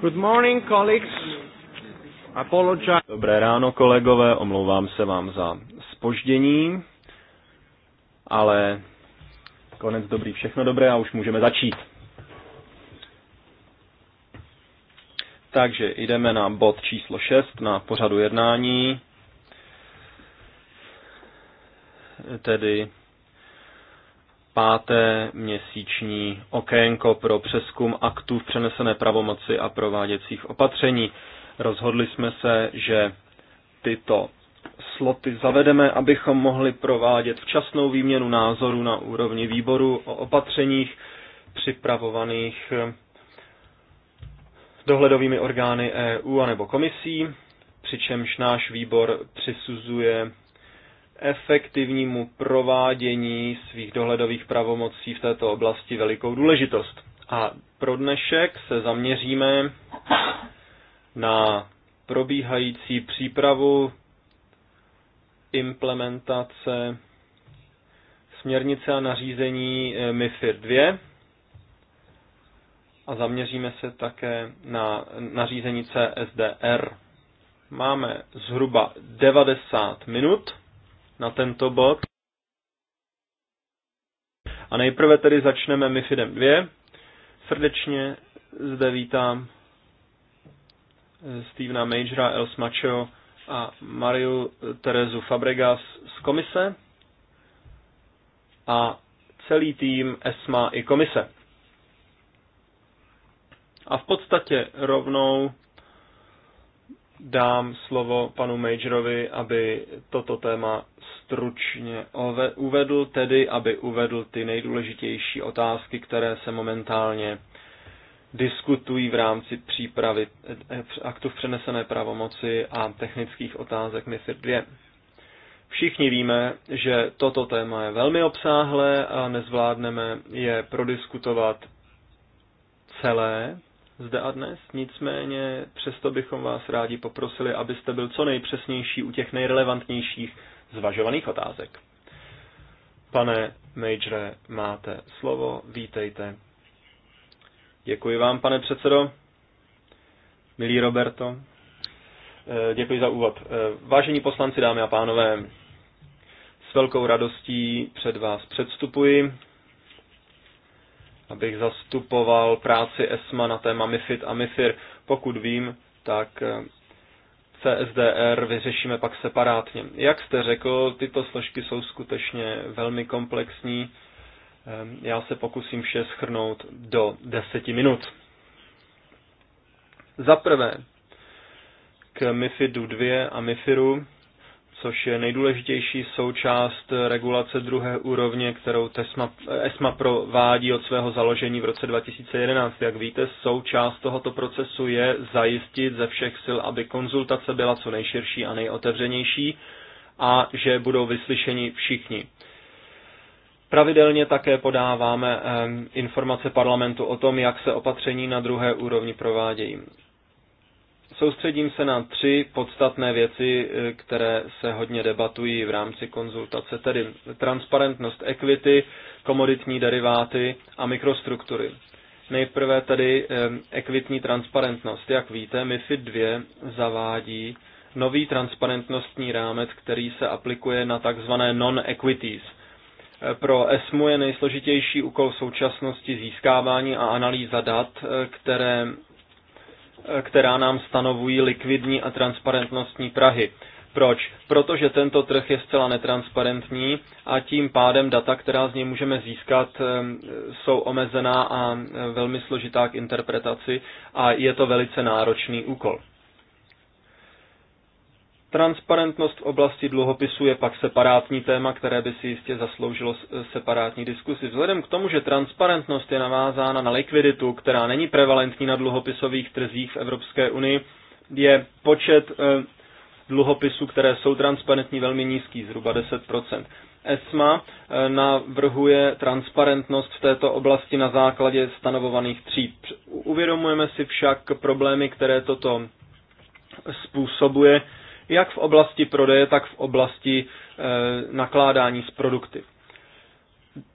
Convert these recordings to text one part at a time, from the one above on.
Good morning, colleagues. Apologize. Dobré ráno, kolegové, omlouvám se vám za spoždění, ale konec dobrý, všechno dobré a už můžeme začít. Takže jdeme na bod číslo 6 na pořadu jednání, tedy páté měsíční okénko pro přeskum aktů v přenesené pravomoci a prováděcích opatření. Rozhodli jsme se, že tyto sloty zavedeme, abychom mohli provádět včasnou výměnu názorů na úrovni výboru o opatřeních připravovaných dohledovými orgány EU anebo komisí, přičemž náš výbor přisuzuje efektivnímu provádění svých dohledových pravomocí v této oblasti velikou důležitost. A pro dnešek se zaměříme na probíhající přípravu implementace směrnice a nařízení eh, MIFIR 2 a zaměříme se také na nařízení CSDR. Máme zhruba 90 minut na tento bod. A nejprve tedy začneme MIFIDem 2. Srdečně zde vítám eh, Stevena Majora, Els Macho a Mariu Terezu Fabregas z komise a celý tým ESMA i komise. A v podstatě rovnou dám slovo panu Majorovi, aby toto téma stručně uvedl, tedy aby uvedl ty nejdůležitější otázky, které se momentálně diskutují v rámci přípravy eh, eh, aktu v přenesené pravomoci a technických otázek MIFIR 2. Všichni víme, že toto téma je velmi obsáhlé a nezvládneme je prodiskutovat celé zde a dnes, nicméně přesto bychom vás rádi poprosili, abyste byl co nejpřesnější u těch nejrelevantnějších zvažovaných otázek. Pane Majore, máte slovo, vítejte. Děkuji vám, pane předsedo. Milý Roberto, eh, děkuji za úvod. Eh, vážení poslanci, dámy a pánové, s velkou radostí před vás předstupuji abych zastupoval práci ESMA na téma MIFID a MIFIR. Pokud vím, tak eh, CSDR vyřešíme pak separátně. Jak jste řekl, tyto složky jsou skutečně velmi komplexní. Eh, já se pokusím vše schrnout do deseti minut. Za prvé, k MIFIDu 2 a MIFIRu což je nejdůležitější součást regulace druhé úrovně, kterou TESMA, ESMA provádí od svého založení v roce 2011. Jak víte, součást tohoto procesu je zajistit ze všech sil, aby konzultace byla co nejširší a nejotevřenější a že budou vyslyšeni všichni. Pravidelně také podáváme ehm, informace parlamentu o tom, jak se opatření na druhé úrovni provádějí. Soustředím se na tři podstatné věci, eh, které se hodně debatují v rámci konzultace, tedy transparentnost equity, komoditní deriváty a mikrostruktury. Nejprve tedy ekvitní eh, transparentnost. Jak víte, MIFID 2 zavádí nový transparentnostní rámec, který se aplikuje na tzv. non-equities. Eh, pro ESMU je nejsložitější úkol v současnosti získávání a analýza dat, které která nám stanovují likvidní a transparentnostní Prahy. Proč? Protože tento trh je zcela netransparentní a tím pádem data, která z něj můžeme získat, eh, jsou omezená a eh, velmi složitá k interpretaci a je to velice náročný úkol. Transparentnost v oblasti dluhopisu je pak separátní téma, které by si jistě zasloužilo separátní diskusi. Vzhledem k tomu, že transparentnost je navázána na likviditu, která není prevalentní na dluhopisových trzích v Evropské unii, je počet eh, dluhopisů, které jsou transparentní, velmi nízký, zhruba 10%. ESMA eh, navrhuje transparentnost v této oblasti na základě stanovovaných tří. Uvědomujeme si však problémy, které toto způsobuje jak v oblasti prodeje, tak v oblasti eh, nakládání s produkty.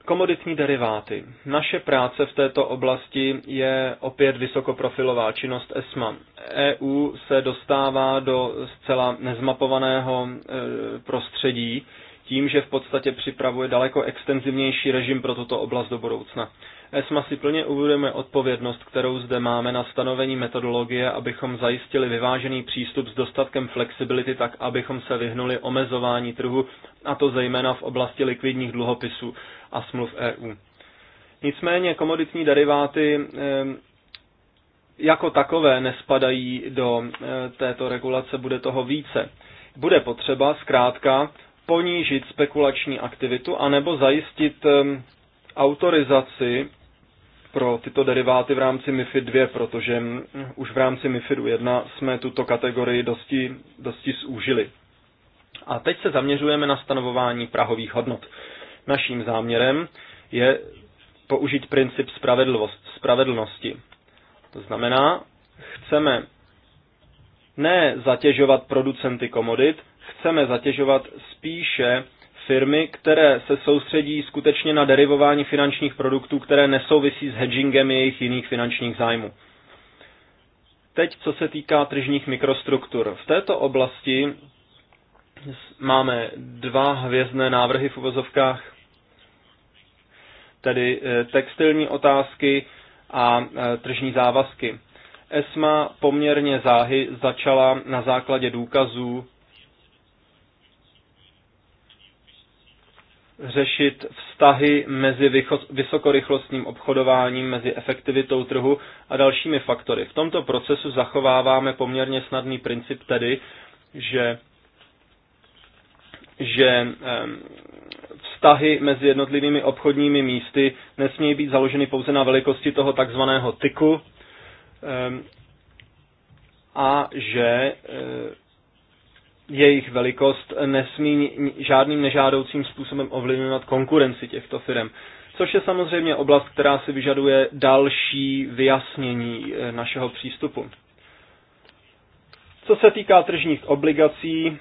Komoditní deriváty. Naše práce v této oblasti je opět vysokoprofilová činnost ESMA. EU se dostává do zcela nezmapovaného eh, prostředí, tím, že v podstatě připravuje daleko extenzivnější režim pro tuto oblast do budoucna. ESMA si plně uvědomuje odpovědnost, kterou zde máme na stanovení metodologie, abychom zajistili vyvážený přístup s dostatkem flexibility tak, abychom se vyhnuli omezování trhu, a to zejména v oblasti likvidních dluhopisů a smluv EU. Nicméně komoditní deriváty jako takové nespadají do této regulace, bude toho více. Bude potřeba zkrátka ponížit spekulační aktivitu anebo zajistit autorizaci pro tyto deriváty v rámci MIFID 2, protože už v rámci MiFID 1 jsme tuto kategorii dosti, dosti zúžili. A teď se zaměřujeme na stanovování prahových hodnot. Naším záměrem je použít princip spravedlnosti. To znamená, chceme ne zatěžovat producenty komodit, chceme zatěžovat spíše firmy, které se soustředí skutečně na derivování finančních produktů, které nesouvisí s hedgingem jejich jiných finančních zájmů. Teď, co se týká tržních mikrostruktur. V této oblasti máme dva hvězdné návrhy v uvozovkách, tedy eh, textilní otázky a eh, tržní závazky. ESMA poměrně záhy začala na základě důkazů řešit vztahy mezi vysokorychlostním obchodováním, mezi efektivitou trhu a dalšími faktory. V tomto procesu zachováváme poměrně snadný princip tedy, že že vztahy mezi jednotlivými obchodními místy nesmějí být založeny pouze na velikosti toho takzvaného tyku a že jejich velikost nesmí žádným nežádoucím způsobem ovlivňovat konkurenci těchto firm. Což je samozřejmě oblast, která si vyžaduje další vyjasnění eh, našeho přístupu. Co se týká tržních obligací,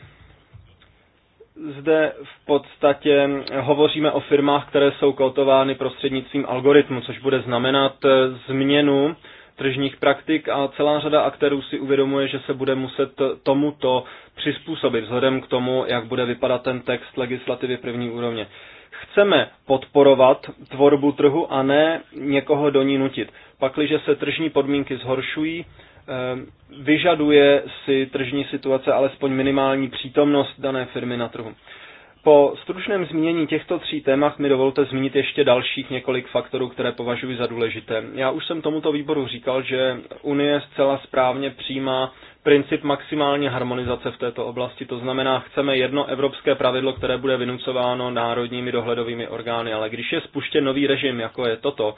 zde v podstatě eh, hovoříme o firmách, které jsou kotovány prostřednictvím algoritmu, což bude znamenat eh, změnu tržních praktik a celá řada aktérů si uvědomuje, že se bude muset tomuto přizpůsobit vzhledem k tomu, jak bude vypadat ten text legislativy první úrovně. Chceme podporovat tvorbu trhu a ne někoho do ní nutit. Pakliže se tržní podmínky zhoršují, eh, vyžaduje si tržní situace alespoň minimální přítomnost dané firmy na trhu. Po stručném zmínění těchto tří témat mi dovolte zmínit ještě dalších několik faktorů, které považuji za důležité. Já už jsem tomuto výboru říkal, že Unie zcela správně přijímá princip maximální harmonizace v této oblasti. To znamená, chceme jedno evropské pravidlo, které bude vynucováno národními dohledovými orgány, ale když je spuštěn nový režim, jako je toto,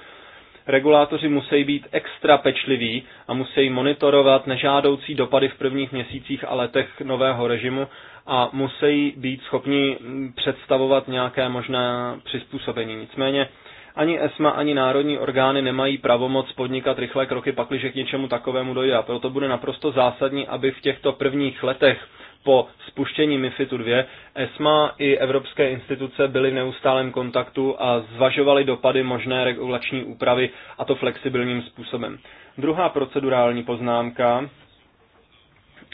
regulátoři musí být extra pečliví a musí monitorovat nežádoucí dopady v prvních měsících a letech nového režimu a musí být schopni představovat nějaké možné přizpůsobení. Nicméně ani ESMA, ani národní orgány nemají pravomoc podnikat rychlé kroky, pakliže k něčemu takovému dojde. A proto bude naprosto zásadní, aby v těchto prvních letech po spuštění MIFIDu 2 ESMA i evropské instituce byly v neustálém kontaktu a zvažovaly dopady možné regulační úpravy a to flexibilním způsobem. Druhá procedurální poznámka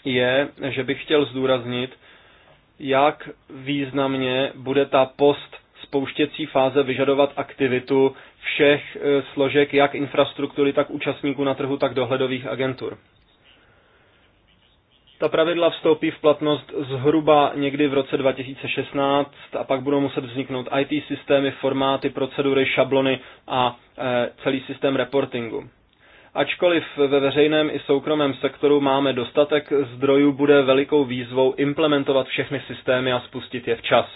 je, že bych chtěl zdůraznit, jak významně bude ta post spouštěcí fáze vyžadovat aktivitu všech eh, složek, jak infrastruktury, tak účastníků na trhu, tak dohledových agentur. Ta pravidla vstoupí v platnost zhruba někdy v roce 2016 a pak budou muset vzniknout IT systémy, formáty, procedury, šablony a eh, celý systém reportingu. Ačkoliv ve veřejném i soukromém sektoru máme dostatek zdrojů, bude velikou výzvou implementovat všechny systémy a spustit je včas.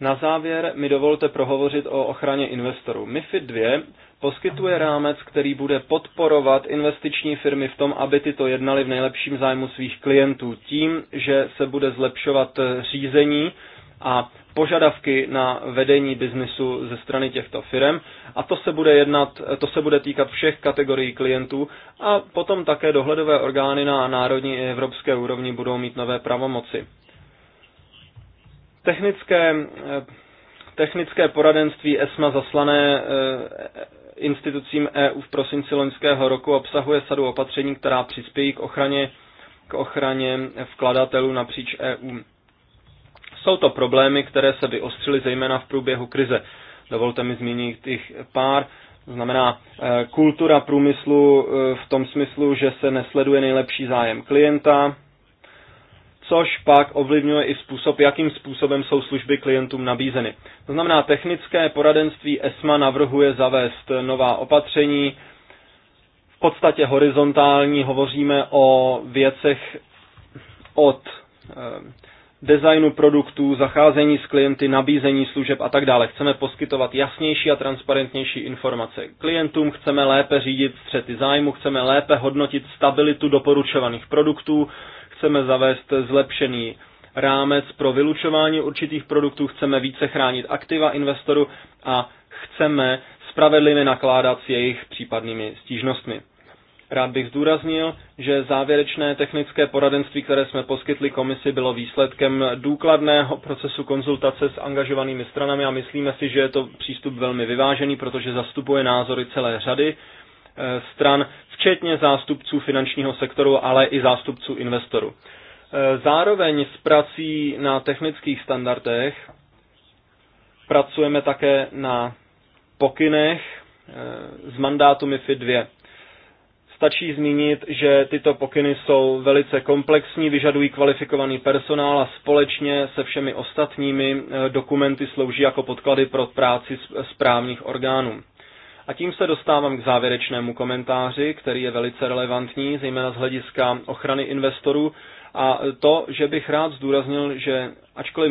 Na závěr mi dovolte prohovořit o ochraně investorů. MIFID 2 poskytuje rámec, který bude podporovat investiční firmy v tom, aby tyto jednali v nejlepším zájmu svých klientů tím, že se bude zlepšovat řízení a požadavky na vedení biznesu ze strany těchto firm a to se bude jednat, to se bude týkat všech kategorií klientů a potom také dohledové orgány na národní i evropské úrovni budou mít nové pravomoci. Technické, eh, technické poradenství ESMA zaslané eh, institucím EU v prosinci loňského roku obsahuje sadu opatření, která přispějí k ochraně, k ochraně vkladatelů napříč EU. Jsou to problémy, které se vyostřily zejména v průběhu krize. Dovolte mi zmínit jich pár. Znamená eh, kultura průmyslu eh, v tom smyslu, že se nesleduje nejlepší zájem klienta, což pak ovlivňuje i způsob, jakým způsobem jsou služby klientům nabízeny. To znamená, technické poradenství ESMA navrhuje zavést nová opatření, v podstatě horizontální, hovoříme o věcech od eh, designu produktů, zacházení s klienty, nabízení služeb a tak dále. Chceme poskytovat jasnější a transparentnější informace klientům, chceme lépe řídit střety zájmu, chceme lépe hodnotit stabilitu doporučovaných produktů, chceme zavést zlepšený rámec pro vylučování určitých produktů, chceme více chránit aktiva investoru a chceme spravedlivě nakládat s jejich případnými stížnostmi. Rád bych zdůraznil, že závěrečné technické poradenství, které jsme poskytli komisi, bylo výsledkem důkladného procesu konzultace s angažovanými stranami a myslíme si, že je to přístup velmi vyvážený, protože zastupuje názory celé řady eh, stran, včetně zástupců finančního sektoru, ale i zástupců investorů. Eh, zároveň s prací na technických standardech pracujeme také na pokynech z eh, mandátu MIFID 2. Stačí zmínit, že tyto pokyny jsou velice komplexní, vyžadují kvalifikovaný personál a společně se všemi ostatními eh, dokumenty slouží jako podklady pro práci eh, správních orgánů. A tím se dostávám k závěrečnému komentáři, který je velice relevantní, zejména z hlediska ochrany investorů. A eh, to, že bych rád zdůraznil, že ačkoliv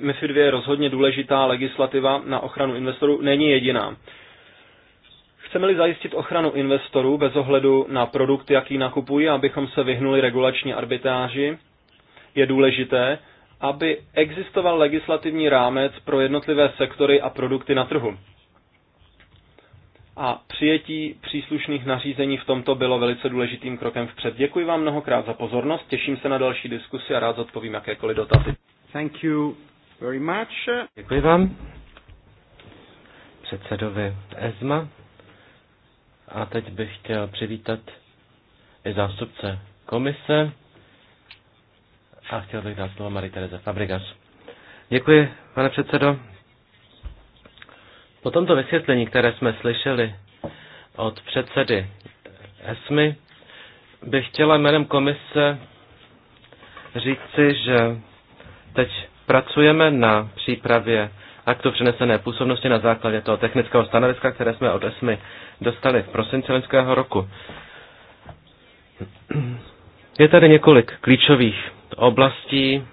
MIFID 2 je rozhodně důležitá legislativa na ochranu investorů, není jediná. Chceme-li zajistit ochranu investorů bez ohledu na produkt, jaký nakupují, abychom se vyhnuli regulační arbitráži, je důležité, aby existoval legislativní rámec pro jednotlivé sektory a produkty na trhu. A přijetí příslušných nařízení v tomto bylo velice důležitým krokem vpřed. Děkuji vám mnohokrát za pozornost, těším se na další diskusi a rád zodpovím jakékoliv dotazy. Thank you very much. Děkuji vám předsedovi ESMA. A teď bych chtěl přivítat i zástupce komise a chtěl bych dát slovo Marie Tereze Fabrigas. Děkuji, pane předsedo. Po tomto vysvětlení, které jsme slyšeli od předsedy ESMY, bych chtěla jménem komise říci, že teď pracujeme na přípravě aktu přenesené působnosti na základě toho technického stanoviska, které jsme od ESMI dostali v prosinci loňského roku. Je tady několik klíčových oblastí,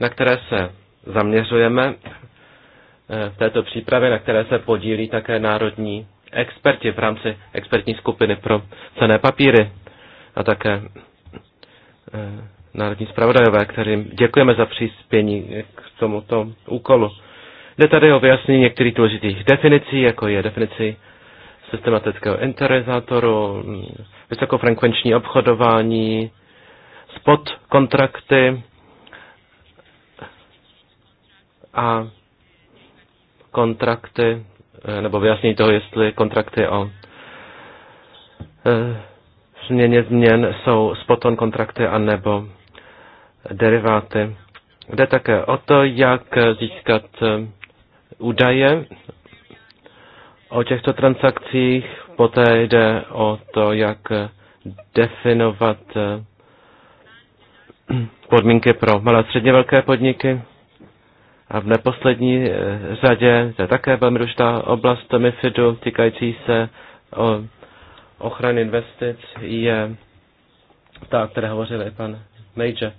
na které se zaměřujeme eh, v této přípravě, na které se podílí také národní experti v rámci expertní skupiny pro cené papíry a také eh, národní zpravodajové, kterým děkujeme za příspění k tomuto úkolu. Jde tady o vyjasnění některých důležitých definicí, jako je definici systematického interizátoru, vysokofrekvenční obchodování, spot kontrakty a kontrakty, eh, nebo vyjasnění toho, jestli kontrakty o eh, změně změn jsou spoton kontrakty nebo deriváty. Jde také o to, jak získat eh, údaje o těchto transakcích, poté jde o to, jak definovat eh, podmínky pro malé a středně velké podniky. A v neposlední eh, řadě, to je také velmi důležitá oblast MIFIDu týkající se o ochrany investic, je ta, o které hovořil i pan Major.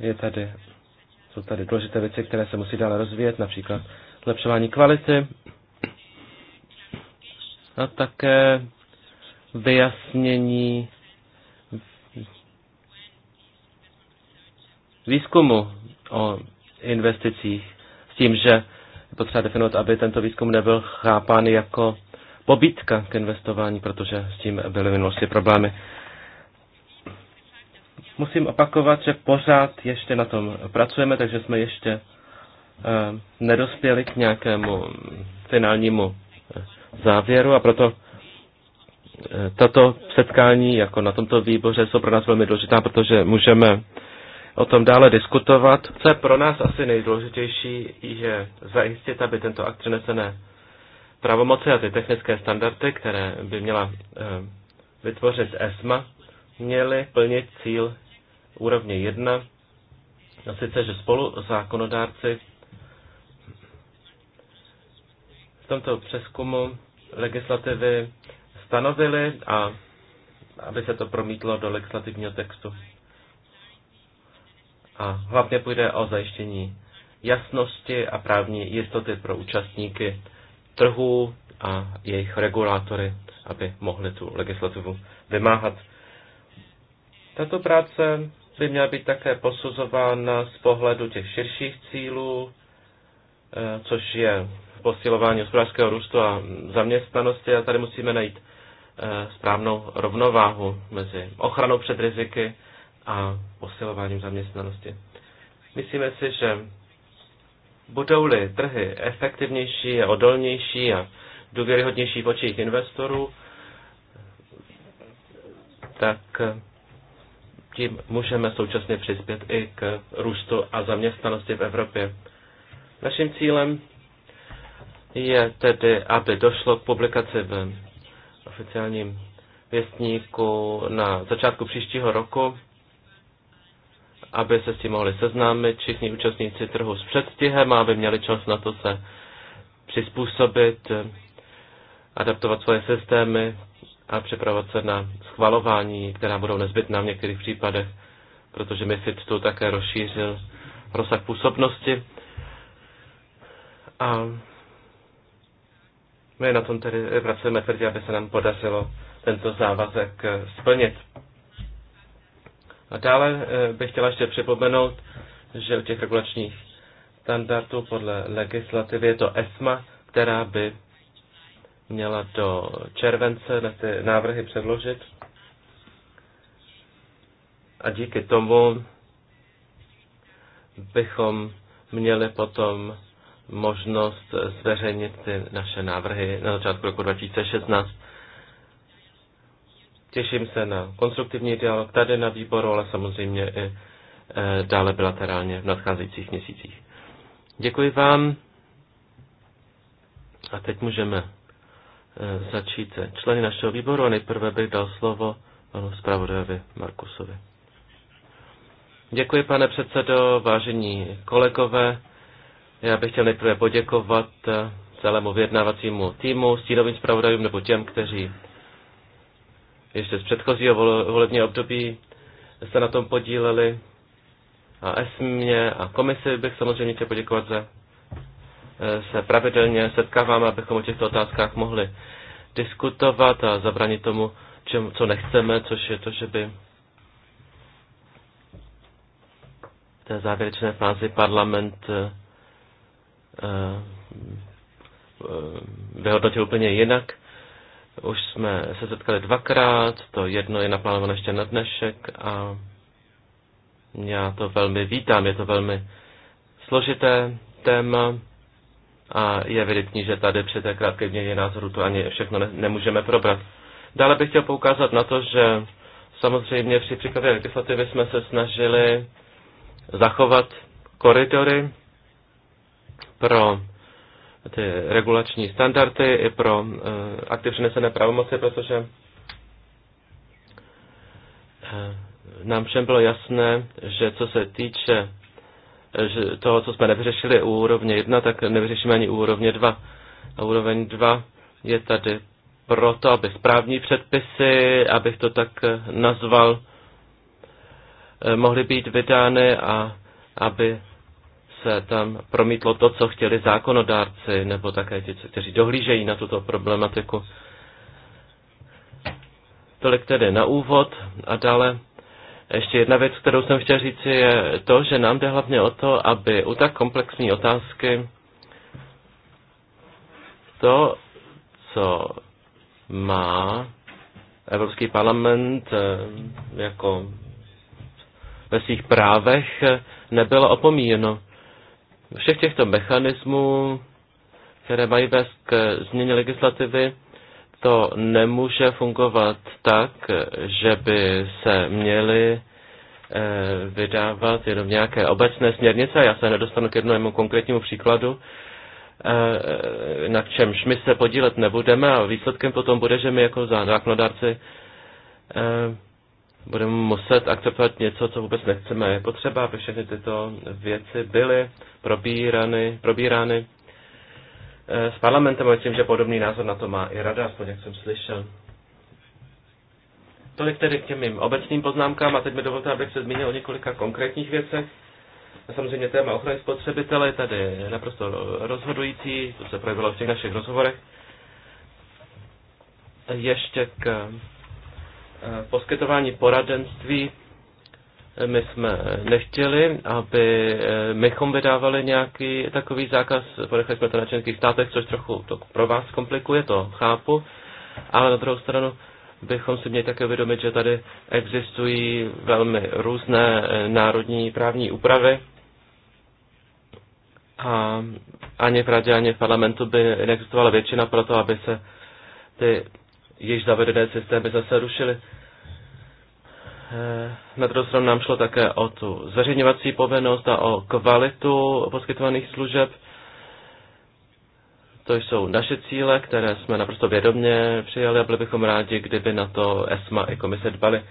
Je tady jsou tady důležité věci, které se musí dále rozvíjet, například zlepšování kvality a také vyjasnění výzkumu o investicích s tím, že je potřeba definovat, aby tento výzkum nebyl chápán jako pobítka k investování, protože s tím byly v minulosti problémy. Musím opakovat, že pořád ještě na tom pracujeme, takže jsme ještě eh, nedospěli k nějakému finálnímu eh, závěru a proto eh, tato setkání, jako na tomto výboře, jsou pro nás velmi důležitá, protože můžeme o tom dále diskutovat. Co je pro nás asi nejdůležitější, je zajistit, aby tento akt přenesené pravomoci a ty technické standardy, které by měla vytvořit ESMA, měly plnit cíl úrovně 1, a sice, že spolu zákonodárci v tomto přeskumu legislativy stanovili a aby se to promítlo do legislativního textu. A hlavně půjde o zajištění jasnosti a právní jistoty pro účastníky trhů a jejich regulátory, aby mohli tu legislativu vymáhat. Tato práce by měla být také posuzována z pohledu těch širších cílů, eh, což je posilování hospodářského růstu a zaměstnanosti a tady musíme najít eh, správnou rovnováhu mezi ochranou před riziky a posilováním zaměstnanosti. Myslíme si, že budou-li trhy efektivnější a odolnější a důvěryhodnější v očích investorů, tak tím můžeme současně přispět i k růstu a zaměstnanosti v Evropě. Naším cílem je tedy, aby došlo k publikaci v oficiálním věstníku na začátku příštího roku, aby se s tím mohli seznámit všichni účastníci trhu s předstihem a aby měli čas na to se přizpůsobit, adaptovat svoje systémy a připravovat se na schvalování, která budou nezbytná v některých případech, protože MIFID tu také rozšířil rozsah působnosti. A my na tom tedy pracujeme tvrdě, aby se nám podařilo tento závazek eh, splnit. A dále eh, bych chtěla ještě připomenout, že u těch regulačních standardů podle legislativy je to ESMA, která by měla do července na ty návrhy předložit. A díky tomu bychom měli potom možnost zveřejnit ty naše návrhy na začátku roku 2016. Těším se na konstruktivní dialog tady na výboru, ale samozřejmě i e, dále bilaterálně v nadcházejících měsících. Děkuji vám a teď můžeme Eh, začít členy našeho výboru a nejprve bych dal slovo panu zpravodajovi Markusovi. Děkuji, pane předsedo, vážení kolegové. Já bych chtěl nejprve poděkovat eh, celému vyjednávacímu týmu, stínovým zpravodajům nebo těm, kteří ještě z předchozího volebního období se na tom podíleli. A ESMě a komisi bych samozřejmě chtěl poděkovat za se pravidelně setkáváme, abychom o těchto otázkách mohli diskutovat a zabranit tomu, čem, co nechceme, což je to, že by v té závěrečné fázi parlament eh, eh, vyhodnotil úplně jinak. Už jsme se setkali dvakrát, to jedno je naplánované ještě na dnešek a já to velmi vítám, je to velmi složité téma a je evidentní, že tady při té krátké změně názoru to ani všechno ne, nemůžeme probrat. Dále bych chtěl poukázat na to, že samozřejmě při příkladě legislativy jsme se snažili zachovat koridory pro ty regulační standardy i pro uh, eh, aktiv přenesené pravomoci, protože uh, nám všem bylo jasné, že co se týče že to co jsme nevyřešili u úrovně 1, tak nevyřešíme ani u úrovně 2. A úroveň 2 je tady proto, aby správní předpisy, abych to tak eh, nazval, eh, mohly být vydány a aby se tam promítlo to, co chtěli zákonodárci, nebo také ti, kteří dohlížejí na tuto problematiku. Tolik tedy na úvod a dále ještě jedna věc, kterou jsem chtěl říct, je to, že nám jde hlavně o to, aby u tak komplexní otázky to, co má Evropský parlament eh, jako ve svých právech, nebylo opomíjeno. Všech těchto mechanismů, které mají vést k změně legislativy, to nemůže fungovat tak, že by se měly eh, vydávat jenom nějaké obecné směrnice. Já se nedostanu k jednomu konkrétnímu příkladu, eh, na čemž my se podílet nebudeme a výsledkem potom bude, že my jako zákonodárci eh, budeme muset akceptovat něco, co vůbec nechceme. Je potřeba, aby všechny tyto věci byly probírany, probírány Eh, s parlamentem, myslím, že podobný názor na to má i rada, aspoň jak jsem slyšel. Tolik tedy k těm mým obecným poznámkám a teď mi dovolte, abych se zmínil o několika konkrétních věcech. Samozřejmě téma ochrany spotřebitele je tady naprosto rozhodující, to se projevilo v těch našich rozhovorech. Ještě k eh, poskytování poradenství my jsme nechtěli, aby eh, mychom vydávali nějaký takový zákaz, ponechali jsme to na členských státech, což trochu to pro vás komplikuje, to chápu, ale na druhou stranu bychom si měli také uvědomit, že tady existují velmi různé eh, národní právní úpravy a ani v radě, ani v parlamentu by neexistovala většina pro to, aby se ty již zavedené systémy zase rušily. Na druhou stranu nám šlo také o tu zveřejňovací povinnost a o kvalitu poskytovaných služeb. To jsou naše cíle, které jsme naprosto vědomě přijali a byli bychom rádi, kdyby na to ESMA i komise dbali.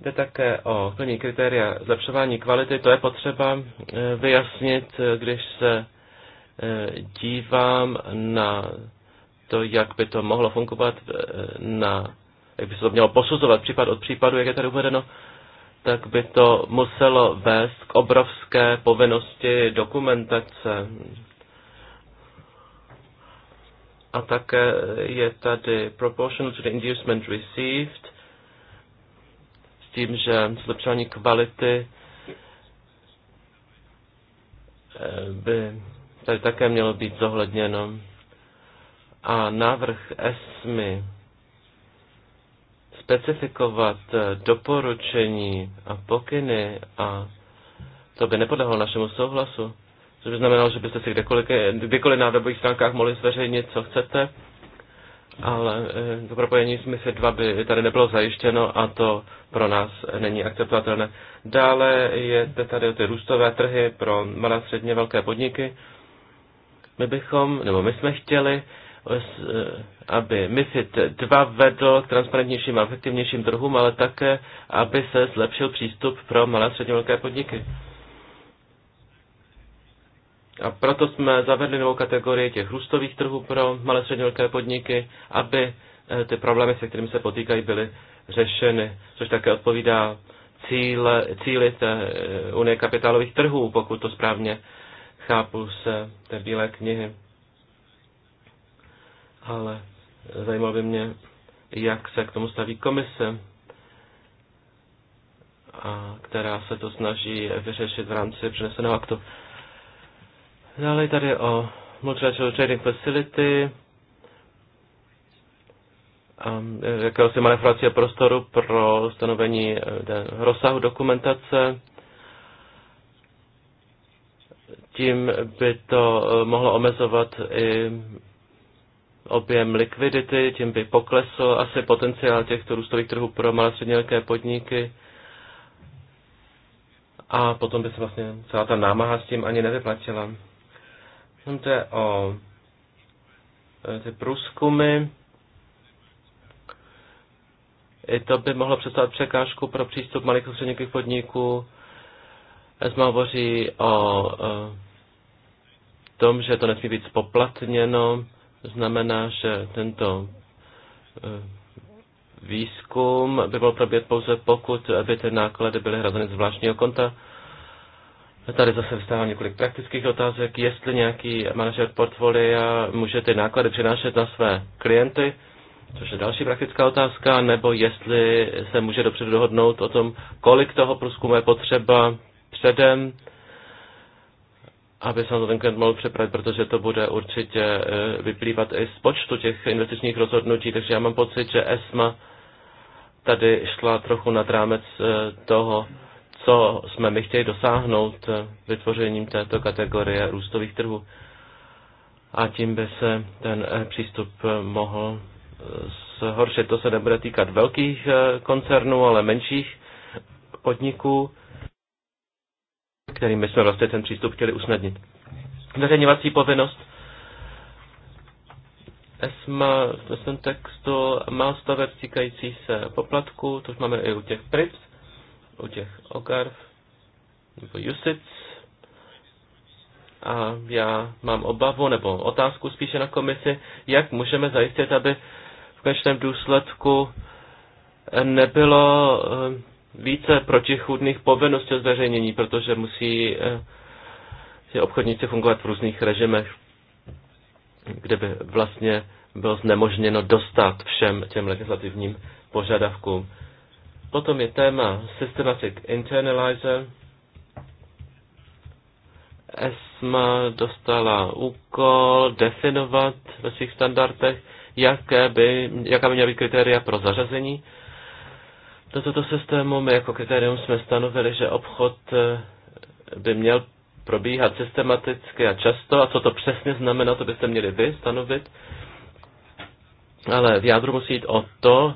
Jde také o plní kritéria zlepšování kvality. To je potřeba eh, vyjasnit, eh, když se eh, dívám na to, jak by to mohlo fungovat na jak by se to mělo posuzovat případ od případu, jak je tady uvedeno, tak by to muselo vést k obrovské povinnosti dokumentace. A také je tady proportional to the inducement received, s tím, že zlepšování kvality eh, by tady také mělo být zohledněno. A návrh ESMI specifikovat eh, doporučení a pokyny a to by nepodlehlo našemu souhlasu. Což by znamenalo, že byste si kdekoliv, kdykoliv na webových stránkách mohli zveřejnit, co chcete, ale eh, to propojení s MISI 2 by tady nebylo zajištěno a to pro nás není akceptovatelné. Dále je tady o ty růstové trhy pro malé a středně velké podniky. My bychom, nebo my jsme chtěli Eh, aby MIFID 2 vedl k transparentnějším a efektivnějším trhům, ale také, aby se zlepšil přístup pro malé a středně velké podniky. A proto jsme zavedli novou kategorii těch růstových trhů pro malé a středně velké podniky, aby eh, ty problémy, se kterými se potýkají, byly řešeny, což také odpovídá cíle, cíli té eh, unie kapitálových trhů, pokud to správně chápu se té bílé knihy ale zajímalo by mě, jak se k tomu staví komise, a která se to snaží vyřešit v rámci přeneseného aktu. Dále tady o Multilateral Trading Facility, jakéhosi manevrace prostoru pro stanovení eh, rozsahu dokumentace. Tím by to eh, mohlo omezovat i objem likvidity, tím by poklesl asi potenciál těchto růstových trhů pro malé středně velké podniky. A potom by se vlastně celá ta námaha s tím ani nevyplatila. Jsem to je o e, ty průzkumy. I to by mohlo představit překážku pro přístup malých a středních podniků. ESMA hovoří o, o e, tom, že to nesmí být spoplatněno znamená, že tento eh, výzkum by byl probět pouze pokud by ty náklady byly hrazeny z zvláštního konta. Tady zase vstává několik praktických otázek, jestli nějaký manažer portfolia může ty náklady přinášet na své klienty, což je další praktická otázka, nebo jestli se může dopředu dohodnout o tom, kolik toho průzkumu je potřeba předem, aby se na to ten klient mohl připravit, protože to bude určitě eh, vyplývat i z počtu těch investičních rozhodnutí, takže já mám pocit, že ESMA tady šla trochu nad rámec eh, toho, co jsme my chtěli dosáhnout eh, vytvořením této kategorie růstových trhů. A tím by se ten přístup mohl zhoršit. To se nebude týkat velkých koncernů, ale menších podniků kterým bychom vlastně ten přístup chtěli usnadnit. Zveřejňovací povinnost. ESMA to jsem textu má stavec týkající se poplatku, to už máme i u těch PRIPS, u těch OGARF nebo USIC. A já mám obavu nebo otázku spíše na komisi, jak můžeme zajistit, aby v konečném důsledku nebylo eh, více protichůdných povinností zveřejnění, protože musí e, obchodníci fungovat v různých režimech, kde by vlastně bylo znemožněno dostat všem těm legislativním požadavkům. Potom je téma Systematic Internalizer. ESMA dostala úkol definovat ve svých standardech, jaké by, jaká by měla být kritéria pro zařazení do tohoto systému my jako kritérium jsme stanovili, že obchod eh, by měl probíhat systematicky a často. A co to přesně znamená, to byste měli vy stanovit. Ale v jádru musí jít o to,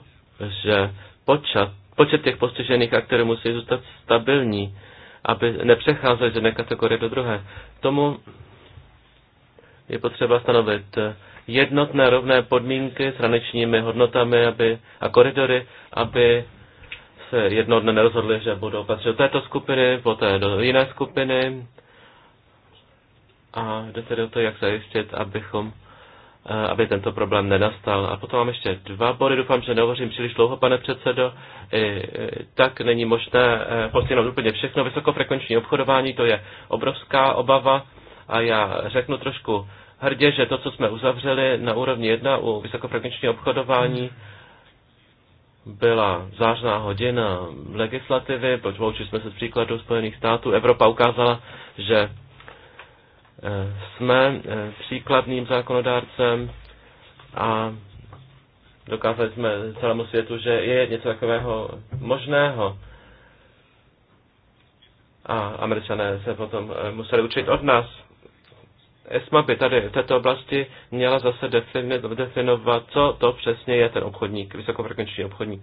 že počet, počet těch postižených aktérů musí zůstat stabilní, aby nepřecházeli z jedné kategorie do druhé. K tomu je potřeba stanovit eh, jednotné rovné podmínky s hraničními hodnotami aby, a koridory, aby se jedno dne nerozhodli, že budou patřit do této skupiny, poté do jiné skupiny. A jde tedy o to, jak zajistit, abychom, eh, aby tento problém nenastal. A potom mám ještě dva body. Doufám, že nehovořím příliš dlouho, pane předsedo. I, tak není možné eh, postihnout úplně všechno. Vysokofrekvenční obchodování, to je obrovská obava. A já řeknu trošku hrdě, že to, co jsme uzavřeli na úrovni 1 u vysokofrekvenčního obchodování, hmm byla zářná hodina legislativy, poučili jsme se z příkladu Spojených států. Evropa ukázala, že eh, jsme eh, příkladným zákonodárcem a dokázali jsme celému světu, že je něco takového možného. A američané se potom eh, museli učit od nás. ESMA by tady v této oblasti měla zase definovat, co to přesně je ten obchodník, vysokofrekvenční obchodník.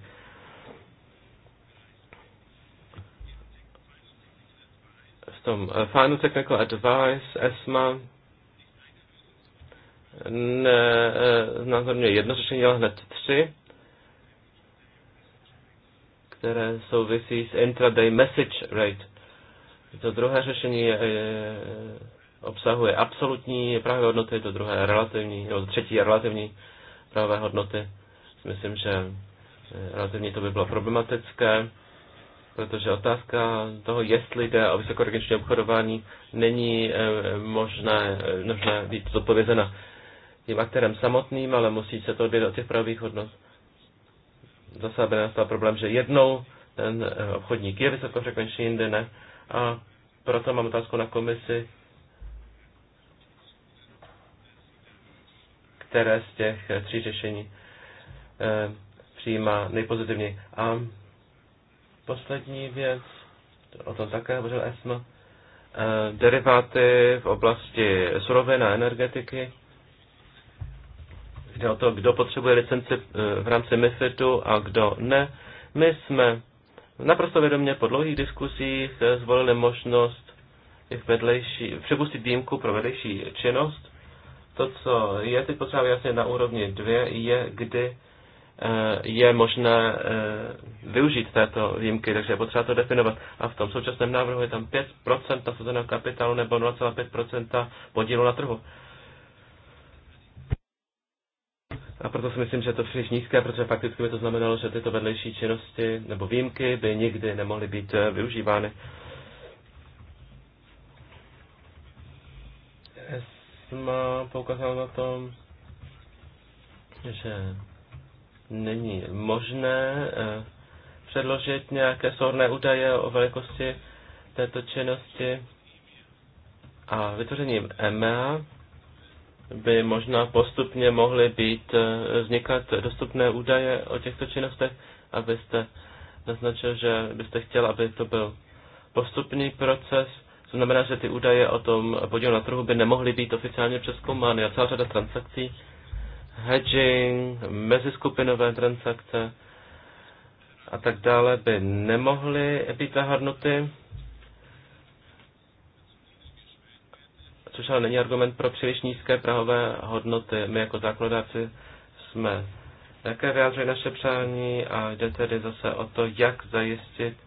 V tom eh, Final Technical Advice ESMA eh, názorně jedno řešení, ale hned tři, které souvisí s intraday message rate. To druhé řešení je, je obsahuje absolutní prahové hodnoty, to druhé relativní, nebo třetí relativní prahové hodnoty. Myslím, že eh, relativně to by bylo problematické, protože otázka toho, jestli jde o vysokoregenční obchodování, není eh, možné, eh, možné být zodpovězena tím aktérem samotným, ale musí se to odvědět od těch pravých hodnot. Zase by nastal problém, že jednou ten obchodník je vysokofrekvenční, jinde ne. A proto mám otázku na komisi, které z těch tří řešení eh, přijímá nejpozitivněji. A poslední věc, o tom také hovořil ESMA, eh, deriváty v oblasti surovin a energetiky. Jde o to, kdo potřebuje licenci eh, v rámci MIFIDu a kdo ne. My jsme naprosto vědomě po dlouhých diskusích zvolili možnost vedlejší, připustit výjimku pro vedlejší činnost, to, co je teď potřeba vyjasnit na úrovni dvě. je, kdy eh, je možné eh, využít této výjimky, takže je potřeba to definovat. A v tom současném návrhu je tam 5% nasazeného kapitálu nebo 0,5% podílu na trhu. A proto si myslím, že je to příliš nízké, protože fakticky by to znamenalo, že tyto vedlejší činnosti nebo výjimky by nikdy nemohly být eh, využívány. má poukázala na to, že není možné eh, předložit nějaké sorné údaje o velikosti této činnosti a vytvořením EMEA by možná postupně mohly být eh, vznikat dostupné údaje o těchto činnostech, abyste naznačil, že byste chtěl, aby to byl postupný proces, to znamená, že ty údaje o tom podílu na trhu by nemohly být oficiálně přeskoumány. A celá řada transakcí, hedging, meziskupinové transakce a tak dále by nemohly být zahrnuty. což ale není argument pro příliš nízké prahové hodnoty. My jako zákonodáci jsme také vyjádřili naše přání a jde tedy zase o to, jak zajistit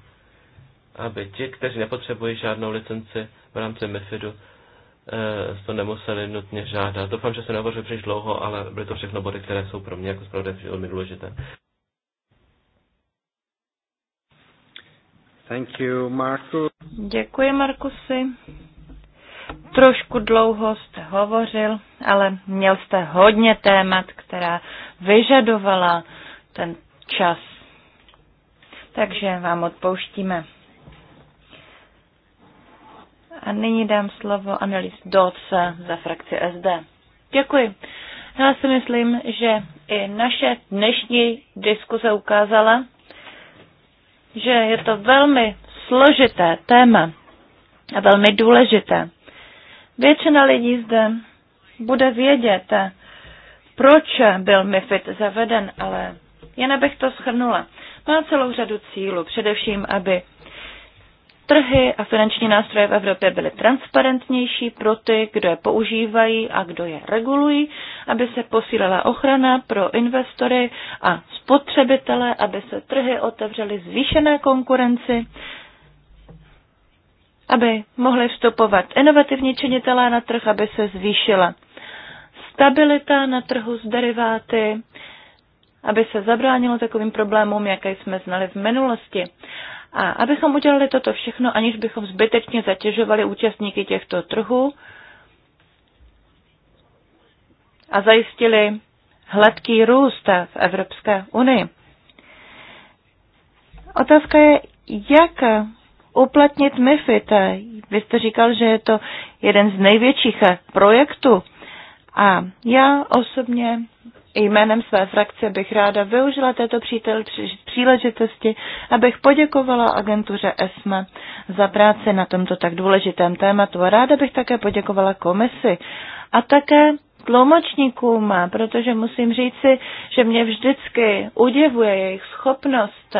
aby ti, kteří nepotřebují žádnou licenci v rámci MIFIDu, eh, to nemuseli nutně žádat. Doufám, že se nehovořil příliš dlouho, ale byly to všechno body, které jsou pro mě jako zpravodaj velmi důležité. Thank you, Marku. Děkuji, Markusy. Trošku dlouho jste hovořil, ale měl jste hodně témat, která vyžadovala ten čas. Takže vám odpouštíme. A nyní dám slovo Annelies Dots za frakci SD. Děkuji. Já si myslím, že i naše dnešní diskuse ukázala, že je to velmi složité téma a velmi důležité. Většina lidí zde bude vědět, proč byl MIFID zaveden, ale jen abych to shrnula. Má celou řadu cílů, především, aby trhy a finanční nástroje v Evropě byly transparentnější pro ty, kdo je používají a kdo je regulují, aby se posílila ochrana pro investory a spotřebitele, aby se trhy otevřely zvýšené konkurenci, aby mohly vstupovat inovativní činitelé na trh, aby se zvýšila stabilita na trhu s deriváty, aby se zabránilo takovým problémům, jaké jsme znali v minulosti. A abychom udělali toto všechno, aniž bychom zbytečně zatěžovali účastníky těchto trhů a zajistili hladký růst v Evropské unii. Otázka je, jak uplatnit MIFID. Vy jste říkal, že je to jeden z největších projektů a já osobně jménem své frakce bych ráda využila této přítel, příležitosti, abych poděkovala agentuře ESMA za práci na tomto tak důležitém tématu a ráda bych také poděkovala komisi a také tlumočníkům, protože musím říci, že mě vždycky udivuje jejich schopnost,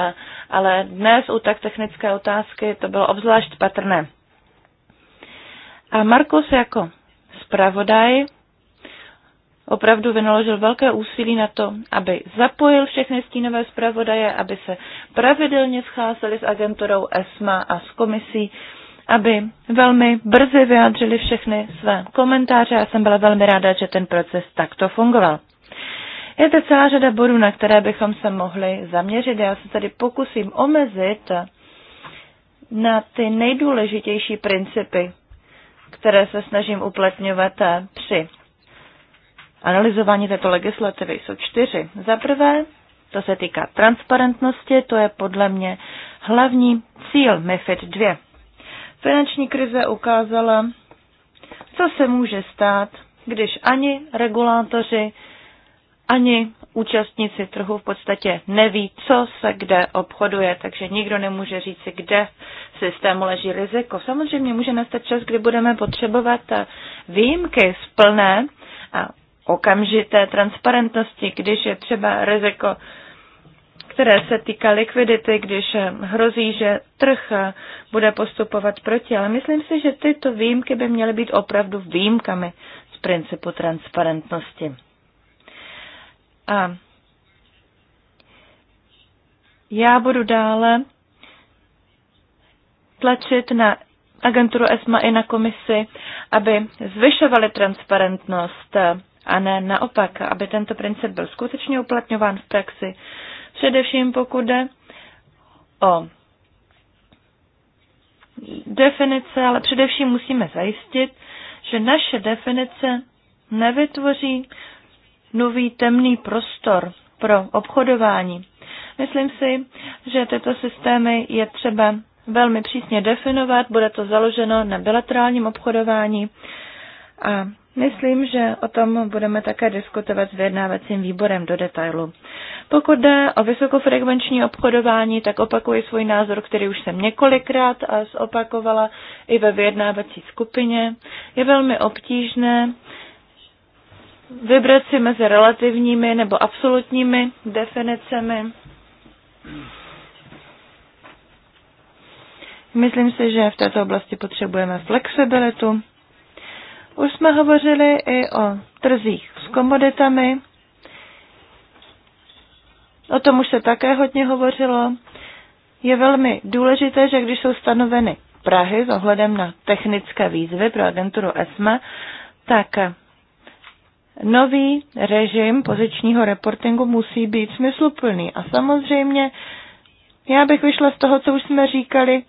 ale dnes u tak technické otázky to bylo obzvlášť patrné. A Markus jako zpravodaj opravdu vynaložil velké úsilí na to, aby zapojil všechny stínové zpravodaje, aby se pravidelně scházeli s agenturou ESMA a s komisí, aby velmi brzy vyjádřili všechny své komentáře. Já jsem byla velmi ráda, že ten proces takto fungoval. Je to celá řada bodů, na které bychom se mohli zaměřit. Já se tady pokusím omezit na ty nejdůležitější principy, které se snažím uplatňovat při analyzování této legislativy jsou čtyři. Za prvé, to se týká transparentnosti, to je podle mě hlavní cíl MIFID 2. Finanční krize ukázala, co se může stát, když ani regulátoři, ani účastníci trhu v podstatě neví, co se kde obchoduje, takže nikdo nemůže říci, kde v systému leží riziko. Samozřejmě může nastat čas, kdy budeme potřebovat výjimky z plné okamžité transparentnosti, když je třeba riziko, které se týká likvidity, když hrozí, že trh bude postupovat proti. Ale myslím si, že tyto výjimky by měly být opravdu výjimkami z principu transparentnosti. A já budu dále tlačit na agenturu ESMA i na komisi, aby zvyšovali transparentnost a ne naopak, aby tento princip byl skutečně uplatňován v praxi, především pokud jde o definice, ale především musíme zajistit, že naše definice nevytvoří nový temný prostor pro obchodování. Myslím si, že tyto systémy je třeba velmi přísně definovat, bude to založeno na bilaterálním obchodování a myslím, že o tom budeme také diskutovat s vyjednávacím výborem do detailu. Pokud jde o vysokofrekvenční obchodování, tak opakuji svůj názor, který už jsem několikrát a zopakovala i ve vyjednávací skupině. Je velmi obtížné vybrat si mezi relativními nebo absolutními definicemi. Myslím si, že v této oblasti potřebujeme flexibilitu už jsme hovořili i o trzích s komoditami. O tom už se také hodně hovořilo. Je velmi důležité, že když jsou stanoveny Prahy s ohledem na technické výzvy pro agenturu ESMA, tak nový režim pozičního reportingu musí být smysluplný. A samozřejmě já bych vyšla z toho, co už jsme říkali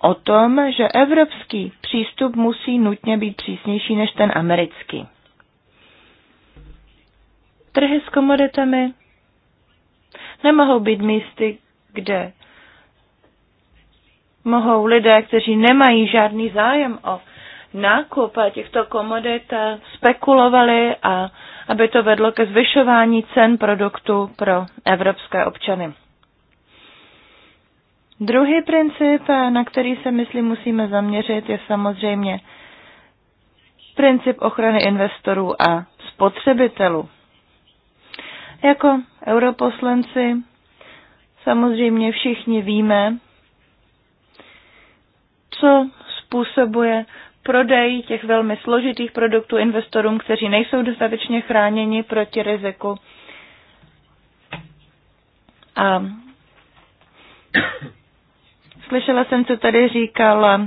o tom, že evropský přístup musí nutně být přísnější než ten americký. Trhy s komoditami nemohou být místy, kde mohou lidé, kteří nemají žádný zájem o nákup těchto komodit, spekulovali a aby to vedlo ke zvyšování cen produktů pro evropské občany. Druhý princip, na který se myslím musíme zaměřit, je samozřejmě princip ochrany investorů a spotřebitelů. Jako europoslanci samozřejmě všichni víme, co způsobuje prodej těch velmi složitých produktů investorům, kteří nejsou dostatečně chráněni proti riziku. A Slyšela jsem, co tady říkal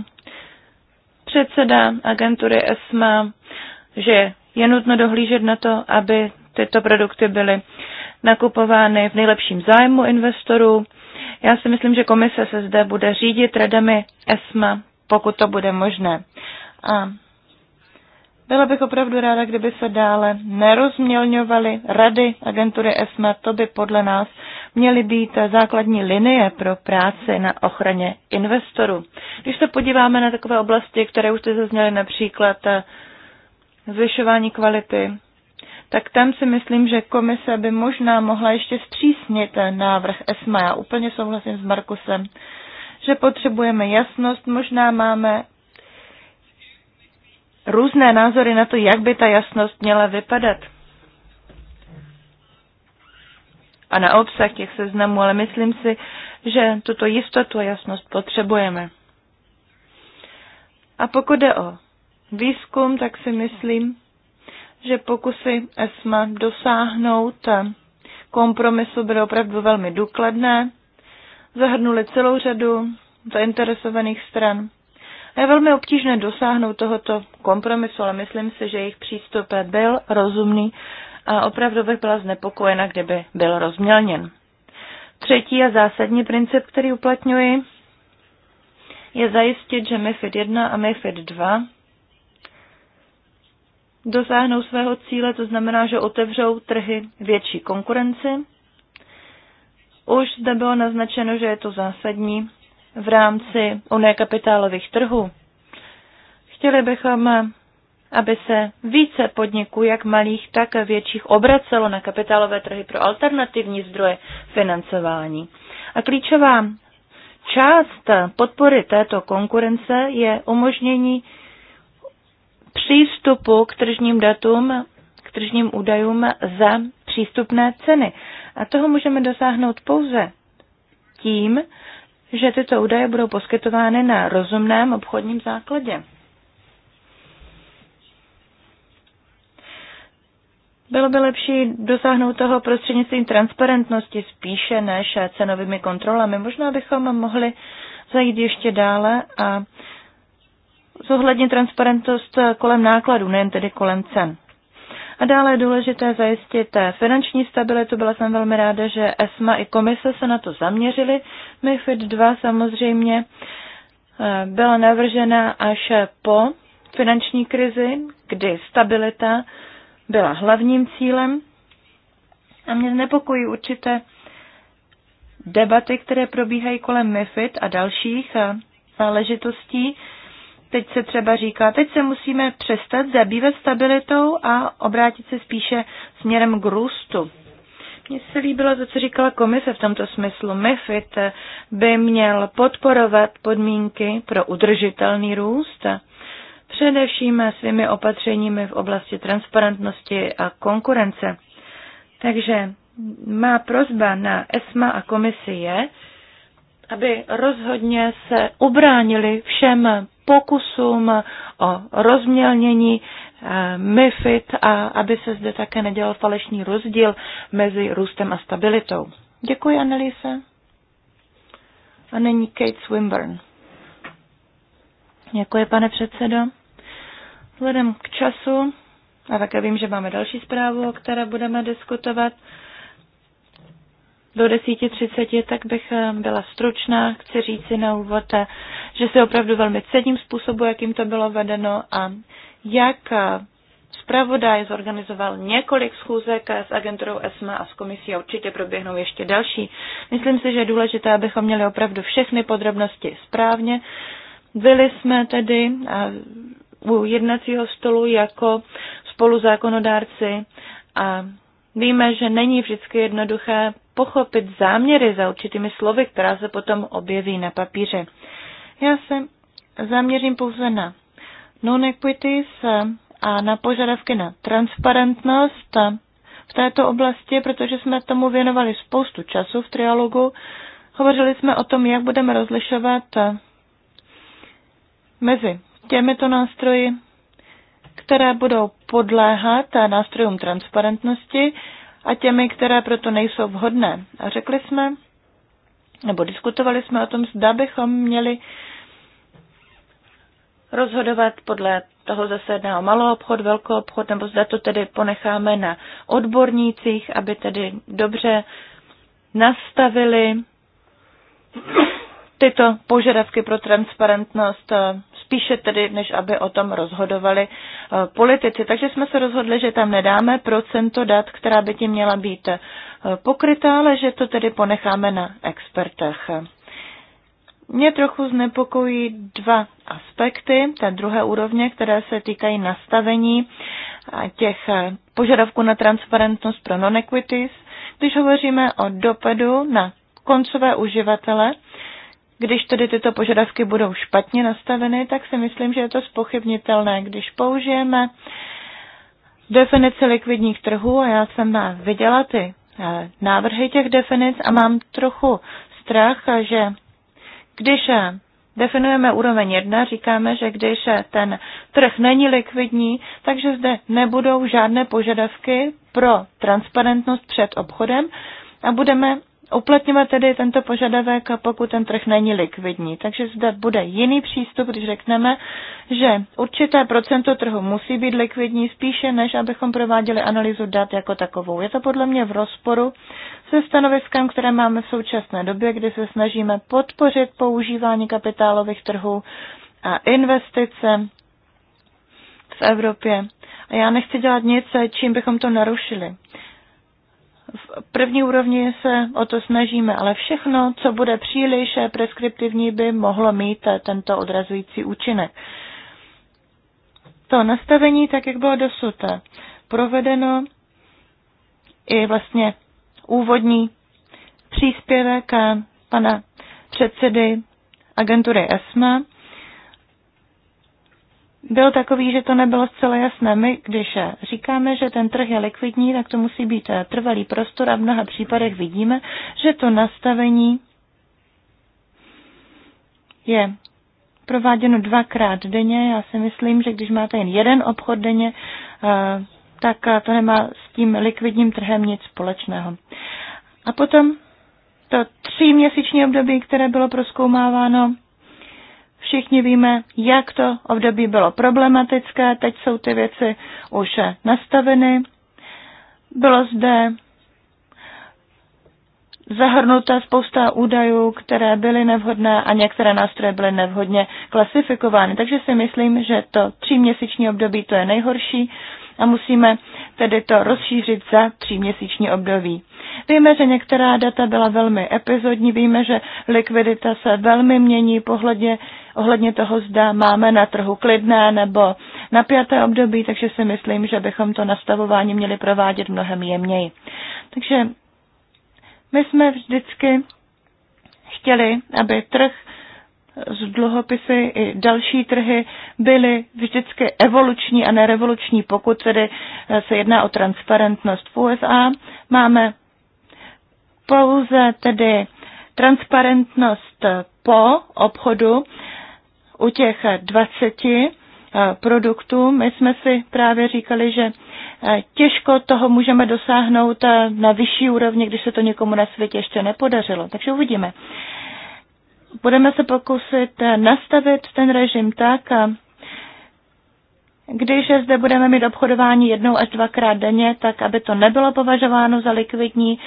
předseda agentury ESMA, že je nutno dohlížet na to, aby tyto produkty byly nakupovány v nejlepším zájmu investorů. Já si myslím, že komise se zde bude řídit radami ESMA, pokud to bude možné. A byla bych opravdu ráda, kdyby se dále nerozmělňovaly rady agentury ESMA, to by podle nás měly být základní linie pro práci na ochraně investorů. Když se podíváme na takové oblasti, které už jste zazněly, například eh, zvyšování kvality, tak tam si myslím, že komise by možná mohla ještě zpřísnit eh, návrh ESMA. Já úplně souhlasím s Markusem, že potřebujeme jasnost, možná máme různé názory na to, jak by ta jasnost měla vypadat. a na obsah těch seznamů, ale myslím si, že tuto jistotu a jasnost potřebujeme. A pokud jde o výzkum, tak si myslím, že pokusy ESMA dosáhnout kompromisu byly opravdu velmi důkladné, zahrnuli celou řadu zainteresovaných stran. A je velmi obtížné dosáhnout tohoto kompromisu, ale myslím si, že jejich přístup byl rozumný a opravdu bych byla znepokojena, kdyby byl rozmělněn. Třetí a zásadní princip, který uplatňuji, je zajistit, že MIFID 1 a MIFID 2 dosáhnou svého cíle, to znamená, že otevřou trhy větší konkurenci. Už zde bylo naznačeno, že je to zásadní v rámci unie kapitálových trhů. Chtěli bychom aby se více podniků, jak malých, tak větších, obracelo na kapitálové trhy pro alternativní zdroje financování. A klíčová část podpory této konkurence je umožnění přístupu k tržním datům, k tržním údajům za přístupné ceny. A toho můžeme dosáhnout pouze tím, že tyto údaje budou poskytovány na rozumném obchodním základě. Bylo by lepší dosáhnout toho prostřednictvím transparentnosti spíše než cenovými kontrolami. Možná bychom mohli zajít ještě dále a zohlednit transparentnost kolem nákladů, nejen tedy kolem cen. A dále je důležité zajistit finanční stabilitu. Byla jsem velmi ráda, že ESMA i komise se na to zaměřili. MIFID 2 samozřejmě eh, byla navržena až po finanční krizi, kdy stabilita byla hlavním cílem. A mě znepokojí určité debaty, které probíhají kolem MIFID a dalších eh, záležitostí. Teď se třeba říká, teď se musíme přestat zabývat stabilitou a obrátit se spíše směrem k růstu. Mně se líbilo to, co říkala komise v tomto smyslu. MIFID by měl podporovat podmínky pro udržitelný růst především svými opatřeními v oblasti transparentnosti a konkurence. Takže má prozba na ESMA a komisi je, aby rozhodně se ubránili všem pokusům o rozmělnění eh, MIFID a aby se zde také nedělal falešný rozdíl mezi růstem a stabilitou. Děkuji, Annelise. A nyní Kate Swinburne. Děkuji, pane předsedo. Vzhledem k času, a také vím, že máme další zprávu, o které budeme diskutovat do 10.30, tak bych eh, byla stručná. Chci říci na úvod, eh, že si opravdu velmi cením způsobu, jakým to bylo vedeno a jak eh, Zpravodaj zorganizoval několik schůzek s agenturou ESMA a s komisí a určitě proběhnou ještě další. Myslím si, že je důležité, abychom měli opravdu všechny podrobnosti správně. Byli jsme tedy a u jednacího stolu jako spoluzákonodárci a víme, že není vždycky jednoduché pochopit záměry za určitými slovy, která se potom objeví na papíře. Já se zaměřím pouze na non-equities a na požadavky na transparentnost v této oblasti, protože jsme tomu věnovali spoustu času v trialogu. Hovořili jsme o tom, jak budeme rozlišovat mezi těmito nástroji, které budou podléhat nástrojům transparentnosti a těmi, které proto nejsou vhodné. A řekli jsme, nebo diskutovali jsme o tom, zda bychom měli rozhodovat podle toho zase jedná o malou obchod, velkou obchod, nebo zda to tedy ponecháme na odbornících, aby tedy dobře nastavili tyto požadavky pro transparentnost spíše tedy, než aby o tom rozhodovali eh, politici. Takže jsme se rozhodli, že tam nedáme procento dat, která by tím měla být eh, pokrytá, ale že to tedy ponecháme na expertech. Mě trochu znepokojí dva aspekty té druhé úrovně, které se týkají nastavení eh, těch požadavků na transparentnost pro non-equities. Když hovoříme o dopadu na koncové uživatele, když tedy tyto požadavky budou špatně nastaveny, tak si myslím, že je to spochybnitelné. Když použijeme definici likvidních trhů, a já jsem viděla ty eh, návrhy těch definic a mám trochu strach, že když eh, definujeme úroveň 1, říkáme, že když eh, ten trh není likvidní, takže zde nebudou žádné požadavky pro transparentnost před obchodem a budeme Uplatňujeme tedy tento požadavek, pokud ten trh není likvidní. Takže zde bude jiný přístup, když řekneme, že určité procento trhu musí být likvidní spíše, než abychom prováděli analýzu dat jako takovou. Je to podle mě v rozporu se stanoviskem, které máme v současné době, kdy se snažíme podpořit používání kapitálových trhů a investice v Evropě. A já nechci dělat nic, čím bychom to narušili. V první úrovni se o to snažíme, ale všechno, co bude příliš preskriptivní, by mohlo mít tento odrazující účinek. To nastavení, tak jak bylo dosud provedeno, i vlastně úvodní příspěvek pana předsedy agentury ESMA, byl takový, že to nebylo zcela jasné. My, když říkáme, že ten trh je likvidní, tak to musí být eh, trvalý prostor a v mnoha případech vidíme, že to nastavení je prováděno dvakrát denně. Já si myslím, že když máte jen jeden obchod denně, eh, tak eh, to nemá s tím likvidním trhem nic společného. A potom to tříměsíční období, které bylo proskoumáváno, Všichni víme, jak to období bylo problematické, teď jsou ty věci už nastaveny. Bylo zde zahrnuta spousta údajů, které byly nevhodné a některé nástroje byly nevhodně klasifikovány. Takže si myslím, že to tříměsíční období to je nejhorší a musíme tedy to rozšířit za tříměsíční období. Víme, že některá data byla velmi epizodní, víme, že likvidita se velmi mění pohledně, ohledně toho, zda máme na trhu klidné nebo napjaté období, takže si myslím, že bychom to nastavování měli provádět mnohem jemněji. Takže my jsme vždycky chtěli, aby trh z dluhopisy i další trhy byly vždycky evoluční a nerevoluční, pokud tedy eh, se jedná o transparentnost. V USA máme pouze tedy transparentnost eh, po obchodu u těch 20 eh, produktů. My jsme si právě říkali, že těžko toho můžeme dosáhnout na vyšší úrovni, když se to někomu na světě ještě nepodařilo. Takže uvidíme budeme se pokusit nastavit ten režim tak, když zde budeme mít obchodování jednou až dvakrát denně, tak aby to nebylo považováno za likvidní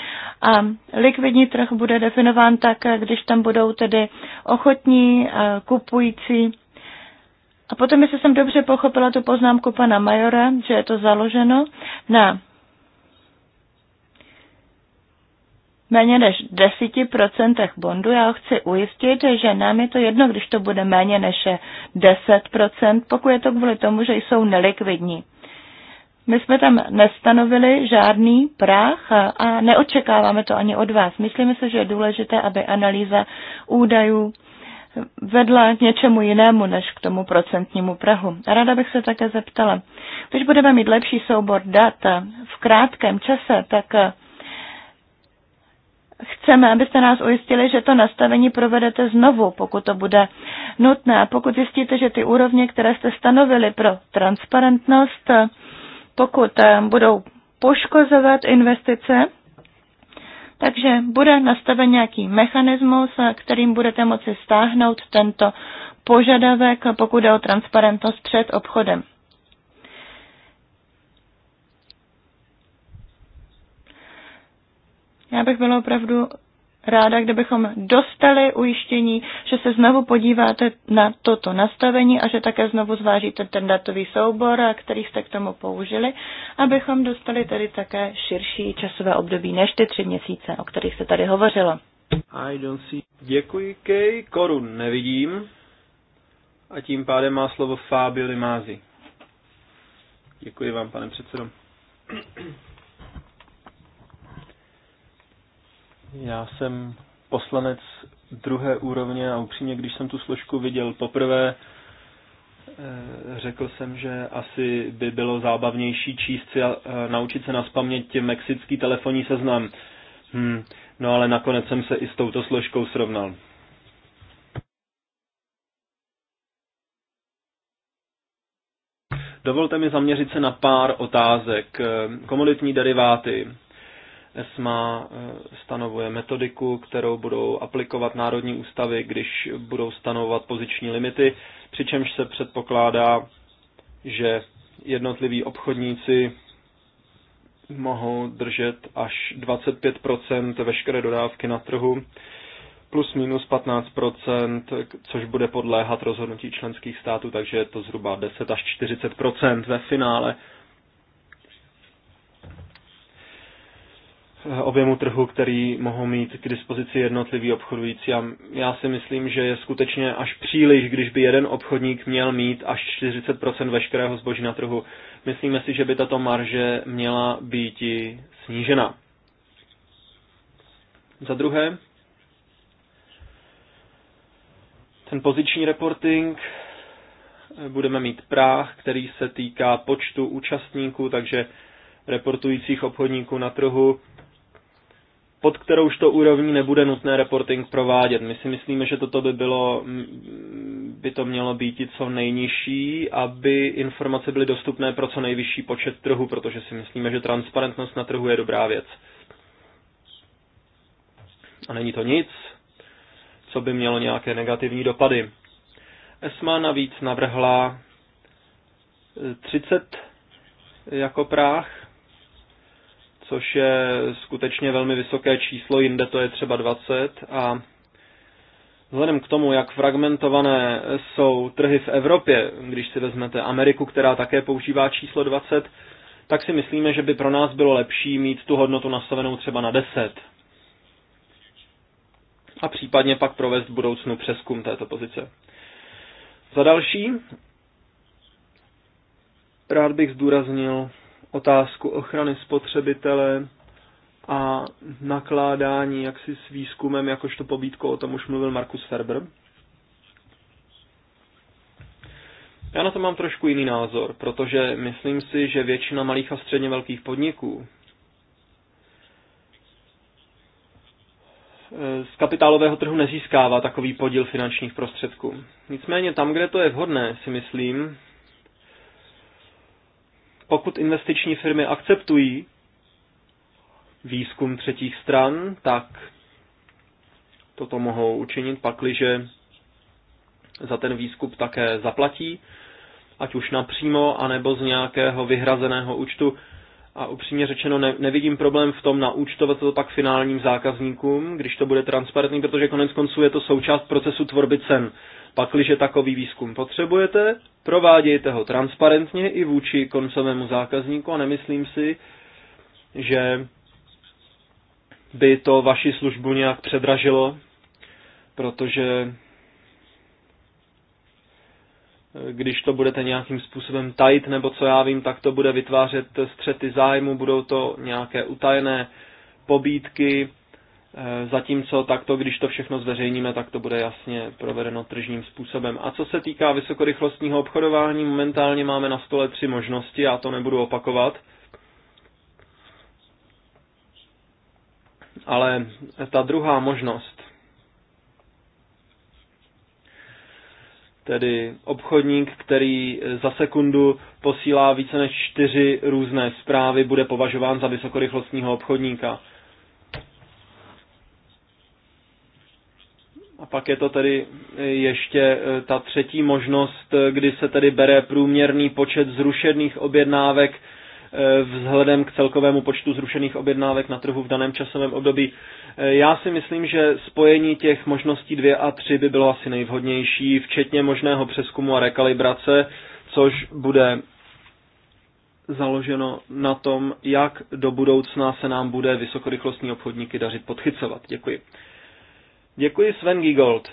a likvidní trh bude definován tak, když tam budou tedy ochotní, eh, kupující. A potom, jestli jsem dobře pochopila tu poznámku pana Majora, že je to založeno na méně než 10% bondu. Já chci ujistit, že nám je to jedno, když to bude méně než 10%, pokud je to kvůli tomu, že jsou nelikvidní. My jsme tam nestanovili žádný práh a neočekáváme to ani od vás. Myslíme si, že je důležité, aby analýza údajů vedla k něčemu jinému než k tomu procentnímu Prahu. A ráda bych se také zeptala, když budeme mít lepší soubor dat v krátkém čase, tak chceme, abyste nás ujistili, že to nastavení provedete znovu, pokud to bude nutné. Pokud zjistíte, že ty úrovně, které jste stanovili pro transparentnost, pokud eh, budou poškozovat investice, takže bude nastaven nějaký mechanismus, eh, kterým budete moci stáhnout tento požadavek, pokud je o transparentnost před obchodem. Já bych byla opravdu ráda, kdybychom dostali ujištění, že se znovu podíváte na toto nastavení a že také znovu zvážíte ten datový soubor, který jste k tomu použili, abychom dostali tedy také širší časové období než ty tři měsíce, o kterých se tady hovořilo. I don't see. Děkuji, Kej. Korun nevidím. A tím pádem má slovo Fábio Limázi. Děkuji vám, pane předsedo. Já jsem poslanec druhé úrovně a upřímně, když jsem tu složku viděl poprvé, eh, řekl jsem, že asi by bylo zábavnější číst si a eh, naučit se na spaměť mexický telefonní seznam. Hmm, no ale nakonec jsem se i s touto složkou srovnal. Dovolte mi zaměřit se na pár otázek. Eh, komoditní deriváty. ESMA eh, stanovuje metodiku, kterou budou aplikovat národní ústavy, když budou stanovovat poziční limity, přičemž se předpokládá, že jednotliví obchodníci mohou držet až 25 veškeré dodávky na trhu, plus minus 15 což bude podléhat rozhodnutí členských států, takže je to zhruba 10 až 40 ve finále Eh, objemu trhu, který mohou mít k dispozici jednotliví obchodující. A já si myslím, že je skutečně až příliš, když by jeden obchodník měl mít až 40 veškerého zboží na trhu. Myslíme si, že by tato marže měla být i snížena. Za druhé, ten poziční reporting, eh, budeme mít práh, který se týká počtu účastníků, takže reportujících obchodníků na trhu pod kterouž to úrovní nebude nutné reporting provádět. My si myslíme, že toto by, bylo, by to mělo být co nejnižší, aby informace byly dostupné pro co nejvyšší počet trhu, protože si myslíme, že transparentnost na trhu je dobrá věc. A není to nic, co by mělo nějaké negativní dopady. ESMA navíc navrhla 30 e, jako práh což je skutečně velmi vysoké číslo, jinde to je třeba 20 a Vzhledem k tomu, jak fragmentované jsou trhy v Evropě, když si vezmete Ameriku, která také používá číslo 20, tak si myslíme, že by pro nás bylo lepší mít tu hodnotu nastavenou třeba na 10. A případně pak provést v budoucnu přeskum této pozice. Za další, rád bych zdůraznil otázku ochrany spotřebitele a nakládání jaksi s výzkumem, jakožto pobídkou, o tom už mluvil Markus Ferber. Já na to mám trošku jiný názor, protože myslím si, že většina malých a středně velkých podniků eh, z kapitálového trhu nezískává takový podíl finančních prostředků. Nicméně tam, kde to je vhodné, si myslím, pokud investiční firmy akceptují výzkum třetích stran, tak toto mohou učinit, pakliže za ten výzkup také zaplatí, ať už napřímo, anebo z nějakého vyhrazeného účtu. A upřímně řečeno, ne, nevidím problém v tom naúčtovat to pak finálním zákazníkům, když to bude transparentní, protože konec konců je to součást procesu tvorby cen. Pakliže takový výzkum potřebujete, provádějte ho transparentně i vůči koncovému zákazníku a nemyslím si, že by to vaši službu nějak předražilo, protože když to budete nějakým způsobem tajit, nebo co já vím, tak to bude vytvářet střety zájmu, budou to nějaké utajené pobídky, Eh, zatímco takto, když to všechno zveřejníme, tak to bude jasně provedeno tržním způsobem. A co se týká vysokorychlostního obchodování, momentálně máme na stole tři možnosti, já to nebudu opakovat. Ale ta druhá možnost, tedy obchodník, který za sekundu posílá více než čtyři různé zprávy, bude považován za vysokorychlostního obchodníka. A pak je to tedy e, ještě e, ta třetí možnost, e, kdy se tedy bere průměrný počet zrušených objednávek vzhledem k celkovému počtu zrušených objednávek na trhu v daném časovém období. Já si myslím, že spojení těch možností 2 a 3 by bylo asi nejvhodnější, včetně možného přeskumu a rekalibrace, což bude založeno na tom, jak do budoucna se nám bude vysokorychlostní obchodníky dařit podchycovat. Děkuji. Děkuji Sven Gigold.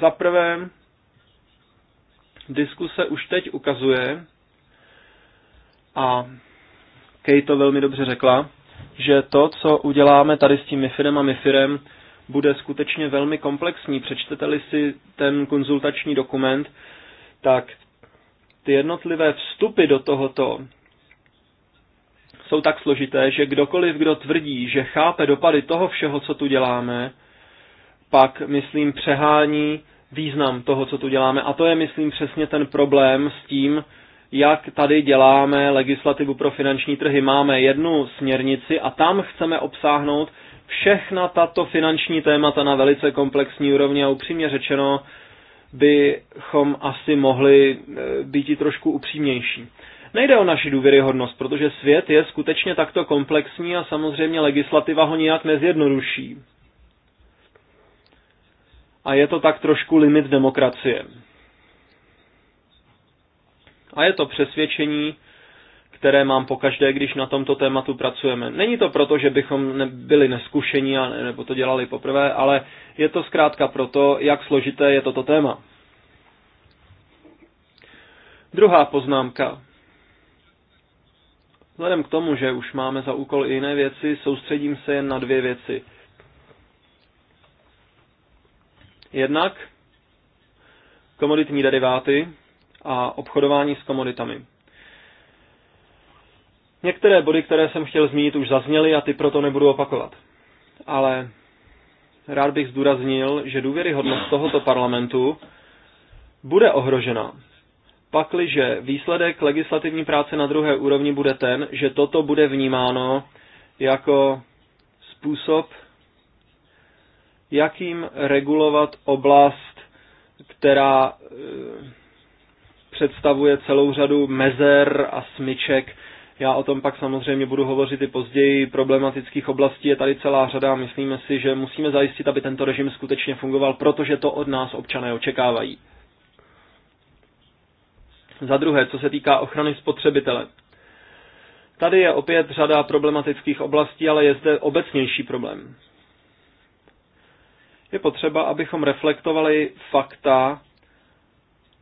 Za prvé, diskuse už teď ukazuje, a Kate to velmi dobře řekla, že to, co uděláme tady s tím Mifirem a MIFIRem, bude skutečně velmi komplexní. Přečtete-li si ten konzultační dokument, tak ty jednotlivé vstupy do tohoto jsou tak složité, že kdokoliv, kdo tvrdí, že chápe dopady toho všeho, co tu děláme, pak, myslím, přehání význam toho, co tu děláme. A to je, myslím, přesně ten problém s tím, jak tady děláme legislativu pro finanční trhy. Máme jednu směrnici a tam chceme obsáhnout všechna tato finanční témata na velice komplexní úrovni a upřímně řečeno bychom asi mohli eh, být i trošku upřímnější. Nejde o naši důvěryhodnost, protože svět je skutečně takto komplexní a samozřejmě legislativa ho nijak nezjednoduší. A je to tak trošku limit demokracie. A je to přesvědčení, které mám pokaždé, když na tomto tématu pracujeme. Není to proto, že bychom byli neskušení a nebo to dělali poprvé, ale je to zkrátka proto, jak složité je toto téma. Druhá poznámka. Vzhledem k tomu, že už máme za úkol i jiné věci, soustředím se jen na dvě věci. Jednak komoditní deriváty a obchodování s komoditami. Některé body, které jsem chtěl zmínit, už zazněly a ty proto nebudu opakovat. Ale rád bych zdůraznil, že důvěryhodnost tohoto parlamentu bude ohrožena pakliže výsledek legislativní práce na druhé úrovni bude ten, že toto bude vnímáno jako způsob, jakým regulovat oblast, která eh, představuje celou řadu mezer a smyček. Já o tom pak samozřejmě budu hovořit i později. Problematických oblastí je tady celá řada. Myslíme si, že musíme zajistit, aby tento režim skutečně fungoval, protože to od nás občané očekávají. Za druhé, co se týká ochrany spotřebitele. Tady je opět řada problematických oblastí, ale je zde obecnější problém. Je potřeba, abychom reflektovali fakta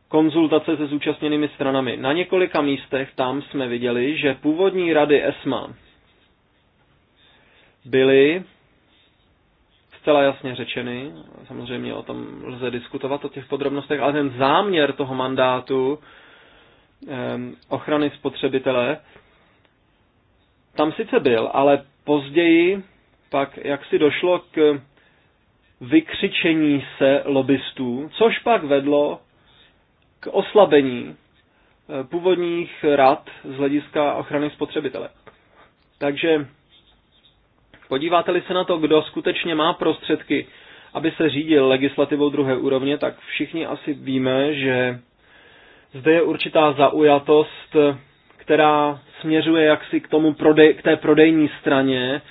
konzultace se zúčastněnými stranami. Na několika místech tam jsme viděli, že původní rady ESMA byly zcela jasně řečeny, samozřejmě o tom lze diskutovat o těch podrobnostech, ale ten záměr toho mandátu Ehm, ochrany spotřebitele, tam sice byl, ale později pak jak si došlo k vykřičení se lobbystů, což pak vedlo k oslabení eh, původních rad z hlediska ochrany spotřebitele. Takže podíváte-li se na to, kdo skutečně má prostředky, aby se řídil legislativou druhé úrovně, tak všichni asi víme, že zde je určitá zaujatost, která směřuje jaksi k, tomu prodej, k té prodejní straně,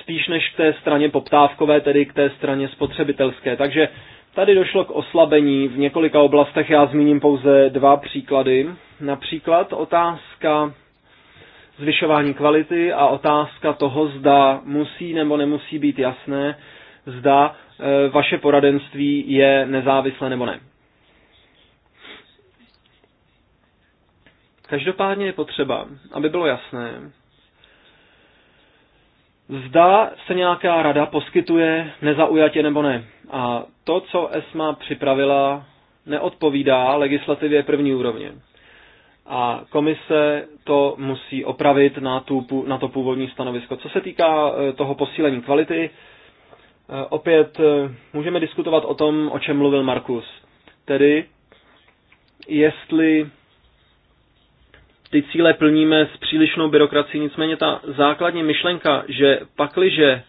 spíš než k té straně poptávkové, tedy k té straně spotřebitelské. Takže tady došlo k oslabení v několika oblastech, já zmíním pouze dva příklady. Například otázka zvyšování kvality a otázka toho, zda musí nebo nemusí být jasné, zda e, vaše poradenství je nezávislé nebo ne. Každopádně je potřeba, aby bylo jasné, zda se nějaká rada poskytuje nezaujatě nebo ne. A to, co ESMA připravila, neodpovídá legislativě první úrovně. A komise to musí opravit na, tu, na to původní stanovisko. Co se týká eh, toho posílení kvality, eh, opět eh, můžeme diskutovat o tom, o čem mluvil Markus. Tedy, jestli ty cíle plníme s přílišnou byrokracií, nicméně ta základní myšlenka, že pakliže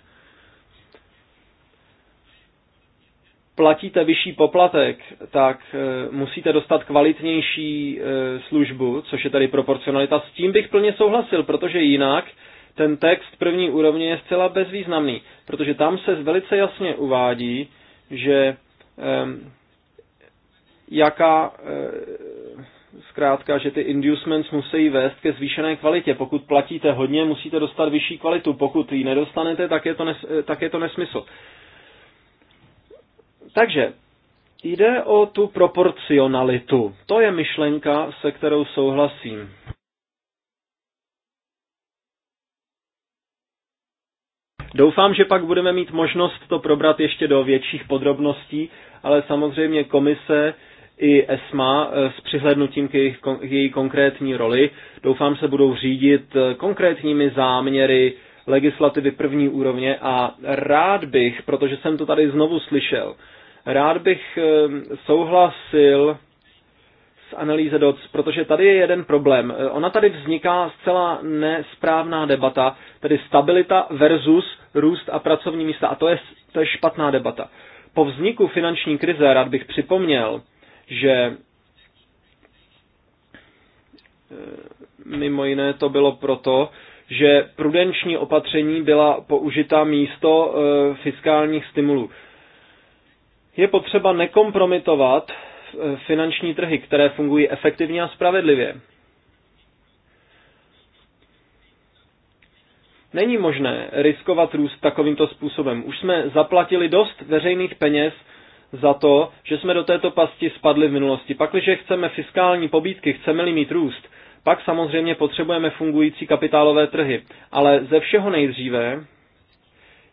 platíte vyšší poplatek, tak e, musíte dostat kvalitnější e, službu, což je tady proporcionalita. S tím bych plně souhlasil, protože jinak ten text první úrovně je zcela bezvýznamný, protože tam se velice jasně uvádí, že jaká e, zkrátka, že ty inducements musí vést ke zvýšené kvalitě. Pokud platíte hodně, musíte dostat vyšší kvalitu. Pokud ji nedostanete, tak je to, nes, tak je to nesmysl. Takže jde o tu proporcionalitu. To je myšlenka, se kterou souhlasím. Doufám, že pak budeme mít možnost to probrat ještě do větších podrobností, ale samozřejmě komise i ESMA eh, s přihlednutím k, jejich, k její konkrétní roli. Doufám, se budou řídit eh, konkrétními záměry legislativy první úrovně a rád bych, protože jsem to tady znovu slyšel, rád bych eh, souhlasil s analýze DOC, protože tady je jeden problém. Ona tady vzniká zcela nesprávná debata, tedy stabilita versus růst a pracovní místa. A to je, to je špatná debata. Po vzniku finanční krize, rád bych připomněl, že eh, mimo jiné to bylo proto, že prudenční opatření byla použita místo eh, fiskálních stimulů. Je potřeba nekompromitovat eh, finanční trhy, které fungují efektivně a spravedlivě. Není možné riskovat růst takovýmto způsobem. Už jsme zaplatili dost veřejných peněz za to, že jsme do této pasti spadli v minulosti. Pakliže chceme fiskální pobídky, chceme-li mít růst, pak samozřejmě potřebujeme fungující kapitálové trhy. Ale ze všeho nejdříve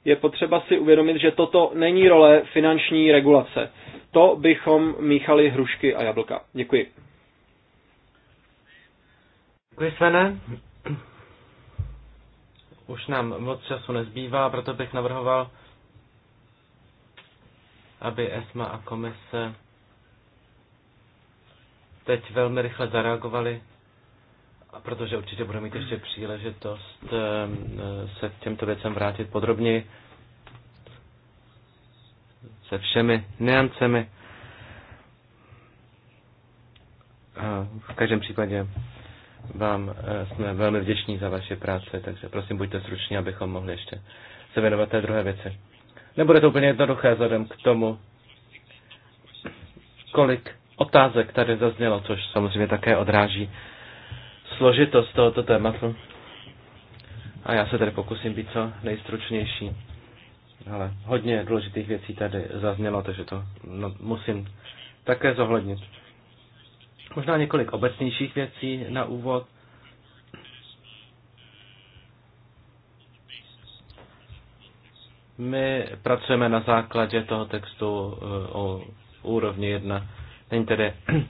je potřeba si uvědomit, že toto není role finanční regulace. To bychom míchali hrušky a jablka. Děkuji. Děkuji, Svene. Už nám moc času nezbývá, proto bych navrhoval, aby ESMA a komise teď velmi rychle zareagovali, protože určitě budeme mít ještě příležitost eh, eh, se k těmto věcem vrátit podrobněji se všemi neancemi. v každém případě vám eh, jsme velmi vděční za vaši práci, takže prosím buďte struční, abychom mohli ještě se věnovat té druhé věci. Nebude to úplně jednoduché vzhledem k tomu, kolik otázek tady zaznělo, což samozřejmě také odráží složitost tohoto tématu. A já se tady pokusím být co nejstručnější. Ale hodně důležitých věcí tady zaznělo, takže to no, musím také zohlednit. Možná několik obecnějších věcí na úvod. My pracujeme na základě toho textu eh, o úrovni 1. Není tedy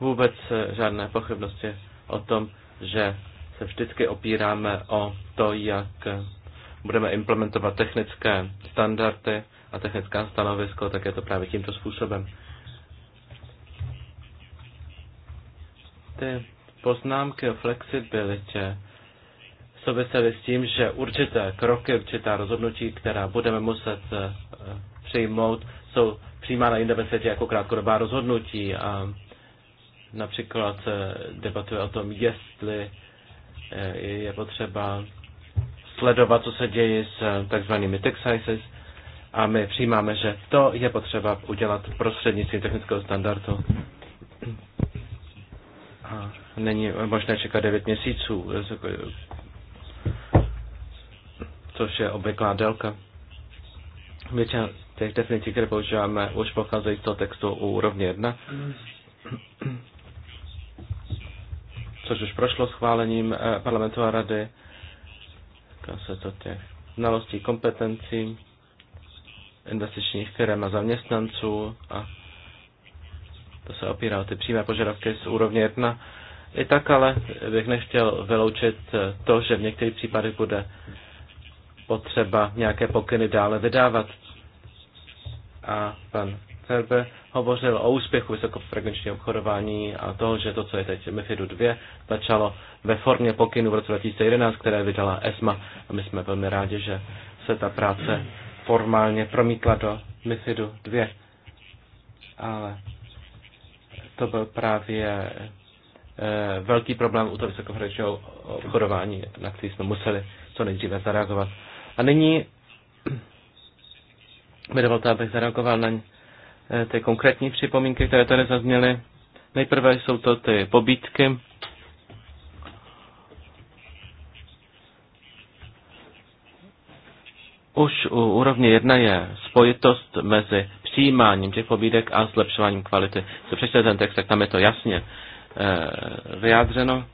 vůbec eh, žádné pochybnosti o tom, že se vždycky opíráme o to, jak eh, budeme implementovat technické standardy a technická stanovisko, tak je to právě tímto způsobem. Ty poznámky o flexibilitě souvisely s tím, že určité kroky, určitá rozhodnutí, která budeme muset eh, přijmout, jsou přijímána jinde ve světě jako krátkodobá rozhodnutí a například eh, debatuje o tom, jestli eh, je potřeba sledovat, co se děje s takzvanými tech sizes a my přijímáme, že to je potřeba udělat prostřednictvím technického standardu. A není možné čekat 9 měsíců což je obvyklá délka. Většina těch definicí, které používáme, už pocházejí z toho textu u úrovně 1, což už prošlo schválením eh, parlamentu a rady. Týká se to těch znalostí, kompetencí, investičních firm a zaměstnanců a to se opírá o ty přímé požadavky z úrovně 1. I tak ale bych nechtěl vyloučit to, že v některých případech bude potřeba nějaké pokyny dále vydávat. A pan Ferbe hovořil o úspěchu vysokofrekvenčního obchodování a toho, že to, co je teď MIFIDu 2, začalo ve formě pokynu v roce 2011, které vydala ESMA. A my jsme velmi rádi, že se ta práce formálně promítla do MIFIDu 2. Ale to byl právě eh, velký problém u toho vysokofrekvenčního obchodování, na který jsme museli co nejdříve zareagovat. A nyní mi dovolte, abych zareagoval na eh, ty konkrétní připomínky, které tady zazněly. Nejprve jsou to ty pobítky. Už u úrovně jedna je spojitost mezi přijímáním těch pobídek a zlepšováním kvality. Co přečte ten text, tak tam je to jasně eh, vyjádřeno.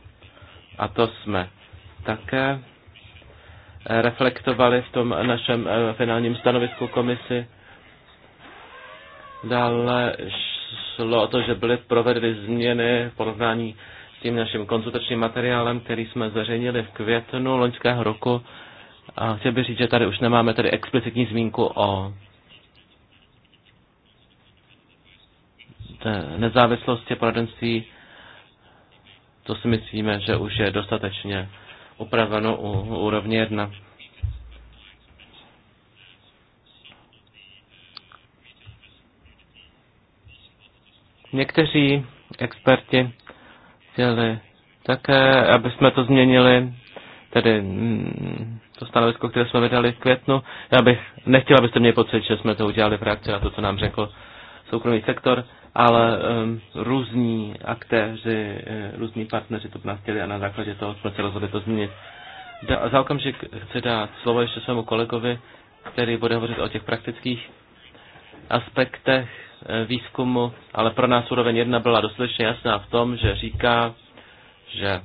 A to jsme také reflektovali v tom našem eh, finálním stanovisku komisi. Dále šlo o to, že byly provedeny změny v porovnání s tím naším konzultačním materiálem, který jsme zveřejnili v květnu loňského roku. A chtěl bych říct, že tady už nemáme tady explicitní zmínku o nezávislosti poradenství. To si myslíme, že už je dostatečně upraveno u úrovně 1. Někteří experti chtěli také, aby jsme to změnili, tedy mm, to stanovisko, které jsme vydali v květnu. Já bych nechtěla, abyste měli pocit, že jsme to udělali v reakci na to, co nám řekl soukromý sektor, ale um, různí aktéři, eh, různí partneři to nás chtěli a na základě toho jsme se rozhodli to změnit. Da, za okamžik chci dát slovo ještě svému kolegovi, který bude hovořit o těch praktických aspektech eh, výzkumu, ale pro nás úroveň jedna byla dostatečně jasná v tom, že říká, že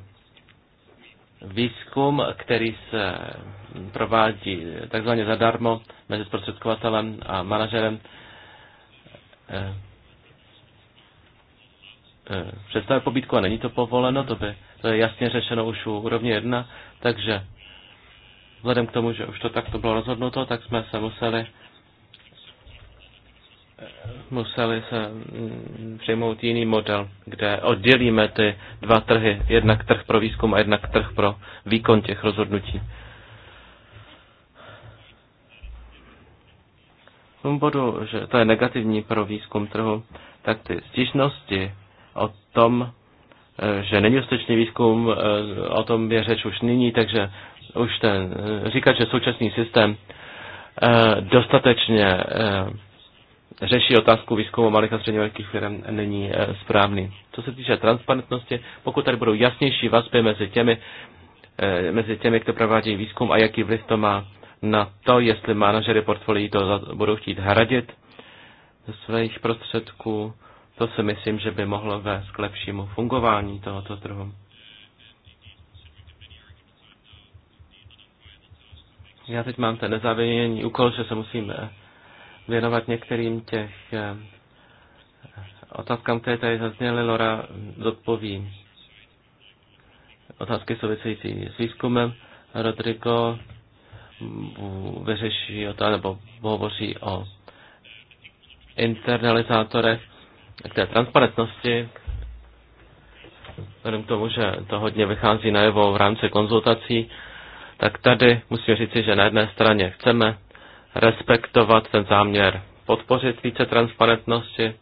výzkum, který se provádí takzvaně zadarmo mezi zprostředkovatelem a manažerem, Eh, eh, představit pobídku a není to povoleno, to by to je jasně řešeno už u úrovně jedna, takže vzhledem k tomu, že už to takto bylo rozhodnuto, tak jsme se museli eh, museli se mm, přijmout jiný model, kde oddělíme ty dva trhy, jednak trh pro výzkum a jednak trh pro výkon těch rozhodnutí. tom bodu, že to je negativní pro výzkum trhu, tak ty stížnosti o tom, eh, že není dostatečný výzkum, eh, o tom je řeč už nyní, takže už ten, eh, říkat, že současný systém dostatečně řeší otázku výzkumu malých a středně velkých firm, není správný. Co se týče transparentnosti, pokud tady budou jasnější vazby mezi těmi, mezi těmi, kdo provádějí výzkum a jaký vliv to má na to, jestli manažery portfolií to budou chtít hradit ze svých prostředků. To si myslím, že by mohlo vést k lepšímu fungování tohoto trhu. Já teď mám ten nezávěrný úkol, že se musím eh, věnovat některým těch eh, otázkám, které tady zazněly. Lora zodpoví otázky související s výzkumem. Rodrigo vyřeší o to, nebo hovoří o internalizátorech k té transparentnosti, vzhledem k tomu, že to hodně vychází najevo v rámci konzultací, tak tady musím říci, že na jedné straně chceme respektovat ten záměr podpořit více transparentnosti,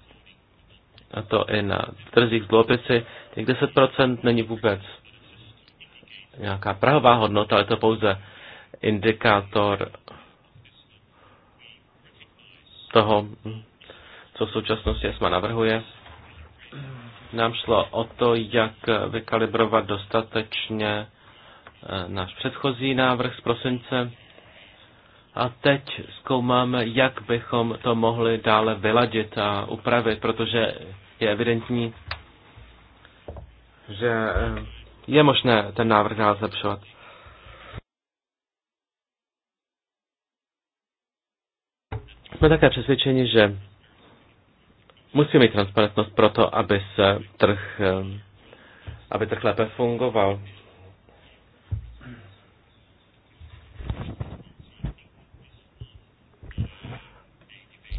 a to i na trzích z Těch 10% není vůbec nějaká prahová hodnota, ale to pouze indikátor toho, co v současnosti ESMA navrhuje. Nám šlo o to, jak vykalibrovat dostatečně eh, náš předchozí návrh z prosince a teď zkoumáme, jak bychom to mohli dále vyladit a upravit, protože je evidentní, že eh, je možné ten návrh dále zlepšovat. Jsme také přesvědčeni, že musí mít transparentnost proto, aby se trh, eh, aby trh lépe fungoval.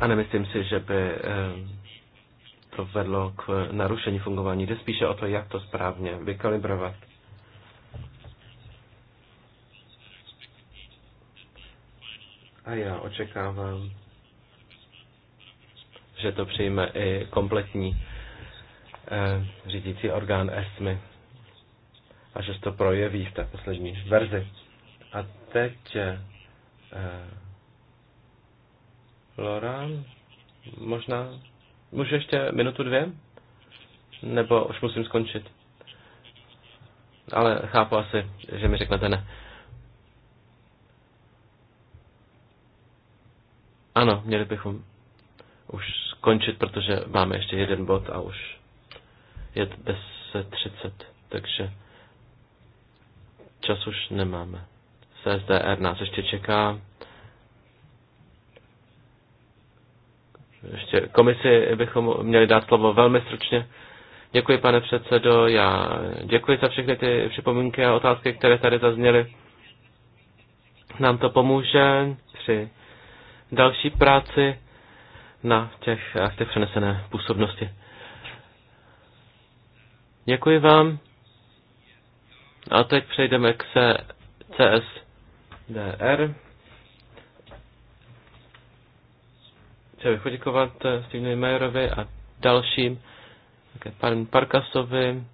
A nemyslím si, že by eh, to vedlo k narušení fungování. Jde spíše o to, jak to správně vykalibrovat. A já očekávám, že to přijme i kompletní eh, řídící orgán ESMI a že se to projeví v té poslední verzi. A teď eh, Loran, možná, můžu ještě minutu dvě? Nebo už musím skončit? Ale chápu asi, že mi řeknete ne. Ano, měli bychom už končit, protože máme ještě jeden bod a už je 10.30, takže čas už nemáme. CSDR nás ještě čeká. Ještě komisi bychom měli dát slovo velmi stručně. Děkuji, pane předsedo. Já děkuji za všechny ty připomínky a otázky, které tady zazněly. Nám to pomůže při další práci na těch té přenesené působnosti. Děkuji vám. A teď přejdeme k CSDR. Chtěl bych poděkovat eh, Stevenovi Majerovi a dalším, také panu Parkasovi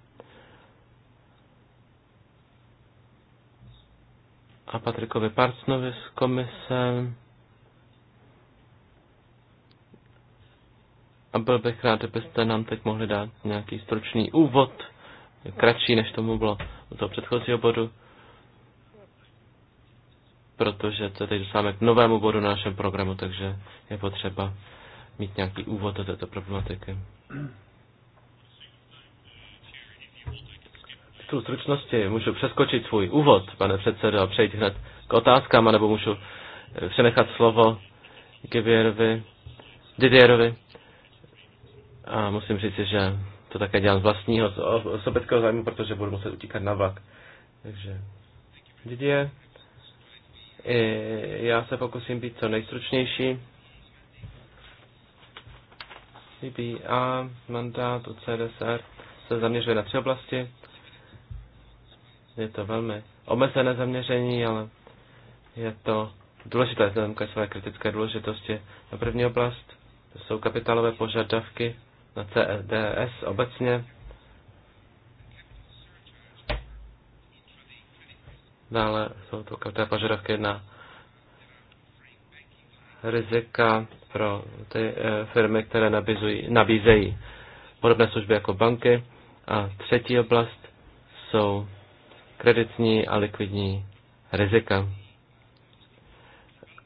a Patrikovi Parcnovi z komise. A byl bych rád, kdybyste nám teď mohli dát nějaký stručný úvod, kratší než tomu bylo u toho předchozího bodu, protože se teď dostáváme k novému bodu na našem programu, takže je potřeba mít nějaký úvod do této problematiky. V tu stručnosti můžu přeskočit svůj úvod, pane předsedo, a přejít hned k otázkám, anebo můžu eh, přenechat slovo Givierovi, Didierovi a musím říct, že to také dělám z vlastního sobeckého zájmu, protože budu muset utíkat na vlak. Takže Didier, já se pokusím být co nejstručnější. CBA, mandát od CDSR se zaměřuje na tři oblasti. Je to velmi omezené zaměření, ale je to důležité vzhledem své kritické důležitosti. Na první oblast to jsou kapitálové požadavky na CDS e obecně. Dále jsou to každé požadavky na rizika pro ty eh, firmy, které nabízují, nabízejí podobné služby jako banky. A třetí oblast jsou kreditní a likvidní rizika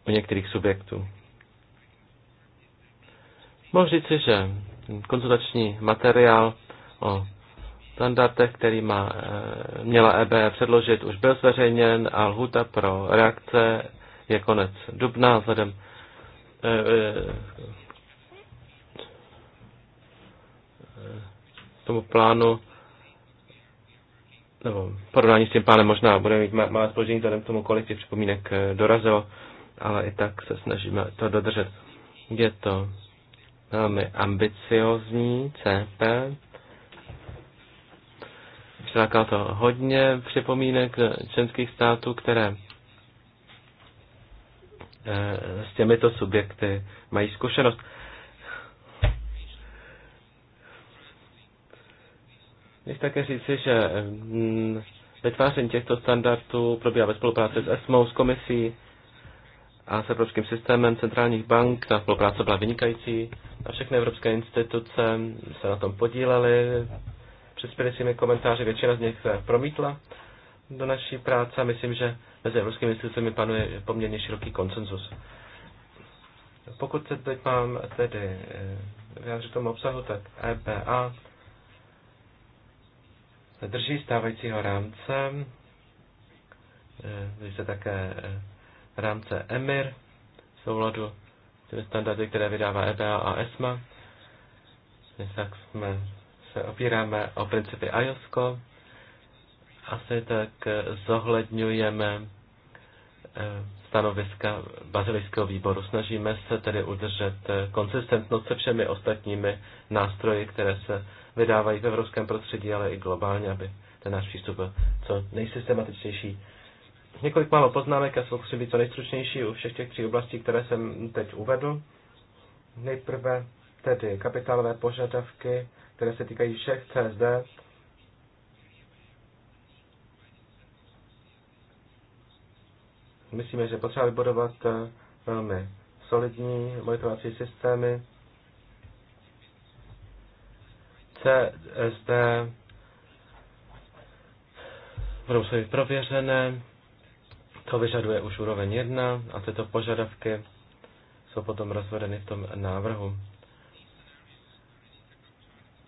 u některých subjektů. Mohu říci, že konzultační materiál o standardech, který má, eh, měla EB předložit, už byl zveřejněn a lhuta pro reakce je konec dubna vzhledem eh, eh, tomu plánu nebo porovnání s tím plánem možná bude mít malé spoždění vzhledem k tomu, kolik těch připomínek dorazilo, ale i tak se snažíme to dodržet. Je to velmi ambiciozní CP. Přiláká to hodně připomínek členských států, které eh, s těmito subjekty mají zkušenost. Bych také říci, že mm, vytváření těchto standardů probíhá ve spolupráci s ESMO, s komisí, a s evropským systémem centrálních bank. Ta spolupráce byla vynikající a všechny evropské instituce se na tom podílely, přispěli mi komentáři, většina z nich se promítla do naší práce a myslím, že mezi evropskými institucemi panuje poměrně široký konsenzus. Pokud se teď mám tedy eh, vyjádřit tomu obsahu, tak EBA drží stávajícího rámce, eh, když se také eh, rámce EMIR v souladu s těmi standardy, které vydává EBA a ESMA. Tak e jsme se opíráme o principy IOSCO. Asi tak zohledňujeme eh, stanoviska Bazilijského výboru. Snažíme se tedy udržet eh, konsistentnost se všemi ostatními nástroji, které se vydávají v evropském prostředí, ale i globálně, aby ten náš přístup byl co nejsystematičnější. Několik málo poznámek, já se pokusím být co nejstručnější u všech těch tří oblastí, které jsem teď uvedl. Nejprve tedy kapitálové požadavky, které se týkají všech CSD. Myslíme, že potřeba vybudovat eh, velmi solidní monitorovací systémy. CSD budou se prověřené, to vyžaduje už úroveň 1 a tyto požadavky jsou potom rozvedeny v tom návrhu.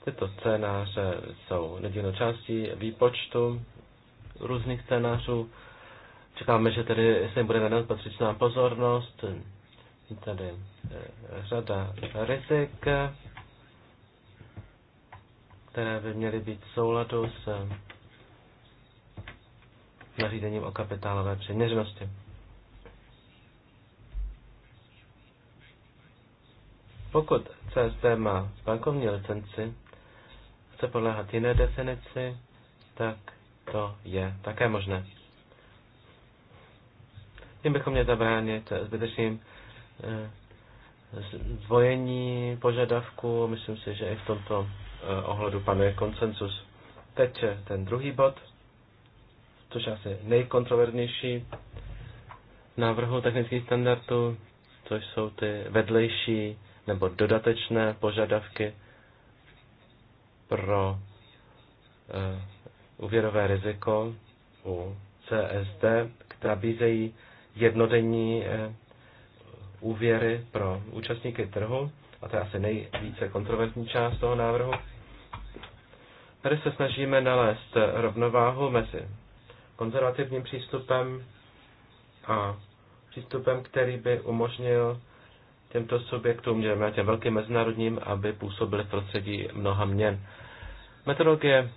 Tyto scénáře jsou nedílnou částí výpočtu různých scénářů. Čekáme, že tedy se jim bude nadat patřičná pozornost. Tady eh, řada rizik, eh, které by měly být v souladu s nařízením o kapitálové přiměřenosti. Pokud CSD má bankovní licenci, chce podléhat jiné definici, tak to je také možné. Tím bychom měli zabránit zbytečným eh, zvojení požadavku. Myslím si, že i v tomto eh, ohledu panuje konsensus. Teď ten druhý bod což je asi nejkontroverznější návrhu technických standardů, což jsou ty vedlejší nebo dodatečné požadavky pro uh, úvěrové riziko u CSD, která bízejí jednodenní uh, úvěry pro účastníky trhu, a to je asi nejvíce kontroverzní část toho návrhu. Tady se snažíme nalézt rovnováhu mezi konzervativním přístupem a přístupem, který by umožnil těmto subjektům, těm velkým mezinárodním, aby působili v prostředí mnoha měn. Metodologie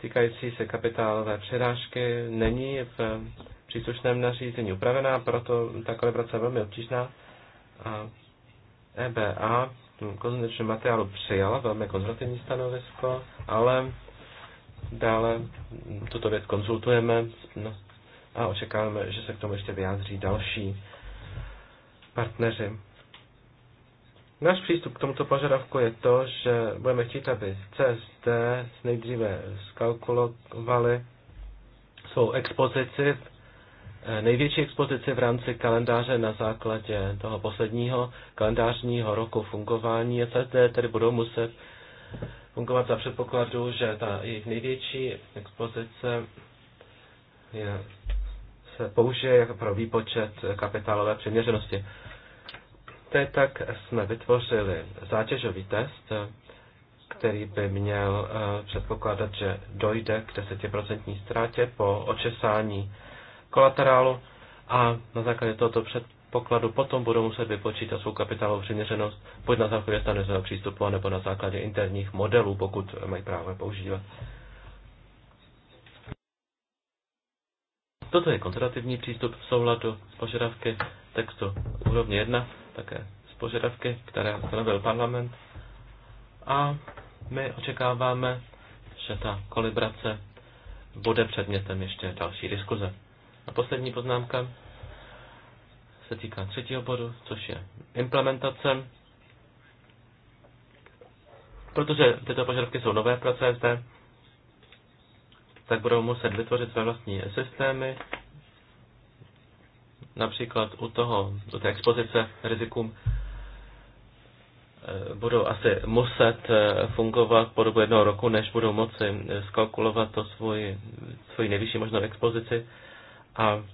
týkající se kapitálové přirážky není v příslušném nařízení upravená, proto ta kalibrace je velmi obtížná. A EBA konzervačním materiálu přijala velmi konzervativní stanovisko, ale Dále tuto věc konzultujeme no, a očekáváme, že se k tomu ještě vyjádří další partneři. Náš přístup k tomuto požadavku je to, že budeme chtít, aby CSD nejdříve zkalkulovali svou expozici, eh, největší expozici v rámci kalendáře na základě toho posledního kalendářního roku fungování CSD, tedy budou muset fungovat za předpokladu, že ta jejich největší expozice je, se použije jako pro výpočet kapitálové přiměřenosti. Teď tak jsme vytvořili zátěžový test, který by měl eh, předpokládat, že dojde k desetiprocentní ztrátě po očesání kolaterálu a na základě tohoto před, pokladu, potom budou muset vypočítat svou kapitálovou přiměřenost buď na základě standardizovaného přístupu, nebo na základě interních modelů, pokud mají právo používat. Toto je konzervativní přístup v souladu s požadavky textu úrovně 1, také s požadavky, které stanovil parlament. A my očekáváme, že ta kolibrace bude předmětem ještě další diskuze. A poslední poznámka se týká třetího bodu, což je implementace. Protože tyto požadavky jsou nové pro CSD, tak budou muset vytvořit své vlastní systémy, například u toho, u té expozice rizikům eh, budou asi muset eh, fungovat po dobu jednoho roku, než budou moci skalkulovat to svoji, svoji nejvyšší možnou expozici a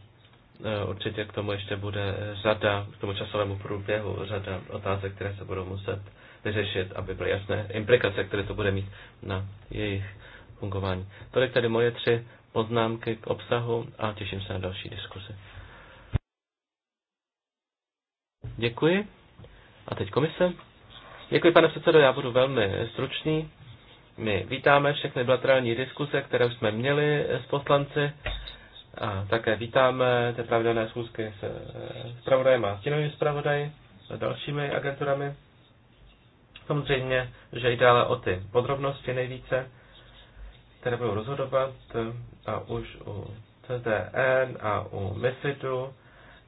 Eh, určitě k tomu ještě bude řada, k tomu časovému průběhu řada otázek, které se budou muset vyřešit, aby byly jasné implikace, které to bude mít na jejich fungování. Tolik tedy moje tři poznámky k obsahu a těším se na další diskuzi. Děkuji. A teď komise. Děkuji, pane předsedo, já budu velmi stručný. My vítáme všechny bilaterální diskuse, které už jsme měli s poslanci a také vítáme ty pravidelné schůzky s zpravodajem eh, a stínovým zpravodaji a dalšími agenturami. Samozřejmě, že jde ale o ty podrobnosti nejvíce, které budou rozhodovat eh, a už u CDN a u MIFIDu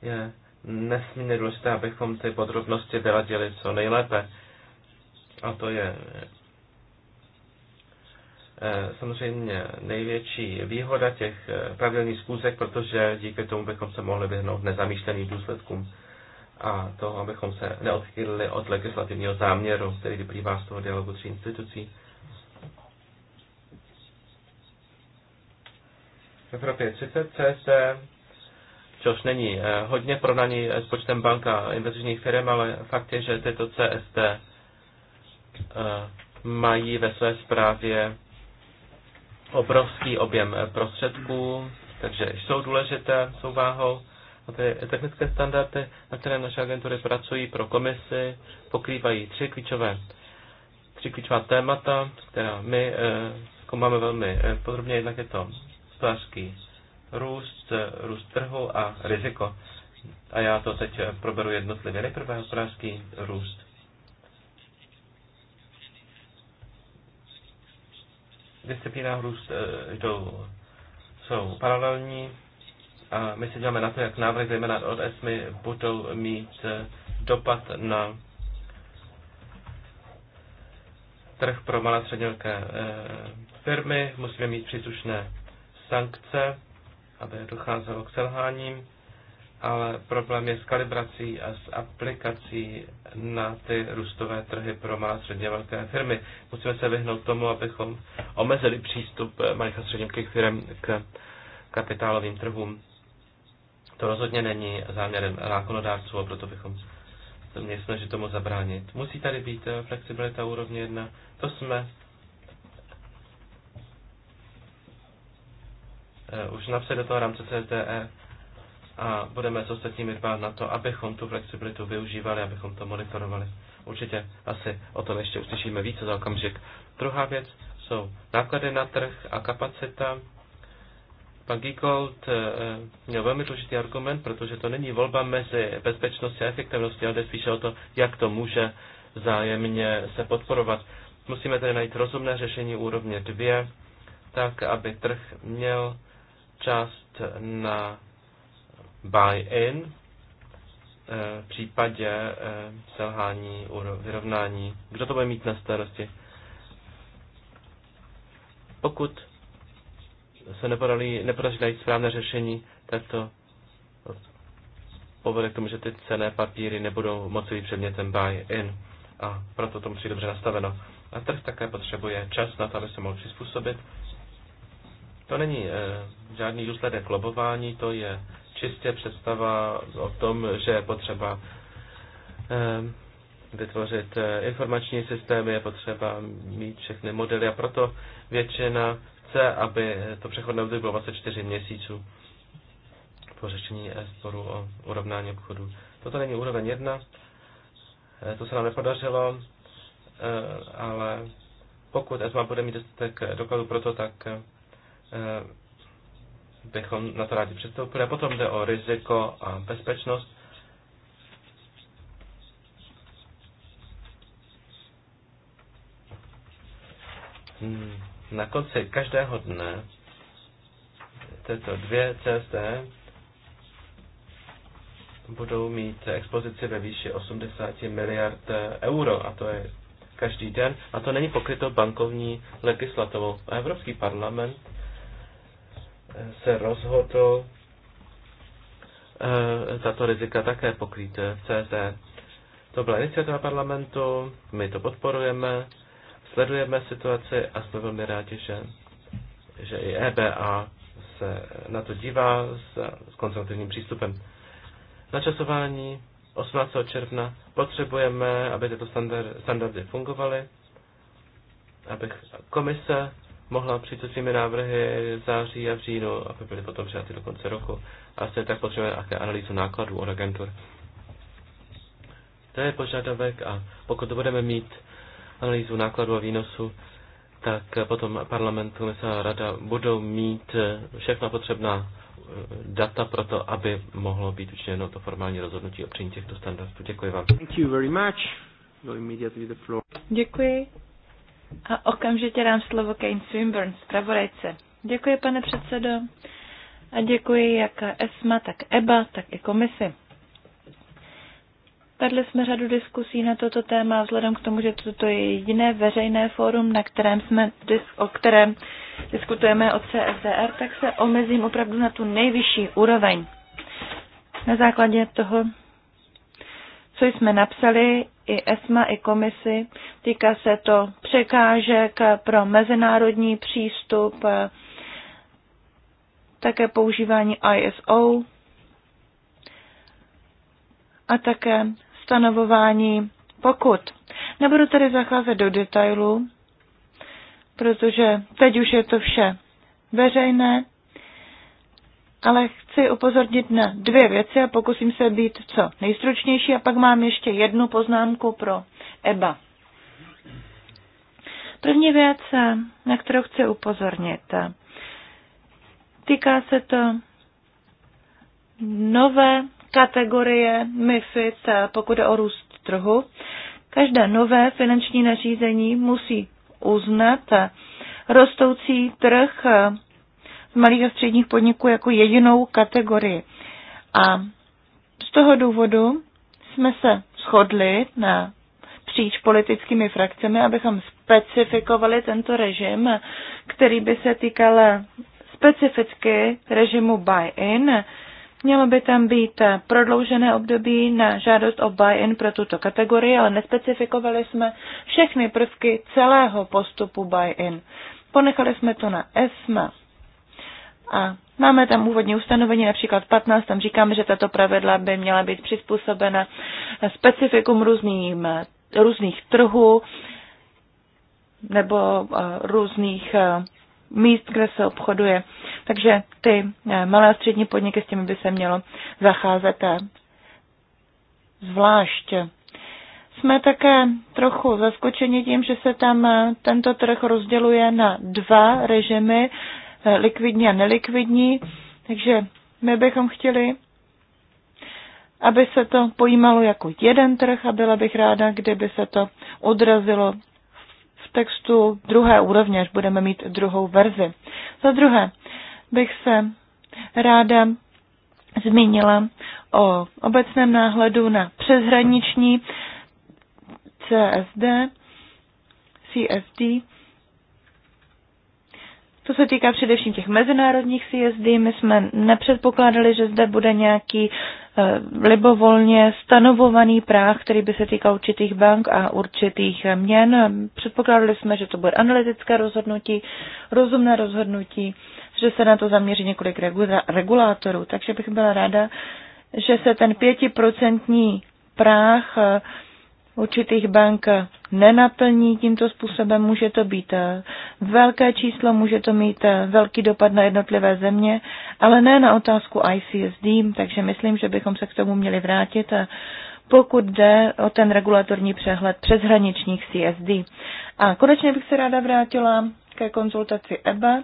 je nesmírně důležité, abychom ty podrobnosti vyladili co nejlépe. A to je Eh, samozřejmě největší výhoda těch eh, pravidelných zkůzek, protože díky tomu bychom se mohli vyhnout nezamýšleným důsledkům a toho, abychom se neodchýlili od legislativního záměru, který vyplývá z toho dialogu tří institucí. V Evropě 30 CST, což není eh, hodně porovnaní s počtem banka a investičních firm, ale fakt je, že tyto CST mají ve své zprávě obrovský objem eh, prostředků, takže jsou důležité, jsou váhou. A ty technické standardy, na které naše agentury pracují pro komisi, pokrývají tři klíčové, tři klíčová témata, která my eh, zkoumáme velmi eh, podrobně. Jednak je to hospodářský růst, růst trhu a riziko. A já to teď proberu jednotlivě. Nejprve hospodářský růst. disciplínách růst e, jdou, jsou paralelní a my se děláme na to, jak návrh zejména od ESMY budou mít e, dopad na trh pro malé střední e, firmy. Musíme mít příslušné sankce, aby docházelo k selháním ale problém je s kalibrací a s aplikací na ty růstové trhy pro malé a středně velké firmy. Musíme se vyhnout tomu, abychom omezili přístup malých a středně velkých firm k kapitálovým trhům. To rozhodně není záměrem zákonodárců a proto bychom se měli snažit tomu zabránit. Musí tady být eh, flexibilita úrovně 1. To jsme eh, už napsali do toho rámce CSDE a budeme s ostatními dbát na to, abychom tu flexibilitu využívali, abychom to monitorovali. Určitě asi o tom ještě uslyšíme více za okamžik. Druhá věc jsou náklady na trh a kapacita. Pan Gigold eh, měl velmi důležitý argument, protože to není volba mezi bezpečností a efektivností, ale jde spíše o to, jak to může zájemně se podporovat. Musíme tedy najít rozumné řešení úrovně 2, tak aby trh měl část na buy-in eh, v případě eh, selhání vyrovnání. Kdo to bude mít na starosti? Pokud se nepodaří, nepodaří najít správné řešení, tak to povede k tomu, že ty cené papíry nebudou moci být předmětem buy-in a proto to musí dobře nastaveno. A trh také potřebuje čas na to, aby se mohl přizpůsobit. To není e, žádný důsledek lobování, to je čistě představa o tom, že je potřeba eh, vytvořit eh, informační systémy, je potřeba mít všechny modely a proto většina chce, aby to přechodné období bylo 24 měsíců po řešení sporu o urovnání obchodu. Toto není úroveň jedna. Eh, to se nám nepodařilo, ale pokud ESMA bude mít dostatek dokladů pro to, tak bychom na to rádi přistoupili. A potom jde o riziko a bezpečnost. Hmm, na konci každého dne tyto dvě CST budou mít expozici ve výši 80 miliard euro, a to je každý den, a to není pokryto bankovní legislativou. Evropský parlament se rozhodl eh, tato rizika také pokrýt eh, v CZ. To byla iniciativa parlamentu, my to podporujeme, sledujeme situaci a jsme velmi rádi, že, že i EBA se na to dívá s, s konzervativním přístupem. Načasování 18. června potřebujeme, aby tyto standardy fungovaly, aby komise mohla přijít se svými návrhy září a v říjnu, aby byly potom přijaty do konce roku. A stejně tak potřebujeme také analýzu nákladů od agentur. To je požadavek a pokud to budeme mít analýzu nákladů a výnosu, tak potom parlament, komise a rada budou mít všechna potřebná eh, data pro to, aby mohlo být učiněno to formální rozhodnutí o přijímání těchto standardů. Děkuji vám. Thank you very much. Go no immediately the floor. Děkuji. A okamžitě dám slovo Kane Swinburne, zpravodajce. Děkuji, pane předsedo. A děkuji jak ESMA, tak EBA, tak i komisi. Vedli jsme řadu diskusí na toto téma, vzhledem k tomu, že toto je jediné veřejné fórum, na kterém jsme, o kterém diskutujeme o CSDR, tak se omezím opravdu na tu nejvyšší úroveň. Na základě toho, co jsme napsali i ESMA, i komisi. Týká se to překážek pro mezinárodní přístup, také používání ISO a také stanovování pokut. Nebudu tedy zacházet do detailů, protože teď už je to vše veřejné, ale chci upozornit na dvě věci a pokusím se být co nejstručnější a pak mám ještě jednu poznámku pro EBA. První věc, na kterou chci upozornit, týká se to nové kategorie MIFID, pokud je o růst trhu. Každé nové finanční nařízení musí uznat rostoucí trh z malých a středních podniků jako jedinou kategorii. A z toho důvodu jsme se shodli na příč politickými frakcemi, abychom specifikovali tento režim, který by se týkal specificky režimu buy-in. Mělo by tam být prodloužené období na žádost o buy-in pro tuto kategorii, ale nespecifikovali jsme všechny prvky celého postupu buy-in. Ponechali jsme to na ESMA a máme tam úvodní ustanovení, například 15, tam říkáme, že tato pravidla by měla být přizpůsobena specifikum různým, různých trhů nebo eh, různých eh, míst, kde se obchoduje. Takže ty eh, malé a střední podniky s těmi by se mělo zacházet zvlášť. Jsme také trochu zaskočeni tím, že se tam tento trh rozděluje na dva režimy. Eh, likvidní a nelikvidní. Takže my bychom chtěli, aby se to pojímalo jako jeden trh a byla bych ráda, kdyby se to odrazilo v textu druhé úrovně, až budeme mít druhou verzi. Za druhé bych se ráda zmínila o obecném náhledu na přeshraniční CSD, CSD, co se týká především těch mezinárodních CSD, my jsme nepředpokládali, že zde bude nějaký eh, libovolně stanovovaný práh, který by se týkal určitých bank a určitých měn. Předpokládali jsme, že to bude analytické rozhodnutí, rozumné rozhodnutí, že se na to zaměří několik regulátorů. Takže bych byla ráda, že se ten pětiprocentní práh eh, určitých bank nenaplní tímto způsobem, může to být eh, velké číslo, může to mít eh, velký dopad na jednotlivé země, ale ne na otázku ICSD, takže myslím, že bychom se k tomu měli vrátit, eh, pokud jde o ten regulatorní přehled přeshraničních CSD. A konečně bych se ráda vrátila ke konzultaci EBA.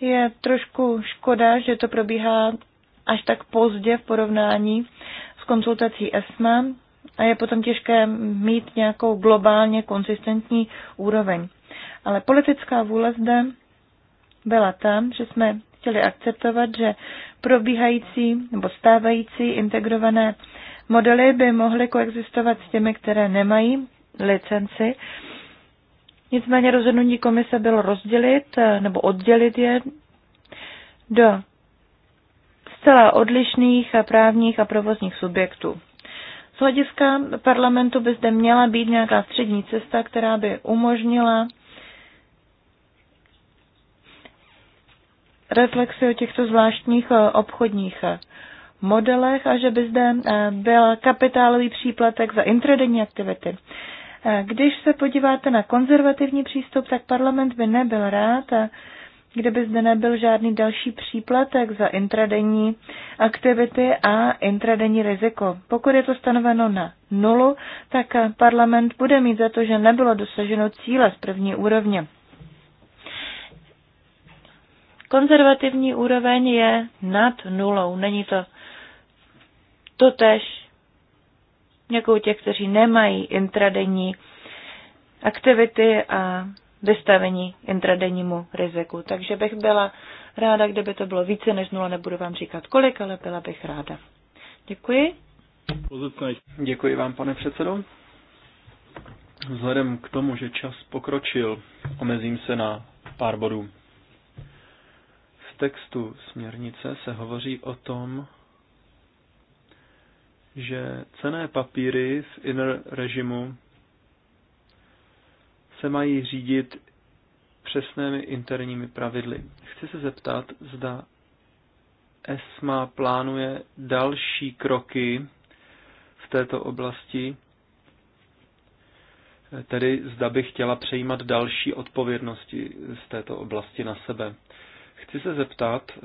Je trošku škoda, že to probíhá až tak pozdě v porovnání s konzultací ESMA, a je potom těžké mít nějakou globálně konzistentní úroveň. Ale politická vůle zde byla ta, že jsme chtěli akceptovat, že probíhající nebo stávající integrované modely by mohly koexistovat s těmi, které nemají licenci. Nicméně rozhodnutí komise bylo rozdělit eh, nebo oddělit je do zcela odlišných právních a provozních subjektů hlediska parlamentu by zde měla být nějaká střední cesta, která by umožnila reflexy o těchto zvláštních eh, obchodních eh, modelech a že by zde eh, byl kapitálový příplatek za intradenní aktivity. Když se podíváte na konzervativní přístup, tak parlament by nebyl rád, kdyby zde nebyl žádný další příplatek za intradenní aktivity a intradenní riziko. Pokud je to stanoveno na nulu, tak parlament bude mít za to, že nebylo dosaženo cíle z první úrovně. Konzervativní úroveň je nad nulou, není to totež jako u těch, kteří nemají intradenní aktivity a vystavení intradennímu riziku. Takže bych byla ráda, kdyby to bylo více než nula, nebudu vám říkat kolik, ale byla bych ráda. Děkuji. Děkuji vám, pane předsedo. Vzhledem k tomu, že čas pokročil, omezím se na pár bodů. V textu směrnice se hovoří o tom, že cené papíry v inner režimu se mají řídit přesnými interními pravidly. Chci se zeptat, zda ESMA plánuje další kroky v této oblasti, tedy zda by chtěla přejímat další odpovědnosti z této oblasti na sebe. Chci se zeptat, eh,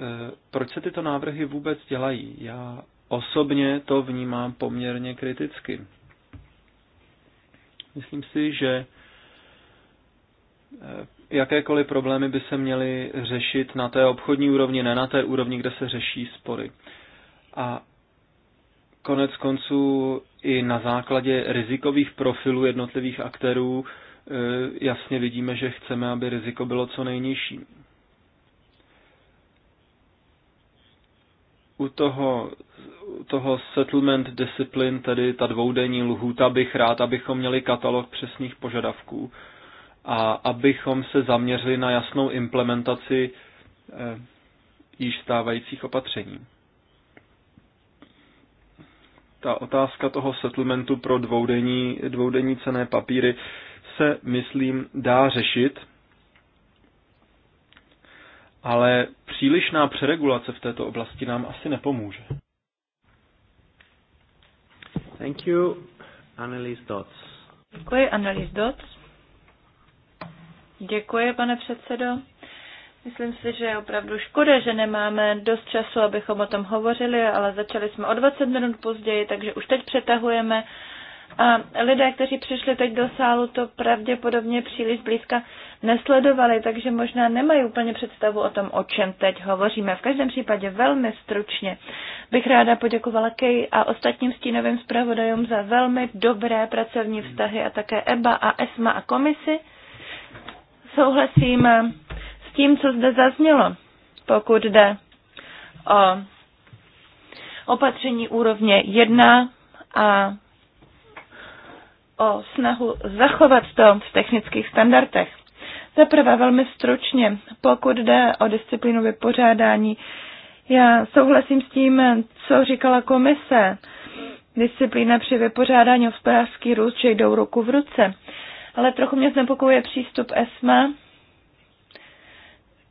proč se tyto návrhy vůbec dělají? Já osobně to vnímám poměrně kriticky. Myslím si, že Eh, jakékoliv problémy by se měly řešit na té obchodní úrovni, ne na té úrovni, kde se řeší spory. A konec konců i na základě rizikových profilů jednotlivých aktérů eh, jasně vidíme, že chceme, aby riziko bylo co nejnižší. U toho, u toho settlement discipline, tedy ta dvoudenní lhůta, bych rád, abychom měli katalog přesných požadavků, a abychom se zaměřili na jasnou implementaci eh, již stávajících opatření. Ta otázka toho settlementu pro dvoudenní, dvoudenní cené papíry se, myslím, dá řešit, ale přílišná přeregulace v této oblasti nám asi nepomůže. Thank you, Annelies Dodds. Děkuji, Annelies Dodds. Děkuji, pane předsedo. Myslím si, že je opravdu škoda, že nemáme dost času, abychom o tom hovořili, ale začali jsme o 20 minut později, takže už teď přetahujeme. A lidé, kteří přišli teď do sálu, to pravděpodobně příliš blízka nesledovali, takže možná nemají úplně představu o tom, o čem teď hovoříme. V každém případě velmi stručně bych ráda poděkovala Kej a ostatním stínovým zpravodajům za velmi dobré pracovní vztahy a také EBA a ESMA a komisi souhlasím eh, s tím, co zde zaznělo, pokud jde o opatření úrovně 1 a o snahu zachovat to v technických standardech. Zaprvé velmi stručně, pokud jde o disciplínu vypořádání, já souhlasím s tím, co říkala komise. Disciplína při vypořádání hospodářský růst, že jdou ruku v ruce ale trochu mě znepokojuje přístup ESMA,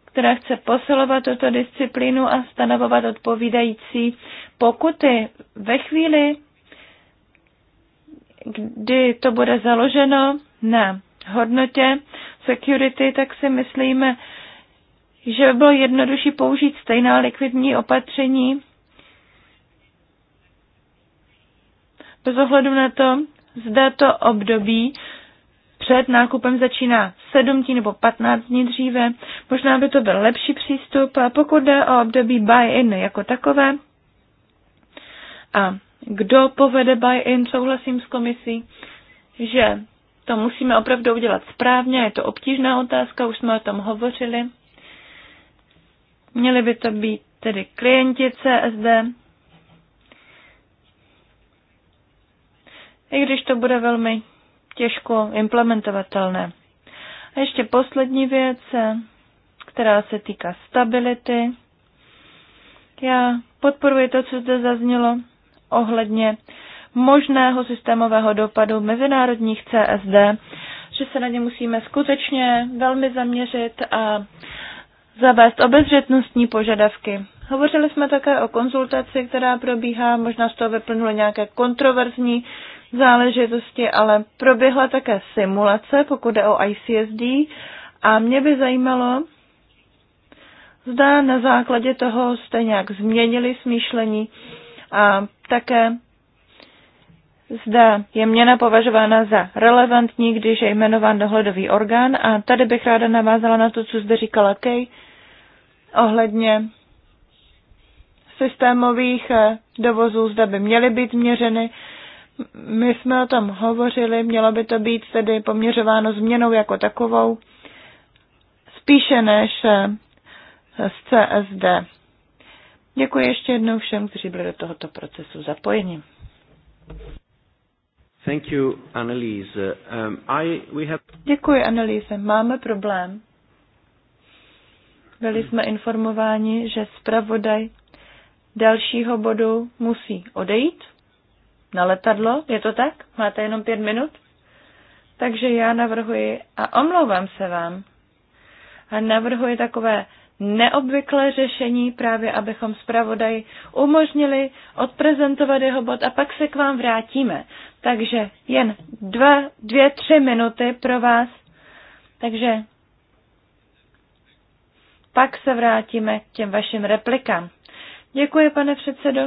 která chce posilovat tuto disciplínu a stanovovat odpovídající pokuty ve chvíli, kdy to bude založeno na hodnotě security, tak si myslíme, že by bylo jednodušší použít stejná likvidní opatření bez ohledu na to, zda to období před nákupem začíná 7 dní nebo 15 dní dříve. Možná by to byl lepší přístup, pokud jde o období buy-in jako takové. A kdo povede buy-in, souhlasím s komisí, že to musíme opravdu udělat správně, je to obtížná otázka, už jsme o tom hovořili. Měli by to být tedy klienti CSD. I když to bude velmi těžko implementovatelné. A ještě poslední věc, která se týká stability. Já podporuji to, co zde zaznělo ohledně možného systémového dopadu mezinárodních CSD, že se na ně musíme skutečně velmi zaměřit a zavést obezřetnostní požadavky. Hovořili jsme také o konzultaci, která probíhá, možná z toho vyplnulo nějaké kontroverzní záležitosti, ale proběhla také simulace, pokud jde o ICSD, a mě by zajímalo, zda na základě toho jste nějak změnili smýšlení a také zda je měna považována za relevantní, když je jmenován dohledový orgán. A tady bych ráda navázala na to, co zde říkala Kej ohledně systémových eh, dovozů, zda by měly být měřeny my jsme o tom hovořili, mělo by to být tedy poměřováno změnou jako takovou, spíše než z eh, CSD. Děkuji ještě jednou všem, kteří byli do tohoto procesu zapojeni. Thank you, Annelise. Um, I, we have... Děkuji, Annelise. Máme problém. Byli jsme informováni, že zpravodaj dalšího bodu musí odejít na letadlo, je to tak? Máte jenom pět minut? Takže já navrhuji, a omlouvám se vám, a navrhuji takové neobvyklé řešení, právě abychom zpravodaj umožnili odprezentovat jeho bod a pak se k vám vrátíme. Takže jen dva, dvě, tři minuty pro vás. Takže pak se vrátíme k těm vašim replikám. Děkuji, pane předsedo.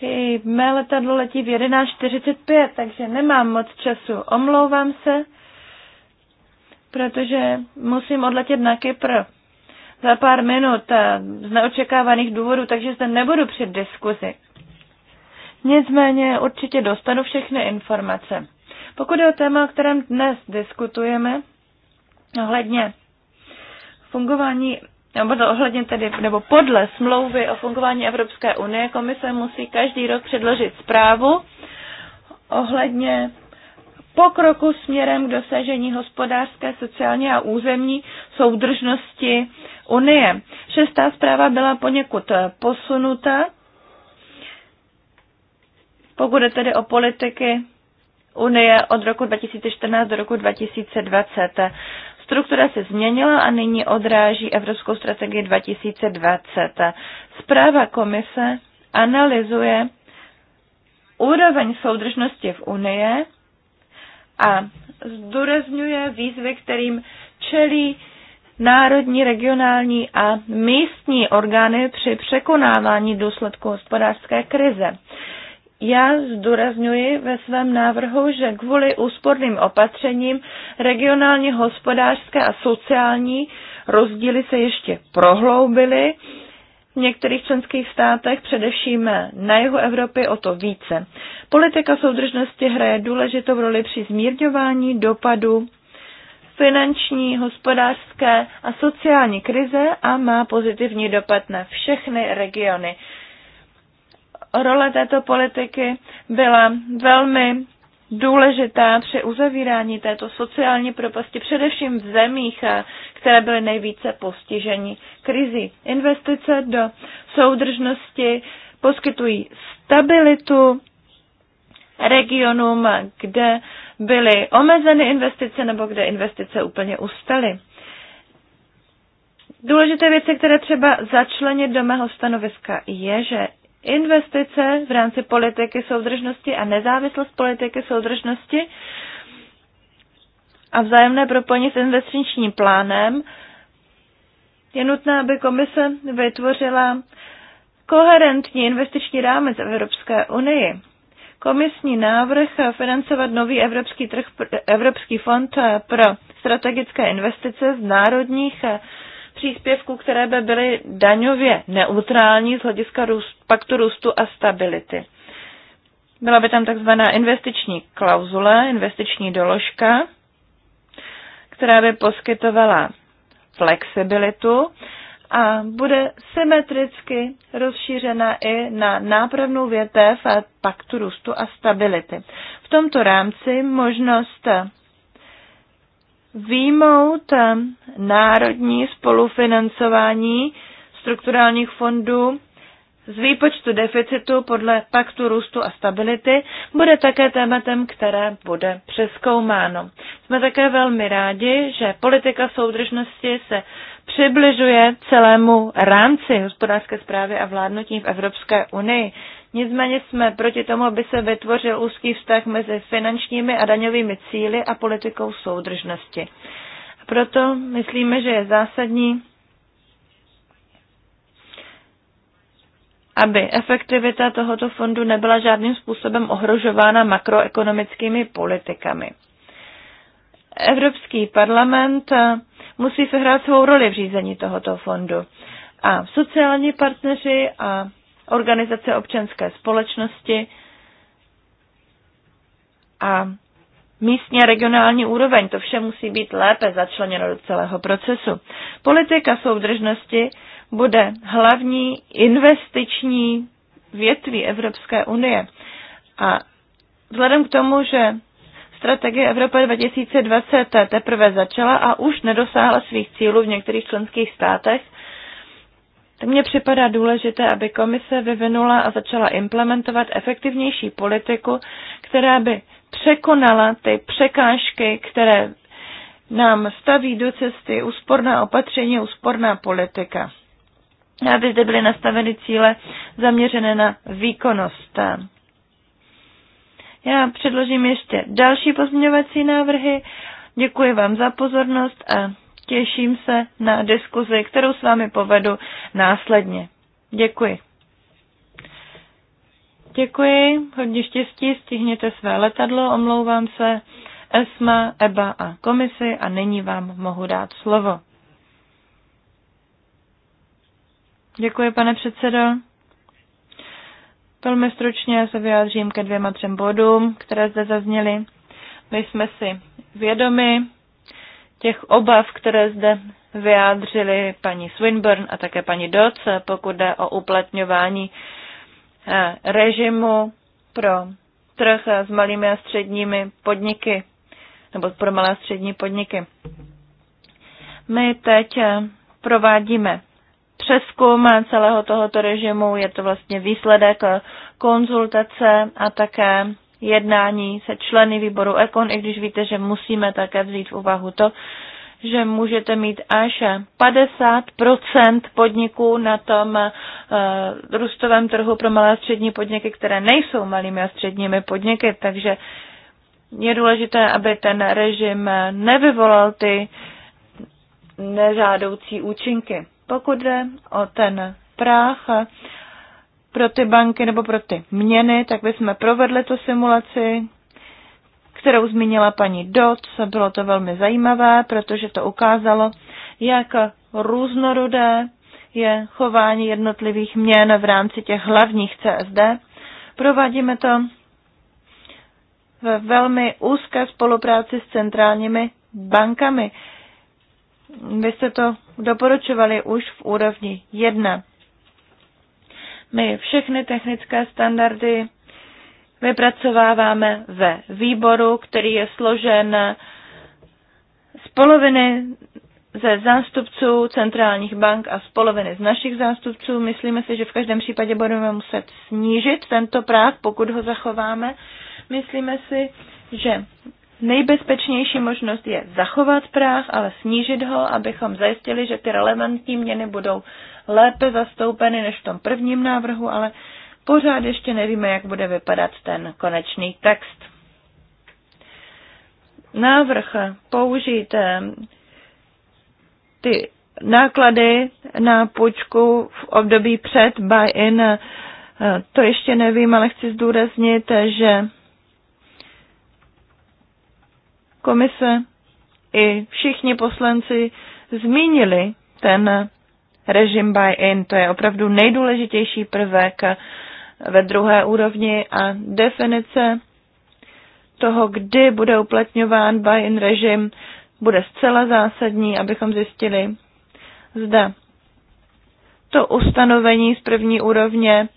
I mé letadlo letí v 11.45, takže nemám moc času. Omlouvám se, protože musím odletět na Kypr za pár minut z neočekávaných důvodů, takže zde nebudu před diskuzi. Nicméně určitě dostanu všechny informace. Pokud je o téma, o kterém dnes diskutujeme, ohledně fungování nebo ohledně tedy, nebo podle smlouvy o fungování Evropské unie, komise musí každý rok předložit zprávu ohledně pokroku směrem k dosažení hospodářské, sociální a územní soudržnosti Unie. Šestá zpráva byla poněkud eh, posunuta, pokud je tedy o politiky Unie od roku 2014 do roku 2020. Struktura se změnila a nyní odráží Evropskou strategii 2020. Zpráva komise analyzuje úroveň soudržnosti v Unie a zdůrazňuje výzvy, kterým čelí národní, regionální a místní orgány při překonávání důsledků hospodářské krize já zdůrazňuji ve svém návrhu, že kvůli úsporným opatřením regionální, hospodářské a sociální rozdíly se ještě prohloubily v některých členských státech, především na jihu Evropy, o to více. Politika soudržnosti hraje důležitou roli při zmírňování dopadu finanční, hospodářské a sociální krize a má pozitivní dopad na všechny regiony role této politiky byla velmi důležitá při uzavírání této sociální propasti, především v zemích, eh, které byly nejvíce postiženy krizi. Investice do soudržnosti poskytují stabilitu regionům, kde byly omezeny investice nebo kde investice úplně ustaly. Důležité věci, které třeba začlenit do mého stanoviska, je, že investice v rámci politiky soudržnosti a nezávislost politiky soudržnosti a vzájemné propojení s investičním plánem, je nutné, aby komise vytvořila koherentní investiční rámec Evropské unii. Komisní návrh financovat nový Evropský, trh, Evropský fond pro strategické investice z národních příspěvků, které by byly daňově neutrální z hlediska růst, paktu růstu a stability. Byla by tam takzvaná investiční klauzule, investiční doložka, která by poskytovala flexibilitu a bude symetricky rozšířena i na nápravnou větev a paktu růstu a stability. V tomto rámci možnost výmout eh, národní spolufinancování strukturálních fondů z výpočtu deficitu podle Paktu růstu a stability bude také tématem, které bude přeskoumáno. Jsme také velmi rádi, že politika soudržnosti se přibližuje celému rámci hospodářské zprávy a vládnutí v Evropské unii. Nicméně jsme proti tomu, aby se vytvořil úzký vztah mezi finančními a daňovými cíly a politikou soudržnosti. Proto myslíme, že je zásadní aby efektivita tohoto fondu nebyla žádným způsobem ohrožována makroekonomickými politikami. Evropský parlament eh, musí sehrát svou roli v řízení tohoto fondu. A sociální partneři a organizace občanské společnosti a místní a regionální úroveň, to vše musí být lépe začleněno do celého procesu. Politika soudržnosti bude hlavní investiční větví Evropské unie. A vzhledem k tomu, že strategie Evropa 2020 teprve začala a už nedosáhla svých cílů v některých členských státech, to mně připadá důležité, aby komise vyvinula a začala implementovat efektivnější politiku, která by překonala ty překážky, které nám staví do cesty úsporná opatření, úsporná politika aby zde byly nastaveny cíle zaměřené na výkonnost. Já předložím ještě další pozměňovací návrhy. Děkuji vám za pozornost a těším se na diskuzi, kterou s vámi povedu následně. Děkuji. Děkuji, hodně štěstí, stihněte své letadlo, omlouvám se ESMA, EBA a komisi a nyní vám mohu dát slovo. Děkuji, pane předsedo. Velmi stručně se vyjádřím ke dvěma třem bodům, které zde zazněly. My jsme si vědomi těch obav, které zde vyjádřili paní Swinburne a také paní Doc, pokud jde o uplatňování eh, režimu pro trh s malými a středními podniky, nebo pro malé a střední podniky. My teď eh, provádíme přeskum celého tohoto režimu, je to vlastně výsledek konzultace a také jednání se členy výboru EKON, i když víte, že musíme také vzít v úvahu to, že můžete mít až 50 podniků na tom uh, růstovém trhu pro malé a střední podniky, které nejsou malými a středními podniky, takže je důležité, aby ten režim nevyvolal ty nežádoucí účinky. Pokud jde o ten práh pro ty banky nebo pro ty měny, tak bychom provedli tu simulaci, kterou zmínila paní Dot. Bylo to velmi zajímavé, protože to ukázalo, jak různorodé je chování jednotlivých měn v rámci těch hlavních CSD. Provádíme to ve velmi úzké spolupráci s centrálními bankami. Vy jste to doporučovali už v úrovni 1. My všechny technické standardy vypracováváme ve výboru, který je složen z poloviny ze zástupců centrálních bank a z poloviny z našich zástupců. Myslíme si, že v každém případě budeme muset snížit tento práv, pokud ho zachováme. Myslíme si, že Nejbezpečnější možnost je zachovat práh, ale snížit ho, abychom zajistili, že ty relevantní měny budou lépe zastoupeny než v tom prvním návrhu, ale pořád ještě nevíme, jak bude vypadat ten konečný text. Návrh použít eh, ty náklady na půjčku v období před buy-in, eh, to ještě nevím, ale chci zdůraznit, eh, že komise i všichni poslanci zmínili ten režim buy-in. To je opravdu nejdůležitější prvek ve druhé úrovni a definice toho, kdy bude uplatňován buy-in režim, bude zcela zásadní, abychom zjistili, zda to ustanovení z první úrovně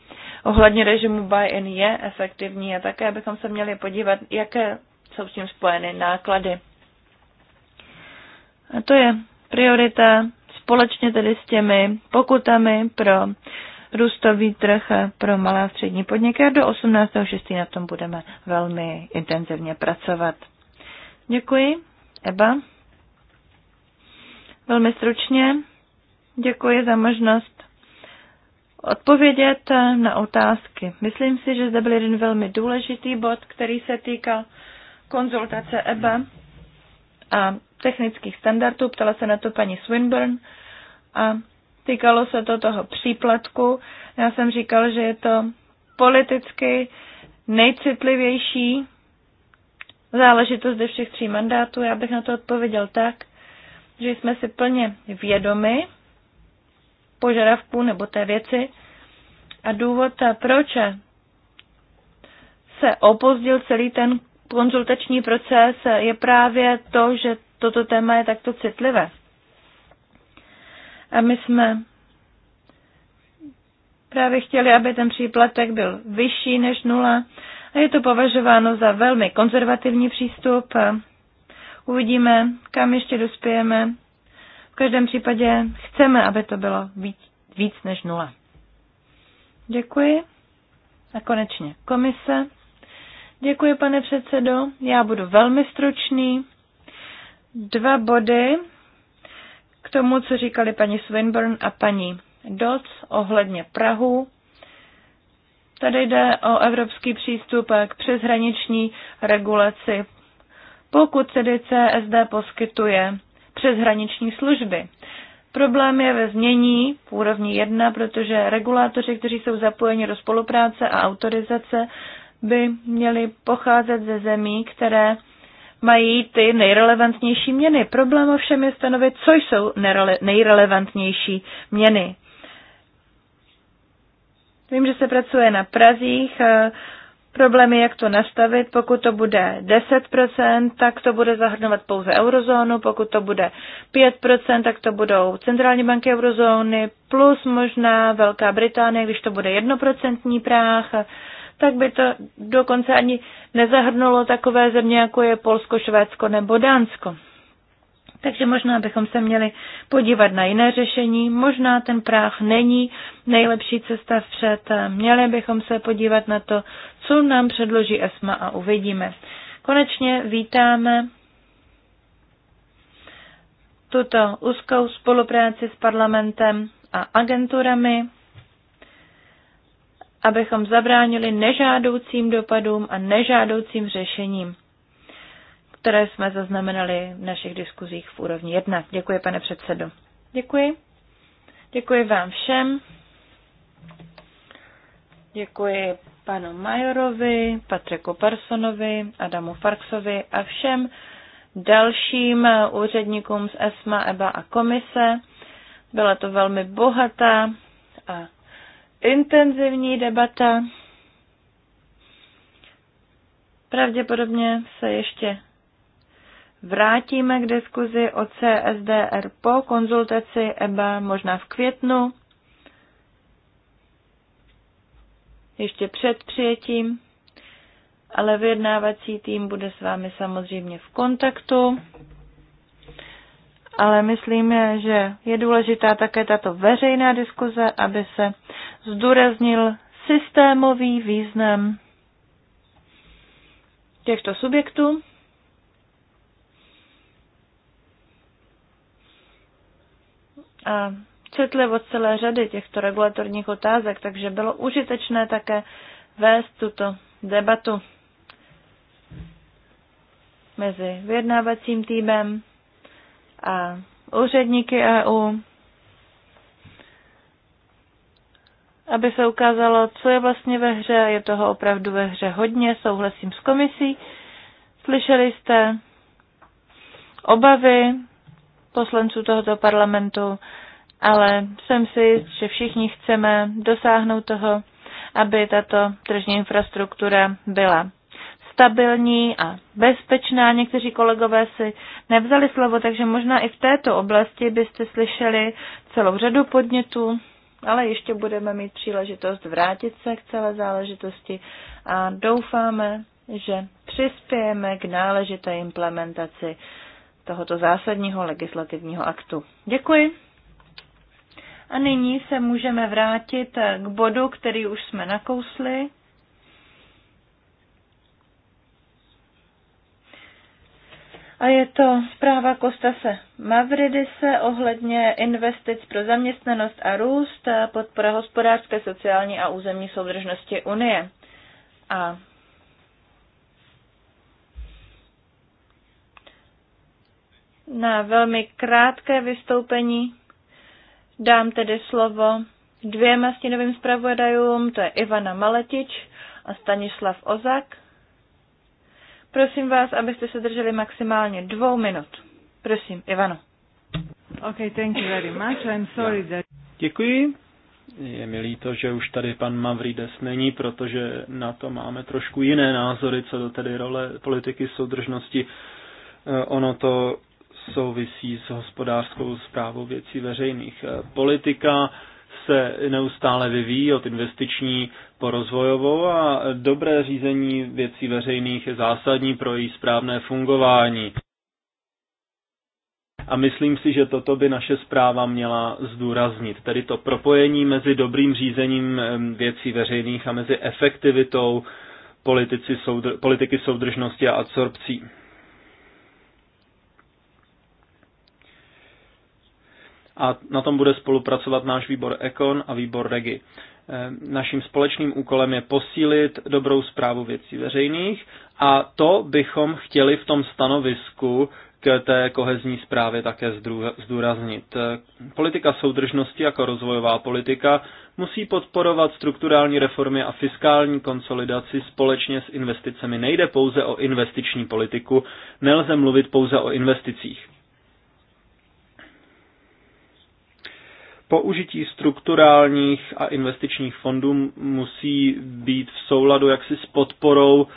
ohledně režimu buy-in je efektivní a také bychom se měli podívat, jaké jsou s tím spojeny náklady. A to je priorita společně tedy s těmi pokutami pro růstový trh pro malé a střední podniky a do 18.6. na tom budeme velmi intenzivně pracovat. Děkuji, Eba. Velmi stručně děkuji za možnost odpovědět na otázky. Myslím si, že zde byl jeden velmi důležitý bod, který se týkal konzultace EBA a technických standardů. Ptala se na to paní Swinburne a týkalo se to toho příplatku. Já jsem říkal, že je to politicky nejcitlivější záležitost ze všech tří mandátů. Já bych na to odpověděl tak, že jsme si plně vědomi požadavků nebo té věci a důvod, proč se opozdil celý ten konzultační proces je právě to, že toto téma je takto citlivé. A my jsme právě chtěli, aby ten příplatek byl vyšší než nula a je to považováno za velmi konzervativní přístup. Uvidíme, kam ještě dospějeme. V každém případě chceme, aby to bylo víc, víc než nula. Děkuji. A konečně komise. Děkuji, pane předsedo. Já budu velmi stručný. Dva body k tomu, co říkali paní Swinburne a paní Doc ohledně Prahu. Tady jde o evropský přístup k přeshraniční regulaci, pokud tedy CSD poskytuje přeshraniční služby. Problém je ve změní v úrovni 1, protože regulátoři, kteří jsou zapojeni do spolupráce a autorizace, by měly pocházet ze zemí, které mají ty nejrelevantnější měny. Problém ovšem je stanovit, co jsou nejrelevantnější měny. Vím, že se pracuje na Prazích. problémy, jak to nastavit. Pokud to bude 10%, tak to bude zahrnovat pouze eurozónu. Pokud to bude 5%, tak to budou centrální banky eurozóny plus možná Velká Británie, když to bude 1% práh tak by to dokonce ani nezahrnulo takové země, jako je Polsko, Švédsko nebo Dánsko. Takže možná bychom se měli podívat na jiné řešení. Možná ten práh není nejlepší cesta vpřed. Měli bychom se podívat na to, co nám předloží ESMA a uvidíme. Konečně vítáme tuto úzkou spolupráci s parlamentem a agenturami abychom zabránili nežádoucím dopadům a nežádoucím řešením, které jsme zaznamenali v našich diskuzích v úrovni 1. Děkuji, pane předsedo. Děkuji. Děkuji vám všem. Děkuji panu Majorovi, Patriku Parsonovi, Adamu Farksovi a všem dalším úředníkům z ESMA, EBA a komise. Byla to velmi bohatá a intenzivní debata. Pravděpodobně se ještě vrátíme k diskuzi o CSDR po konzultaci EBA možná v květnu, ještě před přijetím, ale vyjednávací tým bude s vámi samozřejmě v kontaktu ale myslím, že je důležitá také tato veřejná diskuze, aby se zdůraznil systémový význam těchto subjektů. A od celé řady těchto regulatorních otázek, takže bylo užitečné také vést tuto debatu mezi vyjednávacím týmem a úředníky EU, aby se ukázalo, co je vlastně ve hře. Je toho opravdu ve hře hodně, souhlasím s komisí. Slyšeli jste obavy poslanců tohoto parlamentu, ale jsem si jist, že všichni chceme dosáhnout toho, aby tato tržní infrastruktura byla stabilní a bezpečná. Někteří kolegové si nevzali slovo, takže možná i v této oblasti byste slyšeli celou řadu podnětů, ale ještě budeme mít příležitost vrátit se k celé záležitosti a doufáme, že přispějeme k náležité implementaci tohoto zásadního legislativního aktu. Děkuji. A nyní se můžeme vrátit k bodu, který už jsme nakousli. A je to zpráva Kostase Mavridise ohledně investic pro zaměstnanost a růst, a podpora hospodářské, sociální a územní soudržnosti Unie. A na velmi krátké vystoupení dám tedy slovo dvěma stínovým zpravodajům, to je Ivana Maletič a Stanislav Ozak. Prosím vás, abyste se drželi maximálně dvou minut. Prosím, Ivano. Okay, thank you very much. I'm sorry that... Děkuji. Je mi líto, že už tady pan Mavrides není, protože na to máme trošku jiné názory, co do tedy role politiky soudržnosti. Eh, ono to souvisí s hospodářskou zprávou věcí veřejných. Eh, politika se neustále vyvíjí od investiční po rozvojovou a dobré řízení věcí veřejných je zásadní pro její správné fungování. A myslím si, že toto by naše zpráva měla zdůraznit. Tedy to propojení mezi dobrým řízením věcí veřejných a mezi efektivitou politiky soudržnosti a adsorpcí. a na tom bude spolupracovat náš výbor Econ a výbor Regi. Eh, naším společným úkolem je posílit dobrou zprávu věcí veřejných a to bychom chtěli v tom stanovisku k té kohezní zprávě také zdůraznit. Eh, politika soudržnosti jako rozvojová politika musí podporovat strukturální reformy a fiskální konsolidaci společně s investicemi. Nejde pouze o investiční politiku, nelze mluvit pouze o investicích. použití strukturálních a investičních fondů musí být v souladu jaksi s podporou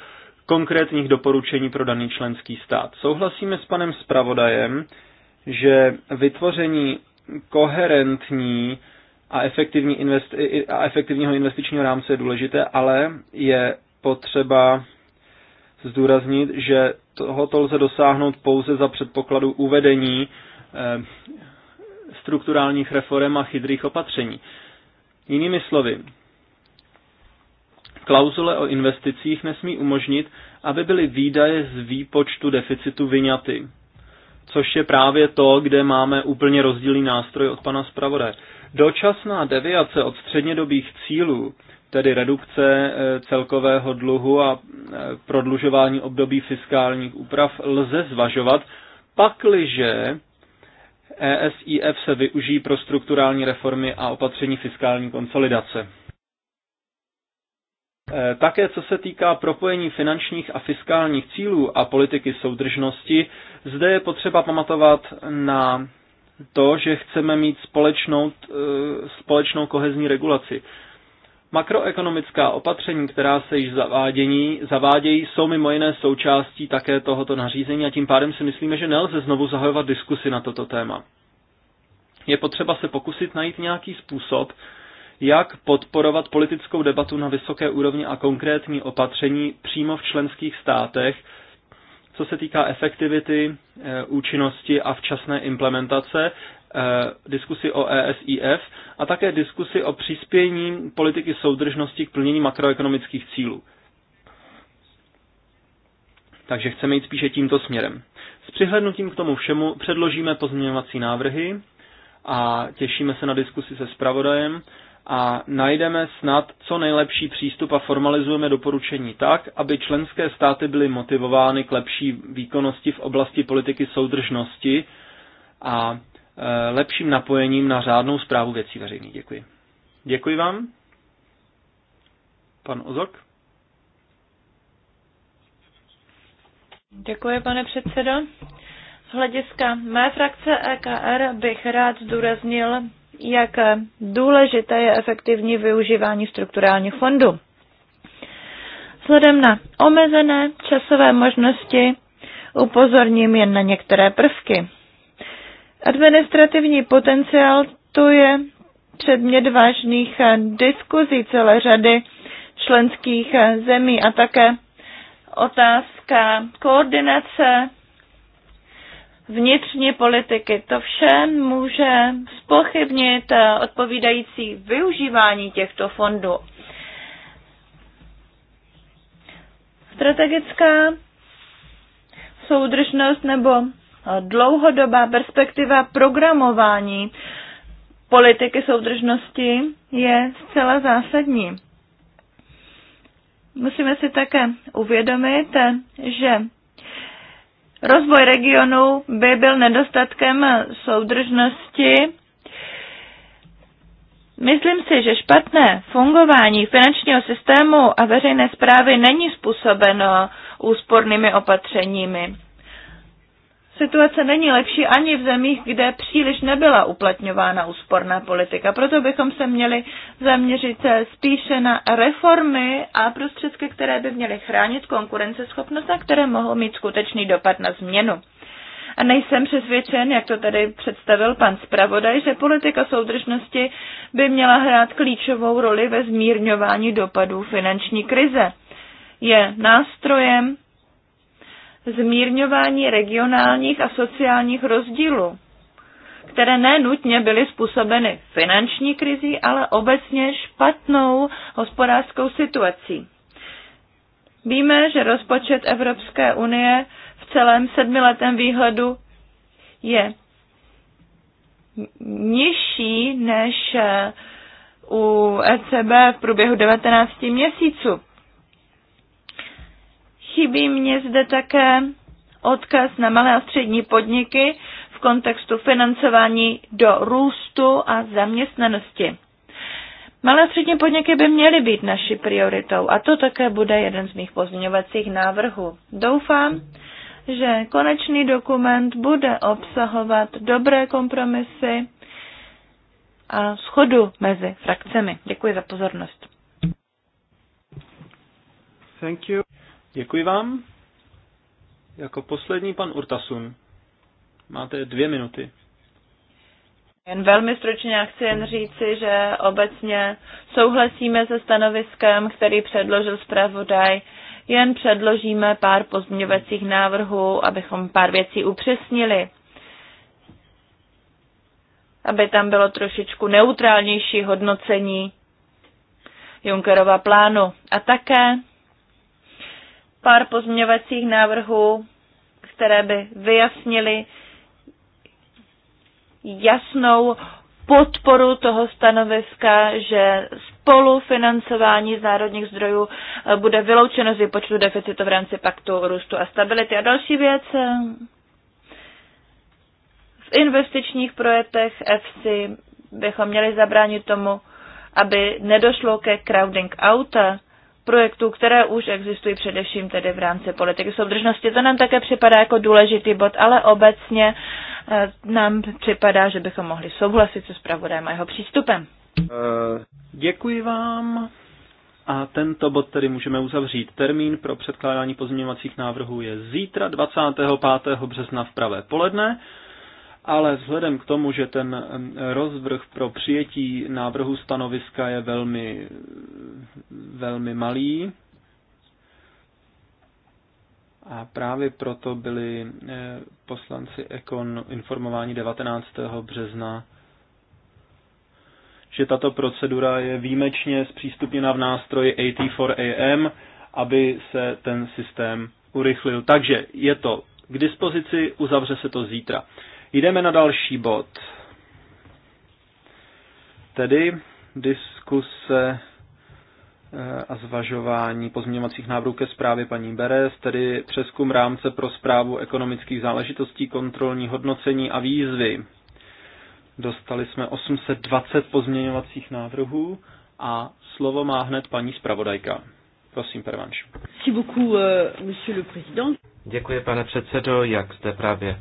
konkrétních doporučení pro daný členský stát. Souhlasíme s panem zpravodajem, že vytvoření koherentní a, efektivní investi- a efektivního investičního rámce je důležité, ale je potřeba zdůraznit, že tohoto lze dosáhnout pouze za předpokladu uvedení eh, strukturálních reform a chytrých opatření. Jinými slovy, klauzule o investicích nesmí umožnit, aby byly výdaje z výpočtu deficitu vyňaty, což je právě to, kde máme úplně rozdílný nástroj od pana zpravodaje. Dočasná deviace od střednědobých cílů, tedy redukce eh, celkového dluhu a eh, prodlužování období fiskálních úprav, lze zvažovat, pakliže ESIF se využijí pro strukturální reformy a opatření fiskální konsolidace. E, také co se týká propojení finančních a fiskálních cílů a politiky soudržnosti, zde je potřeba pamatovat na to, že chceme mít společnou, e, společnou kohezní regulaci. Makroekonomická opatření, která se již zavádění, zavádějí, jsou mimo jiné součástí také tohoto nařízení a tím pádem si myslíme, že nelze znovu zahajovat diskusy na toto téma. Je potřeba se pokusit najít nějaký způsob, jak podporovat politickou debatu na vysoké úrovni a konkrétní opatření přímo v členských státech, co se týká efektivity, eh, účinnosti a včasné implementace Eh, diskusi o ESIF a také diskusi o přispění politiky soudržnosti k plnění makroekonomických cílů. Takže chceme jít spíše tímto směrem. S přihlednutím k tomu všemu předložíme pozměňovací návrhy a těšíme se na diskusi se zpravodajem a najdeme snad co nejlepší přístup a formalizujeme doporučení tak, aby členské státy byly motivovány k lepší výkonnosti v oblasti politiky soudržnosti a Eh, lepším napojením na řádnou zprávu věcí veřejných. Děkuji. Děkuji vám. Pan Ozok. Děkuji, pane předsedo. Z hlediska mé frakce EKR bych rád zdůraznil, jak důležité je efektivní využívání strukturálních fondů. Vzhledem na omezené časové možnosti upozorním jen na některé prvky. Administrativní potenciál to je předmět vážných eh, diskuzí celé řady členských eh, zemí a také otázka koordinace vnitřní politiky. To vše může spochybnit eh, odpovídající využívání těchto fondů. Strategická soudržnost nebo dlouhodobá perspektiva programování politiky soudržnosti je zcela zásadní. Musíme si také uvědomit, že rozvoj regionu by byl nedostatkem soudržnosti. Myslím si, že špatné fungování finančního systému a veřejné zprávy není způsobeno úspornými opatřeními. Situace není lepší ani v zemích, kde příliš nebyla uplatňována úsporná politika. Proto bychom se měli zaměřit spíše na reformy a prostředky, které by měly chránit konkurenceschopnost a které mohou mít skutečný dopad na změnu. A nejsem přesvědčen, jak to tady představil pan zpravodaj, že politika soudržnosti by měla hrát klíčovou roli ve zmírňování dopadů finanční krize. Je nástrojem, zmírňování regionálních a sociálních rozdílů, které nenutně byly způsobeny finanční krizí, ale obecně špatnou hospodářskou situací. Víme, že rozpočet Evropské unie v celém sedmiletém výhledu je nižší než eh, u ECB v průběhu 19 měsíců. Chybí mě zde také odkaz na malé a střední podniky v kontextu financování do růstu a zaměstnanosti. Malé a střední podniky by měly být naší prioritou a to také bude jeden z mých pozměňovacích návrhů. Doufám, že konečný dokument bude obsahovat dobré kompromisy a schodu mezi frakcemi. Děkuji za pozornost. Thank you. Děkuji vám. Jako poslední pan Urtasun. Máte dvě minuty. Jen velmi stručně chci jen říci, že obecně souhlasíme se stanoviskem, který předložil zpravodaj. Jen předložíme pár pozměňovacích návrhů, abychom pár věcí upřesnili. Aby tam bylo trošičku neutrálnější hodnocení Junkerova plánu. A také pár pozměňovacích návrhů, které by vyjasnily jasnou podporu toho stanoviska, že spolufinancování z národních zdrojů eh, bude vyloučeno z výpočtu deficitu v rámci paktu růstu a stability. A další věc, eh, v investičních projektech FC bychom měli zabránit tomu, aby nedošlo ke crowding outa, projektů, které už existují především tedy v rámci politiky soudržnosti. To nám také připadá jako důležitý bod, ale obecně eh, nám připadá, že bychom mohli souhlasit se zpravodajem a jeho přístupem. Eh, děkuji vám. A tento bod tedy můžeme uzavřít. Termín pro předkládání pozměňovacích návrhů je zítra 25. března v pravé poledne ale vzhledem k tomu, že ten rozvrh pro přijetí návrhu stanoviska je velmi, velmi malý, a právě proto byli eh, poslanci Ekon informováni 19. března, že tato procedura je výjimečně zpřístupněna v nástroji AT4AM, aby se ten systém urychlil. Takže je to k dispozici, uzavře se to zítra. Jdeme na další bod. Tedy diskuse eh, a zvažování pozměňovacích návrhů ke zprávě paní Beres, tedy přeskum rámce pro zprávu ekonomických záležitostí, kontrolní hodnocení a výzvy. Dostali jsme 820 pozměňovacích návrhů a slovo má hned paní zpravodajka. Prosím, Pervanš. Euh, Děkuji, pane předsedo. Jak jste právě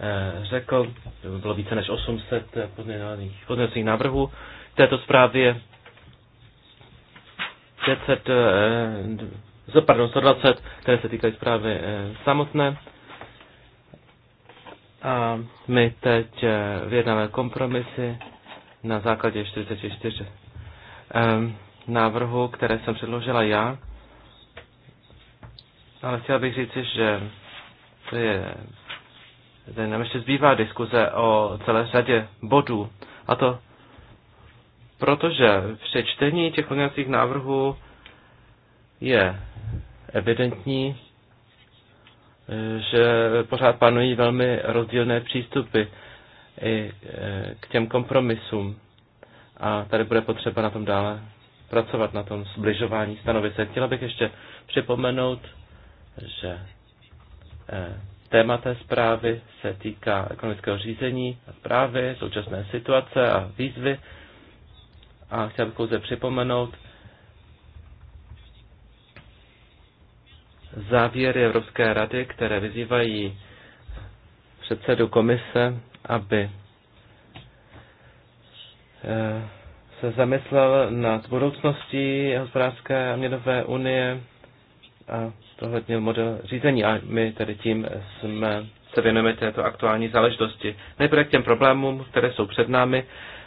Eh, řekl, bylo více než 800 eh, pozměňovacích návrhů. V této zprávě 500, eh, pardon, 120, které se týkají zprávy samotné. A my teď vyjednáme kompromisy na základě 44 ehm, návrhu, které jsem předložila já. Ale chtěla bych říct, že to je zde nám ještě zbývá diskuze o celé řadě bodů. A to protože při čtení těch pozměňovacích návrhů je evidentní, že pořád panují velmi rozdílné přístupy i e, k těm kompromisům. A tady bude potřeba na tom dále pracovat, na tom zbližování stanovisek. Chtěla bych ještě připomenout, že e, Téma té zprávy se týká ekonomického řízení a zprávy, současné situace a výzvy. A chtěl bych pouze připomenout závěry Evropské rady, které vyzývají předsedu komise, aby eh, se zamyslel nad budoucností hospodářské a měnové unie a zohlednil model řízení a my tedy tím jsme se věnujeme této aktuální záležitosti. Nejprve k těm problémům, které jsou před námi.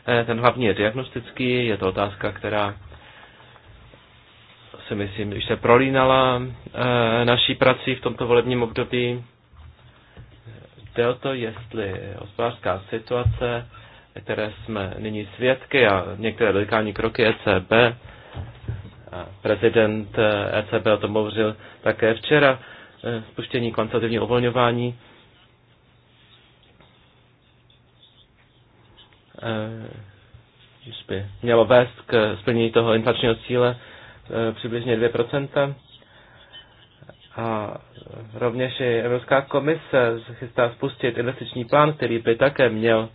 Eh, ten hlavní je diagnostický, je to otázka, která si myslím, že se prolínala eh, naší prací v tomto volebním období. Jde o to, jestli hospodářská situace, které jsme nyní svědky a některé radikální kroky ECB prezident ECB eh, e o tom hovořil také včera, eh, spuštění kvantitativního uvolňování. Eh, by mělo vést k splnění toho inflačního cíle přibližně 2%. A rovněž i Evropská komise chystá spustit investiční plán, který by také měl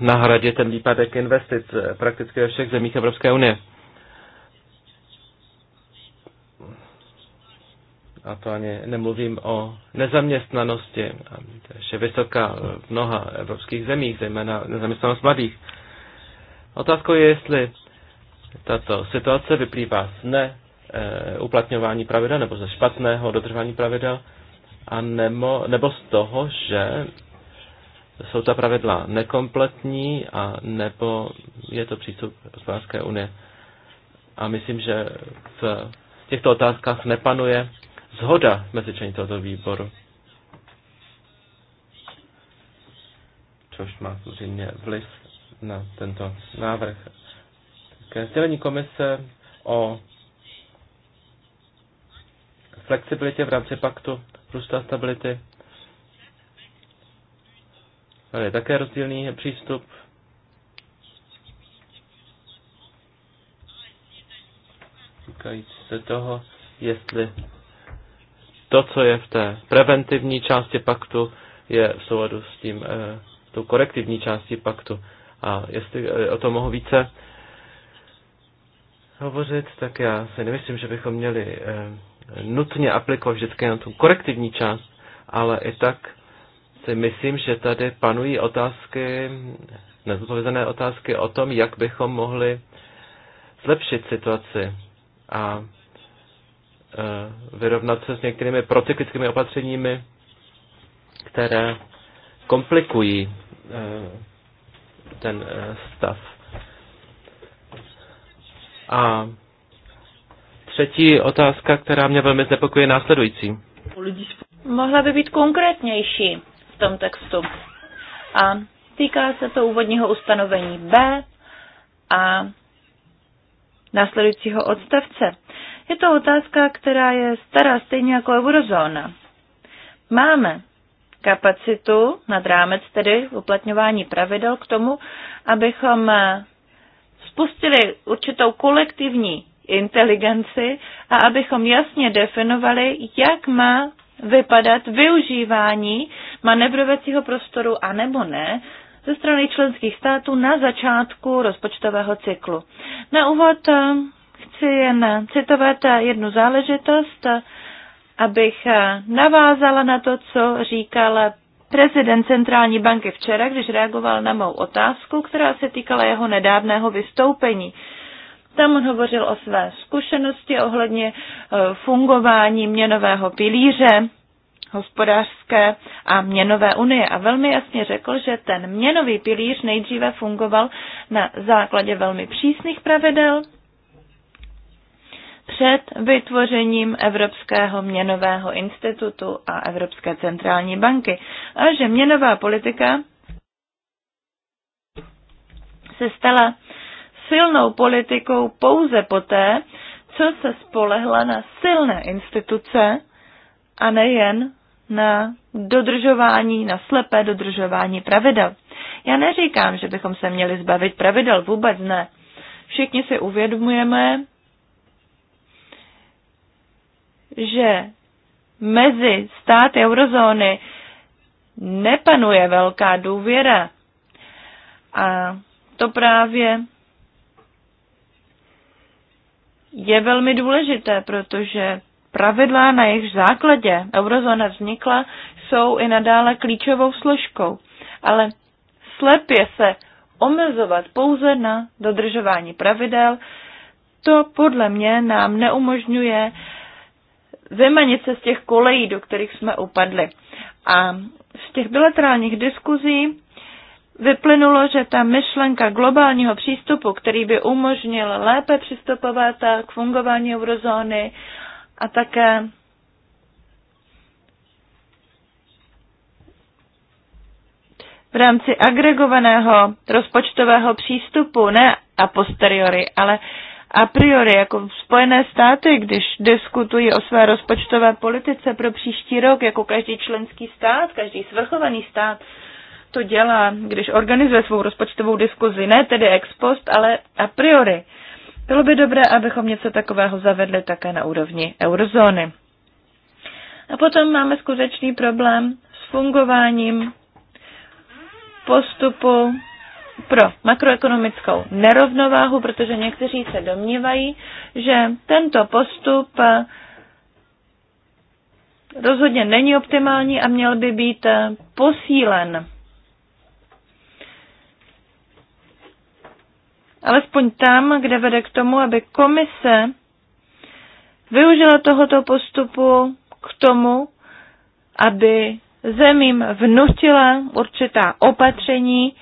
nahradit ten výpadek investic prakticky ve všech zemích Evropské unie. a to ani nemluvím o nezaměstnanosti, je vysoká v mnoha evropských zemích, zejména nezaměstnanost mladých. Otázkou je, jestli tato situace vyplývá z ne e, uplatňování pravidel nebo ze špatného dodržování pravidel, a nebo, nebo z toho, že jsou ta pravidla nekompletní a nebo je to přístup hospodářské unie. A myslím, že v těchto otázkách nepanuje zhoda mezi členy tohoto výboru. Což má samozřejmě vliv na tento návrh. Ke sdělení komise o flexibilitě v rámci paktu růstu a stability. Ale je také rozdílný přístup. Týkající se toho, jestli to, co je v té preventivní části paktu, je v souladu s tím, s eh, tou korektivní částí paktu. A jestli eh, o tom mohu více hovořit, tak já si nemyslím, že bychom měli eh, nutně aplikovat vždycky na tu korektivní část, ale i tak si myslím, že tady panují otázky, nezodpovězené otázky o tom, jak bychom mohli zlepšit situaci. A Eh, vyrovnat se s některými procyklickými opatřeními, které komplikují eh, ten eh, stav. A třetí otázka, která mě velmi znepokuje, následující. Mohla by být konkrétnější v tom textu. A týká se to úvodního ustanovení B a následujícího odstavce. Je to otázka, která je stará stejně jako eurozóna. Máme kapacitu nad rámec tedy uplatňování pravidel k tomu, abychom spustili určitou kolektivní inteligenci a abychom jasně definovali, jak má vypadat využívání manevrovacího prostoru a nebo ne ze strany členských států na začátku rozpočtového cyklu. Na úvod eh, Chci jen citovat jednu záležitost, abych navázala na to, co říkal prezident centrální banky včera, když reagoval na mou otázku, která se týkala jeho nedávného vystoupení. Tam on hovořil o své zkušenosti ohledně eh, fungování měnového pilíře hospodářské a měnové unie a velmi jasně řekl, že ten měnový pilíř nejdříve fungoval na základě velmi přísných pravidel před vytvořením Evropského měnového institutu a Evropské centrální banky a že měnová politika se stala silnou politikou pouze poté, co se spolehla na silné instituce a nejen na dodržování, na slepé dodržování pravidel. Já neříkám, že bychom se měli zbavit pravidel, vůbec ne. Všichni si uvědomujeme, že mezi státy eurozóny nepanuje velká důvěra. A to právě je velmi důležité, protože pravidla, na jejich základě eurozóna vznikla, jsou i nadále klíčovou složkou. Ale slepě se omezovat pouze na dodržování pravidel, to podle mě nám neumožňuje vymanit se z těch kolejí, do kterých jsme upadli. A z těch bilaterálních diskuzí vyplynulo, že ta myšlenka globálního přístupu, který by umožnil lépe přistupovat k fungování eurozóny a také v rámci agregovaného rozpočtového přístupu, ne a posteriori, ale a priori, jako Spojené státy, když diskutují o své rozpočtové politice pro příští rok, jako každý členský stát, každý svrchovaný stát, to dělá, když organizuje svou rozpočtovou diskuzi, ne tedy ex post, ale a priori. Bylo by dobré, abychom něco takového zavedli také na úrovni eurozóny. A potom máme skutečný problém s fungováním postupu pro makroekonomickou nerovnováhu, protože někteří se domnívají, že tento postup eh, rozhodně není optimální a měl by být eh, posílen. Alespoň tam, kde vede k tomu, aby komise využila tohoto postupu k tomu, aby zemím vnutila určitá opatření,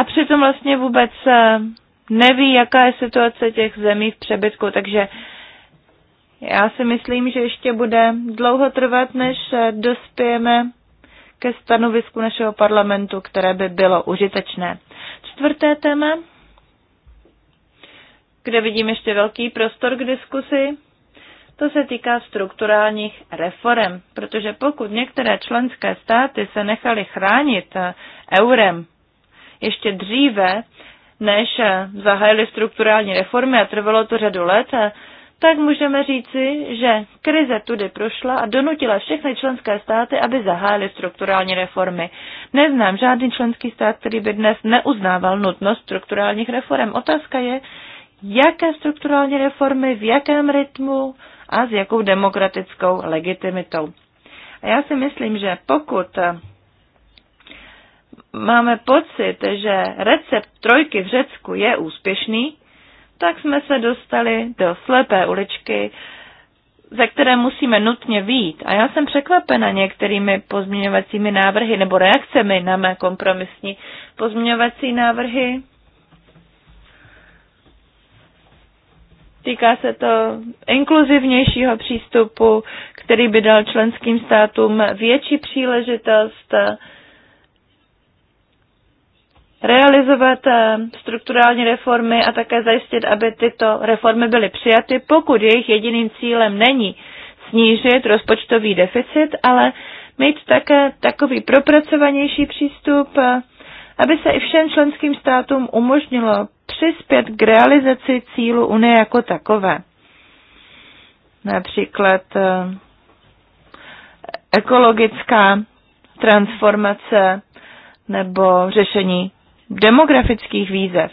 a přitom vlastně vůbec eh, neví, jaká je situace těch zemí v přebytku, takže já si myslím, že ještě bude dlouho trvat, než eh, dospějeme ke stanovisku našeho parlamentu, které by bylo užitečné. Čtvrté téma, kde vidím ještě velký prostor k diskusi, to se týká strukturálních reform, protože pokud některé členské státy se nechaly chránit eh, eurem ještě dříve, než zahájili strukturální reformy a trvalo to řadu let, tak můžeme říci, že krize tudy prošla a donutila všechny členské státy, aby zahájili strukturální reformy. Neznám žádný členský stát, který by dnes neuznával nutnost strukturálních reform. Otázka je, jaké strukturální reformy, v jakém rytmu a s jakou demokratickou legitimitou. A já si myslím, že pokud máme pocit, že recept trojky v Řecku je úspěšný, tak jsme se dostali do slepé uličky, ze které musíme nutně výjít. A já jsem překvapena některými pozměňovacími návrhy nebo reakcemi na mé kompromisní pozměňovací návrhy. Týká se to inkluzivnějšího přístupu, který by dal členským státům větší příležitost realizovat eh, strukturální reformy a také zajistit, aby tyto reformy byly přijaty, pokud jejich jediným cílem není snížit rozpočtový deficit, ale mít také takový propracovanější přístup, eh, aby se i všem členským státům umožnilo přispět k realizaci cílu Unie jako takové. Například eh, ekologická transformace nebo řešení demografických výzev.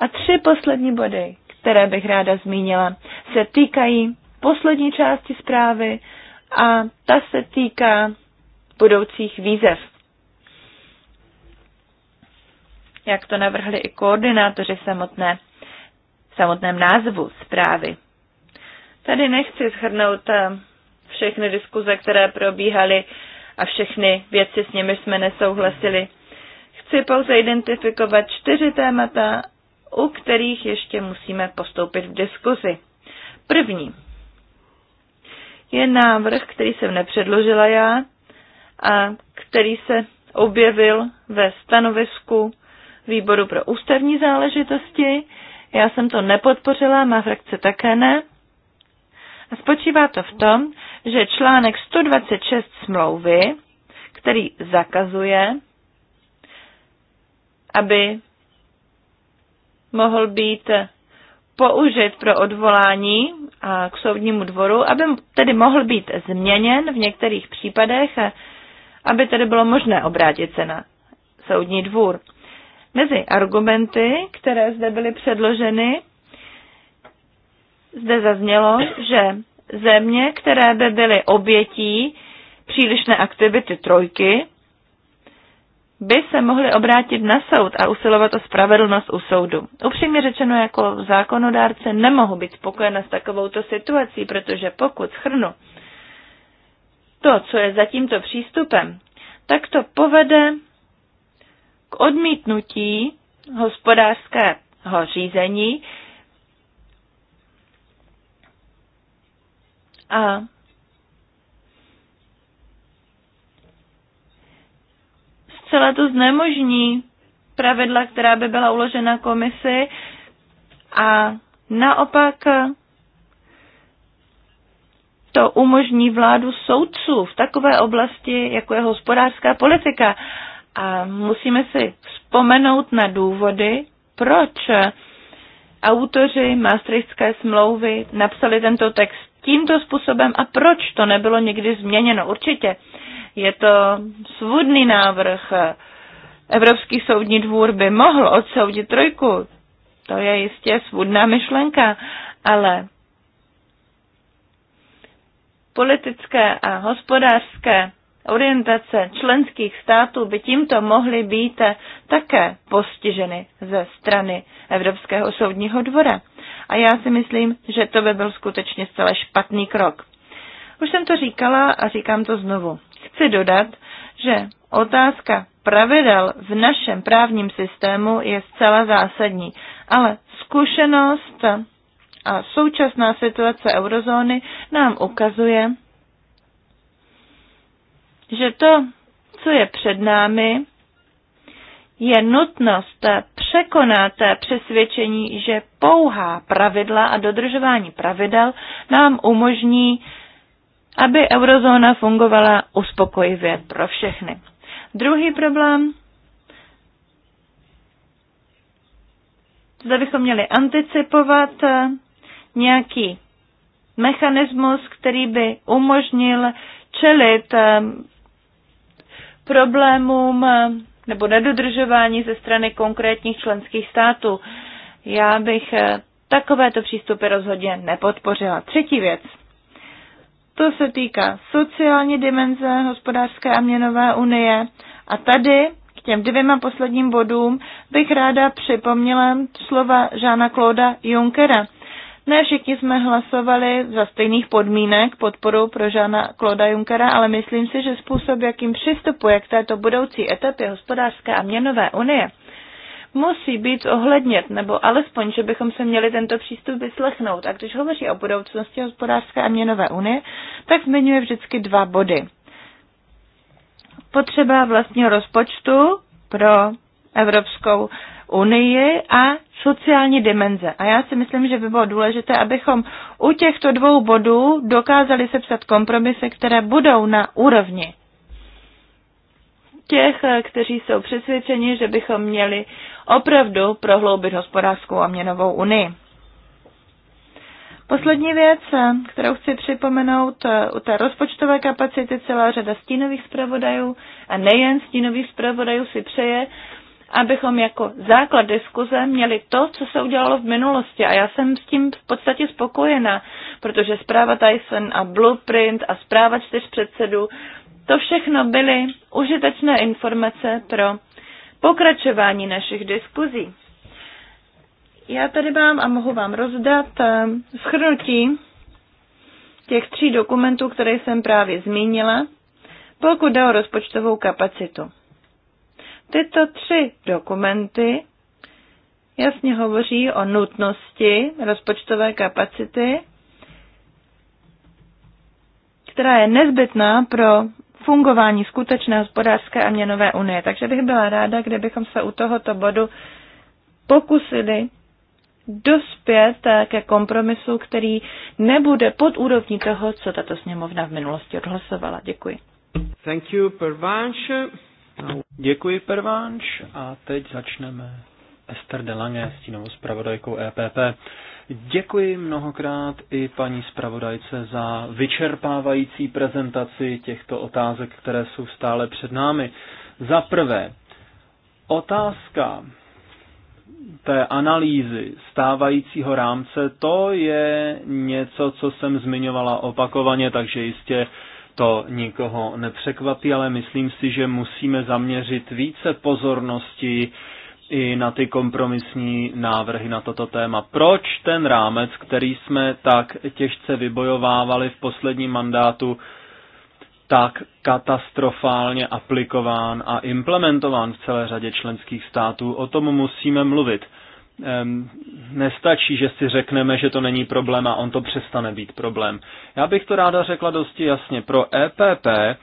A tři poslední body, které bych ráda zmínila, se týkají poslední části zprávy a ta se týká budoucích výzev. Jak to navrhli i koordinátoři samotné, samotném názvu zprávy. Tady nechci shrnout eh, všechny diskuze, které probíhaly a všechny věci, s nimi jsme nesouhlasili Chci pouze identifikovat čtyři témata, u kterých ještě musíme postoupit v diskuzi. První je návrh, který jsem nepředložila já a který se objevil ve stanovisku výboru pro ústavní záležitosti. Já jsem to nepodpořila, má frakce také ne. A spočívá to v tom, že článek 126 smlouvy, který zakazuje aby mohl být použit pro odvolání k soudnímu dvoru, aby tedy mohl být změněn v některých případech, aby tedy bylo možné obrátit se na soudní dvůr. Mezi argumenty, které zde byly předloženy, zde zaznělo, že země, které by byly obětí přílišné aktivity trojky, by se mohli obrátit na soud a usilovat o spravedlnost u soudu. Upřímně řečeno jako zákonodárce nemohu být spokojena s takovouto situací, protože pokud schrnu to, co je za tímto přístupem, tak to povede k odmítnutí hospodářského řízení a celé to znemožní pravidla, která by byla uložena komisi a naopak to umožní vládu soudců v takové oblasti, jako je hospodářská politika. A musíme si vzpomenout na důvody, proč autoři Maastrichtské smlouvy napsali tento text tímto způsobem a proč to nebylo někdy změněno. Určitě je to svůdný návrh. Evropský soudní dvůr by mohl odsoudit trojku. To je jistě svůdná myšlenka, ale politické a hospodářské orientace členských států by tímto mohly být také postiženy ze strany Evropského soudního dvora. A já si myslím, že to by byl skutečně zcela špatný krok. Už jsem to říkala a říkám to znovu. Chci dodat, že otázka pravidel v našem právním systému je zcela zásadní, ale zkušenost a současná situace eurozóny nám ukazuje, že to, co je před námi, je nutnost překonat přesvědčení, že pouhá pravidla a dodržování pravidel nám umožní aby eurozóna fungovala uspokojivě pro všechny. Druhý problém, zda bychom měli anticipovat eh, nějaký mechanismus, který by umožnil čelit eh, problémům eh, nebo nedodržování ze strany konkrétních členských států. Já bych takovéto přístupy rozhodně nepodpořila. Třetí věc. To se týká sociální dimenze hospodářské a měnové unie. A tady k těm dvěma posledním bodům bych ráda připomněla slova Žána Klauda Junckera. Ne všichni jsme hlasovali za stejných podmínek podporu pro Žána Kloda Junkera, ale myslím si, že způsob, jakým přistupuje k této budoucí etapě hospodářské a měnové unie, musí být ohlednět, nebo alespoň, že bychom se měli tento přístup vyslechnout. A když hovoří o budoucnosti hospodářské a měnové unie, tak zmiňuje vždycky dva body. Potřeba vlastního rozpočtu pro Evropskou unii a sociální dimenze. A já si myslím, že by bylo důležité, abychom u těchto dvou bodů dokázali sepsat kompromisy, které budou na úrovni těch, eh, kteří jsou přesvědčeni, že bychom měli opravdu prohloubit hospodářskou a měnovou unii. Poslední věc, eh, kterou chci připomenout, eh, u té rozpočtové kapacity celá řada stínových zpravodajů a nejen stínových zpravodajů si přeje, abychom jako základ diskuze měli to, co se udělalo v minulosti. A já jsem s tím v podstatě spokojena, protože zpráva Tyson a Blueprint a zpráva čtyř předsedů to všechno byly užitečné informace pro pokračování našich diskuzí. Já tady mám a mohu vám rozdat eh, schrnutí těch tří dokumentů, které jsem právě zmínila, pokud jde o rozpočtovou kapacitu. Tyto tři dokumenty jasně hovoří o nutnosti rozpočtové kapacity, která je nezbytná pro fungování skutečné hospodářské a měnové unie. Takže bych byla ráda, kdybychom se u tohoto bodu pokusili dospět eh, ke kompromisu, který nebude pod úrovní toho, co tato sněmovna v minulosti odhlasovala. Děkuji. Thank you, Děkuji, Pervánš. A teď začneme Esther Delange, stínovou zpravodajkou EPP. Děkuji mnohokrát i paní zpravodajce za vyčerpávající prezentaci těchto otázek, které jsou stále před námi. Za prvé, otázka té analýzy stávajícího rámce, to je něco, co jsem zmiňovala opakovaně, takže jistě to nikoho nepřekvapí, ale myslím si, že musíme zaměřit více pozornosti i na ty kompromisní návrhy na toto téma. Proč ten rámec, který jsme tak těžce vybojovávali v posledním mandátu, tak katastrofálně aplikován a implementován v celé řadě členských států? O tom musíme mluvit. Ehm, nestačí, že si řekneme, že to není problém a on to přestane být problém. Já bych to ráda řekla dosti jasně. Pro EPP e, eh,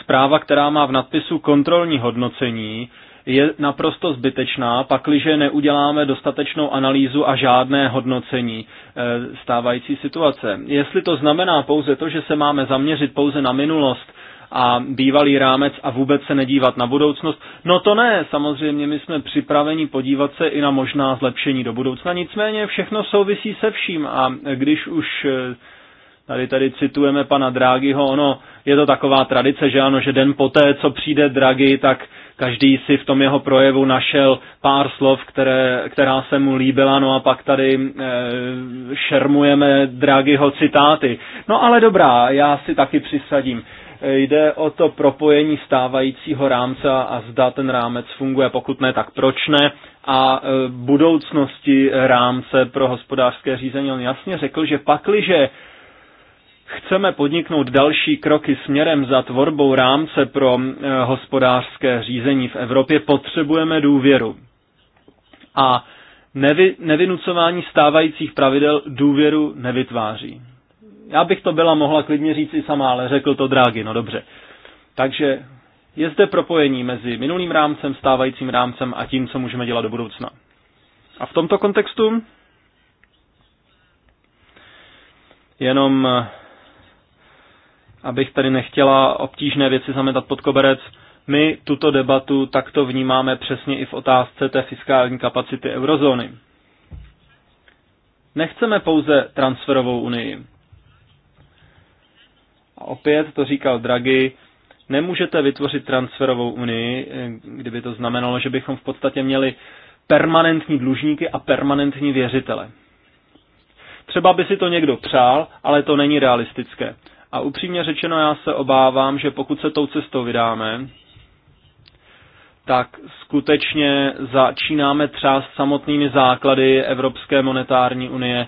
zpráva, která má v nadpisu kontrolní hodnocení, je naprosto zbytečná, pakliže neuděláme dostatečnou analýzu a žádné hodnocení eh, stávající situace. Jestli to znamená pouze to, že se máme zaměřit pouze na minulost, a bývalý rámec a vůbec se nedívat na budoucnost. No to ne, samozřejmě my jsme připraveni podívat se i na možná zlepšení do budoucna, nicméně všechno souvisí se vším a když už eh, Tady tady citujeme pana Drágyho, ono je to taková tradice, že ano, že den poté, co přijde Draghi, tak každý si v tom jeho projevu našel pár slov, které, která se mu líbila, no a pak tady e, šermujeme Draghiho citáty. No ale dobrá, já si taky přisadím. E, jde o to propojení stávajícího rámce a zda ten rámec funguje, pokud ne, tak proč ne a e, budoucnosti rámce pro hospodářské řízení. On jasně řekl, že pakliže chceme podniknout další kroky směrem za tvorbou rámce pro eh, hospodářské řízení v Evropě, potřebujeme důvěru. A nevy, nevynucování stávajících pravidel důvěru nevytváří. Já bych to byla mohla klidně říct i sama, ale řekl to Drágy, no dobře. Takže je zde propojení mezi minulým rámcem, stávajícím rámcem a tím, co můžeme dělat do budoucna. A v tomto kontextu jenom eh, abych tady nechtěla obtížné věci zametat pod koberec, my tuto debatu takto vnímáme přesně i v otázce té fiskální kapacity eurozóny. Nechceme pouze transferovou unii. A opět to říkal Draghi, nemůžete vytvořit transferovou unii, kdyby to znamenalo, že bychom v podstatě měli permanentní dlužníky a permanentní věřitele. Třeba by si to někdo přál, ale to není realistické. A upřímně řečeno, já se obávám, že pokud se tou cestou vydáme, tak skutečně začínáme třást samotnými základy Evropské monetární unie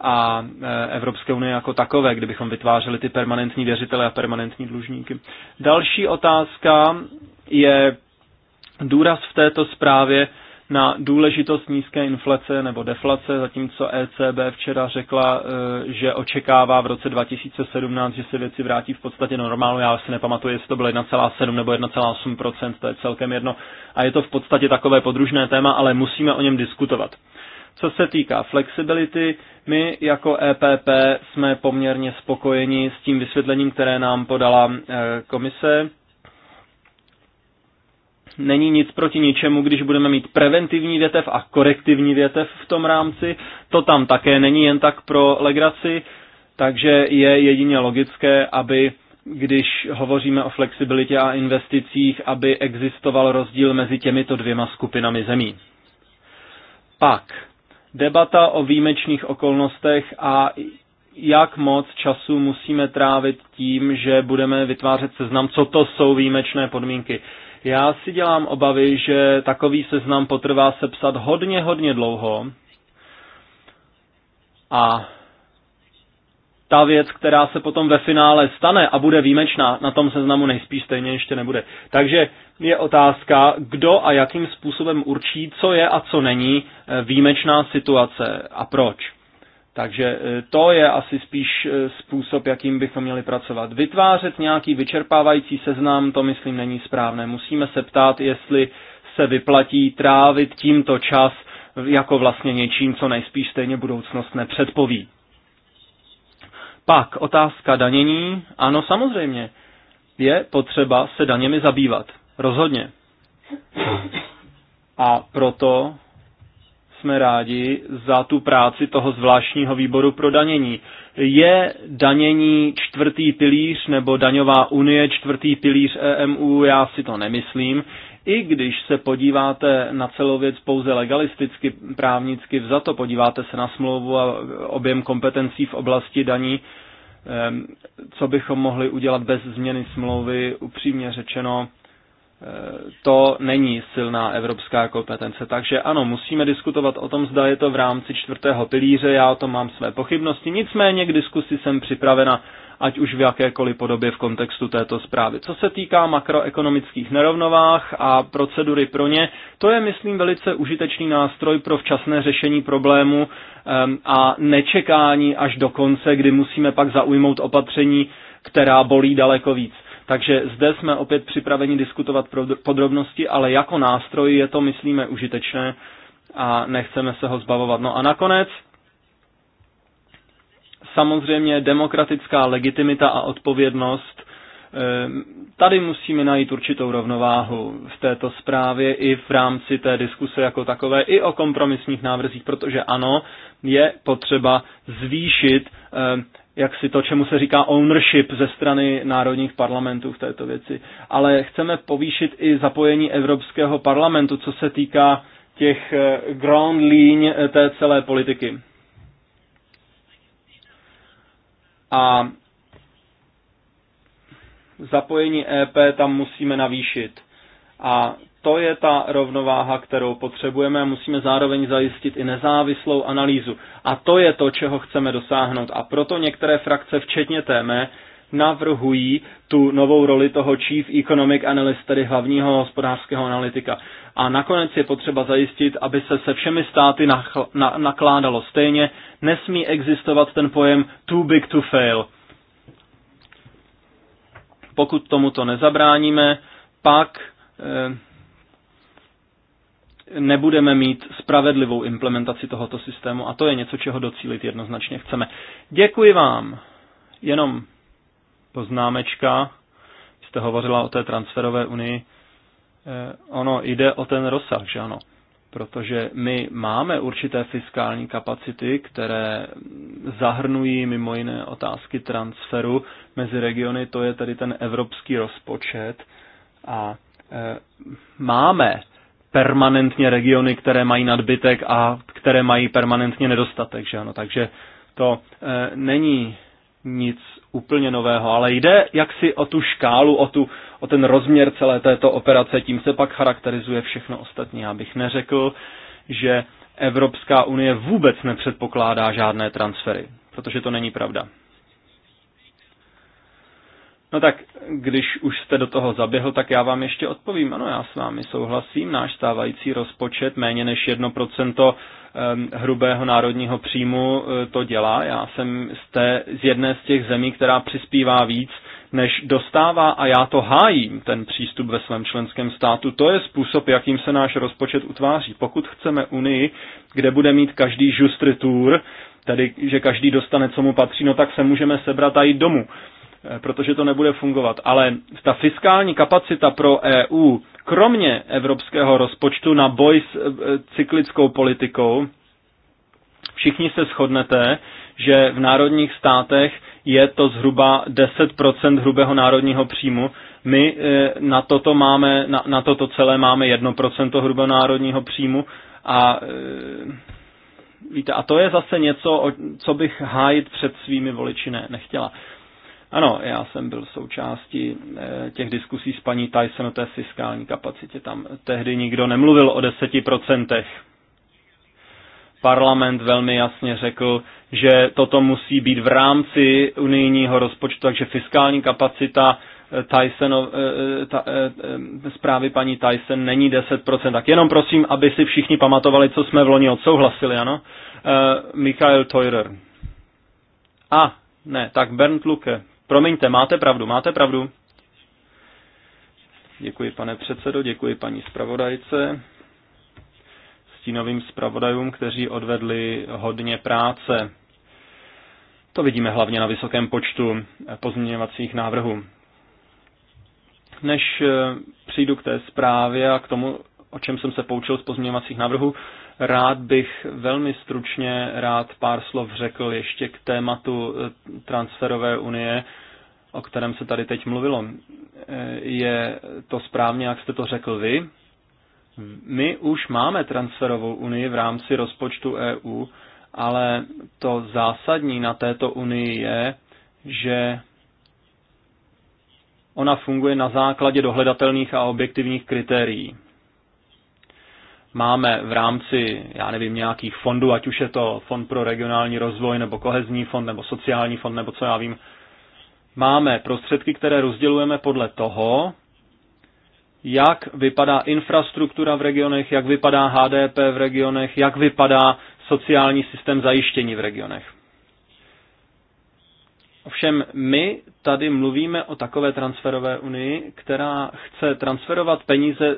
a e, Evropské unie jako takové, kdybychom vytvářeli ty permanentní věřitele a permanentní dlužníky. Další otázka je důraz v této zprávě na důležitost nízké inflace nebo deflace, zatímco ECB včera řekla, eh, že očekává v roce 2017, že se věci vrátí v podstatě normálu. Já si nepamatuji, jestli to bylo 1,7 nebo 1,8 to je celkem jedno. A je to v podstatě takové podružné téma, ale musíme o něm diskutovat. Co se týká flexibility, my jako EPP jsme poměrně spokojeni s tím vysvětlením, které nám podala eh, komise není nic proti ničemu, když budeme mít preventivní větev a korektivní větev v tom rámci. To tam také není jen tak pro legraci, takže je jedině logické, aby když hovoříme o flexibilitě a investicích, aby existoval rozdíl mezi těmito dvěma skupinami zemí. Pak debata o výjimečných okolnostech a jak moc času musíme trávit tím, že budeme vytvářet seznam, co to jsou výjimečné podmínky. Já si dělám obavy, že takový seznam potrvá sepsat hodně, hodně dlouho. A ta věc, která se potom ve finále stane a bude výjimečná, na tom seznamu nejspíš stejně ještě nebude. Takže je otázka, kdo a jakým způsobem určí, co je a co není eh, výjimečná situace a proč. Takže e, to je asi spíš e, způsob, jakým bychom měli pracovat. Vytvářet nějaký vyčerpávající seznam, to myslím není správné. Musíme se ptát, jestli se vyplatí trávit tímto čas jako vlastně něčím, co nejspíš stejně budoucnost nepředpoví. Pak otázka danění. Ano, samozřejmě. Je potřeba se daněmi zabývat. Rozhodně. A proto jsme rádi za tu práci toho zvláštního výboru pro danění. Je danění čtvrtý pilíř nebo daňová unie čtvrtý pilíř EMU? Já si to nemyslím. I když se podíváte na celou věc pouze legalisticky, právnicky vzato, podíváte se na smlouvu a objem kompetencí v oblasti daní, co bychom mohli udělat bez změny smlouvy, upřímně řečeno, to není silná evropská kompetence. Takže ano, musíme diskutovat o tom, zda je to v rámci čtvrtého pilíře, já o tom mám své pochybnosti, nicméně k diskusi jsem připravena, ať už v jakékoliv podobě v kontextu této zprávy. Co se týká makroekonomických nerovnovách a procedury pro ně, to je, myslím, velice užitečný nástroj pro včasné řešení problému ehm, a nečekání až do konce, kdy musíme pak zaujmout opatření, která bolí daleko víc. Takže zde jsme opět připraveni diskutovat podrobnosti, ale jako nástroj je to, myslíme, užitečné a nechceme se ho zbavovat. No a nakonec, samozřejmě demokratická legitimita a odpovědnost. Eh, tady musíme najít určitou rovnováhu v této zprávě i v rámci té diskuse jako takové, i o kompromisních návrzích, protože ano, je potřeba zvýšit eh, jak si to, čemu se říká ownership ze strany národních parlamentů v této věci. Ale chceme povýšit i zapojení Evropského parlamentu, co se týká těch eh, ground líň eh, té celé politiky. A zapojení EP tam musíme navýšit. A to je ta rovnováha, kterou potřebujeme a musíme zároveň zajistit i nezávislou analýzu. A to je to, čeho chceme dosáhnout. A proto některé frakce, včetně téme, navrhují tu novou roli toho Chief Economic Analyst, tedy hlavního hospodářského analytika. A nakonec je potřeba zajistit, aby se se všemi státy nachl, na, nakládalo stejně. Nesmí existovat ten pojem too big to fail. Pokud tomuto nezabráníme, pak. Eh, nebudeme mít spravedlivou implementaci tohoto systému a to je něco, čeho docílit jednoznačně chceme. Děkuji vám. Jenom poznámečka. Jste hovořila o té transferové unii. Eh, ono jde o ten rozsah, že ano? Protože my máme určité fiskální kapacity, které zahrnují mimo jiné otázky transferu mezi regiony, to je tedy ten evropský rozpočet. A eh, máme permanentně regiony, které mají nadbytek a které mají permanentně nedostatek. Že ano? Takže to e, není nic úplně nového, ale jde jaksi o tu škálu, o, tu, o ten rozměr celé této operace, tím se pak charakterizuje všechno ostatní. Já bych neřekl, že Evropská unie vůbec nepředpokládá žádné transfery, protože to není pravda. No tak, když už jste do toho zaběhl, tak já vám ještě odpovím. Ano, já s vámi souhlasím. Náš stávající rozpočet méně než 1% hrubého národního příjmu e, to dělá. Já jsem z, té, z jedné z těch zemí, která přispívá víc, než dostává a já to hájím, ten přístup ve svém členském státu. To je způsob, jakým se náš rozpočet utváří. Pokud chceme Unii, kde bude mít každý justritur, tedy že každý dostane, co mu patří, no tak se můžeme sebrat a jít domů. Eh, protože to nebude fungovat. Ale ta fiskální kapacita pro EU, kromě evropského rozpočtu na boj s eh, cyklickou politikou, všichni se shodnete, že v národních státech je to zhruba 10% hrubého národního příjmu. My eh, na toto, máme, na, na toto celé máme 1% hrubého národního příjmu a víte, a to je zase něco, co bych hájit před svými voliči ne, nechtěla. Ano, já jsem byl součástí eh, těch diskusí s paní Tyson o té fiskální kapacitě. Tam tehdy nikdo nemluvil o deseti procentech. Parlament velmi jasně řekl, že toto musí být v rámci unijního rozpočtu, takže fiskální kapacita eh, Tyson, eh, ta, zprávy paní Tyson není 10%. Tak jenom prosím, aby si všichni pamatovali, co jsme v loni odsouhlasili, ano? Michael Teurer. A, ne, tak Bernd Luke. Promiňte, máte pravdu, máte pravdu. Děkuji, pane předsedo, děkuji paní zpravodajce, stínovým zpravodajům, kteří odvedli hodně práce. To vidíme hlavně na vysokém počtu pozměňovacích návrhů. Než eh, přijdu k té zprávě a k tomu, o čem jsem se poučil z pozměňovacích návrhů. Rád bych velmi stručně rád pár slov řekl ještě k tématu eh, transferové unie, o kterém se tady teď mluvilo. Eh, je to správně, jak jste to řekl vy? My už máme transferovou unii v rámci rozpočtu EU, ale to zásadní na této unii je, že ona funguje na základě dohledatelných a objektivních kritérií máme v rámci, já nevím, nějakých fondů, ať už je to fond pro regionální rozvoj, nebo kohezní fond, nebo sociální fond, nebo co já vím, máme prostředky, které rozdělujeme podle toho, jak vypadá infrastruktura v regionech, jak vypadá HDP v regionech, jak vypadá sociální systém zajištění v regionech. Ovšem my tady mluvíme o takové transferové unii, která chce transferovat peníze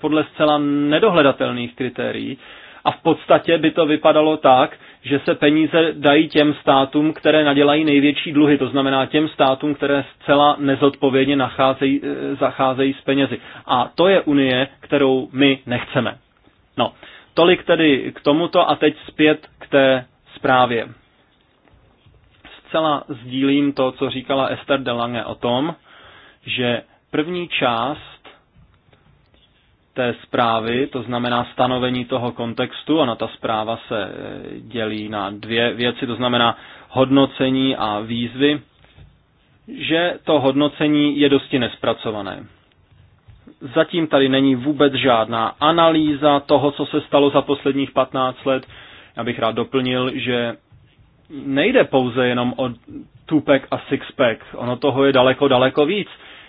podle zcela nedohledatelných kritérií a v podstatě by to vypadalo tak, že se peníze dají těm státům, které nadělají největší dluhy, to znamená těm státům, které zcela nezodpovědně nacházejí, eh, zacházejí s penězi. A to je unie, kterou my nechceme. No, tolik tedy k tomuto a teď zpět k té zprávě zcela sdílím to, co říkala Esther Delange o tom, že první část té zprávy, to znamená stanovení toho kontextu, ona ta zpráva se eh, dělí na dvě věci, to znamená hodnocení a výzvy, že to hodnocení je dosti nespracované. Zatím tady není vůbec žádná analýza toho, co se stalo za posledních 15 let. Já bych rád doplnil, že nejde pouze jenom o tupek a sixpack, ono toho je daleko, daleko víc.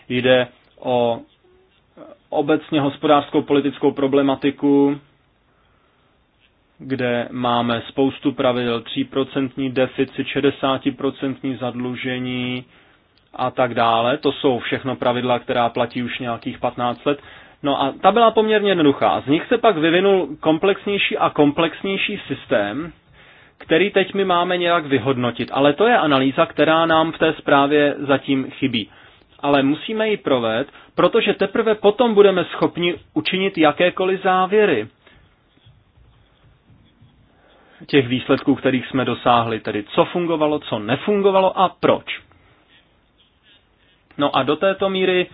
Jde o obecně hospodářskou politickou problematiku, kde máme spoustu pravidel, 3% deficit, 60% zadlužení a tak dále. To jsou všechno pravidla, která platí už nějakých 15 let. No a ta byla poměrně jednoduchá. Z nich se pak vyvinul komplexnější a komplexnější systém, který teď my máme nějak vyhodnotit. Ale to je analýza, která nám v té zprávě zatím chybí. Ale musíme ji provést, protože teprve potom budeme schopni učinit jakékoliv závěry těch výsledků, kterých jsme dosáhli, tedy co fungovalo, co nefungovalo a proč. No a do této míry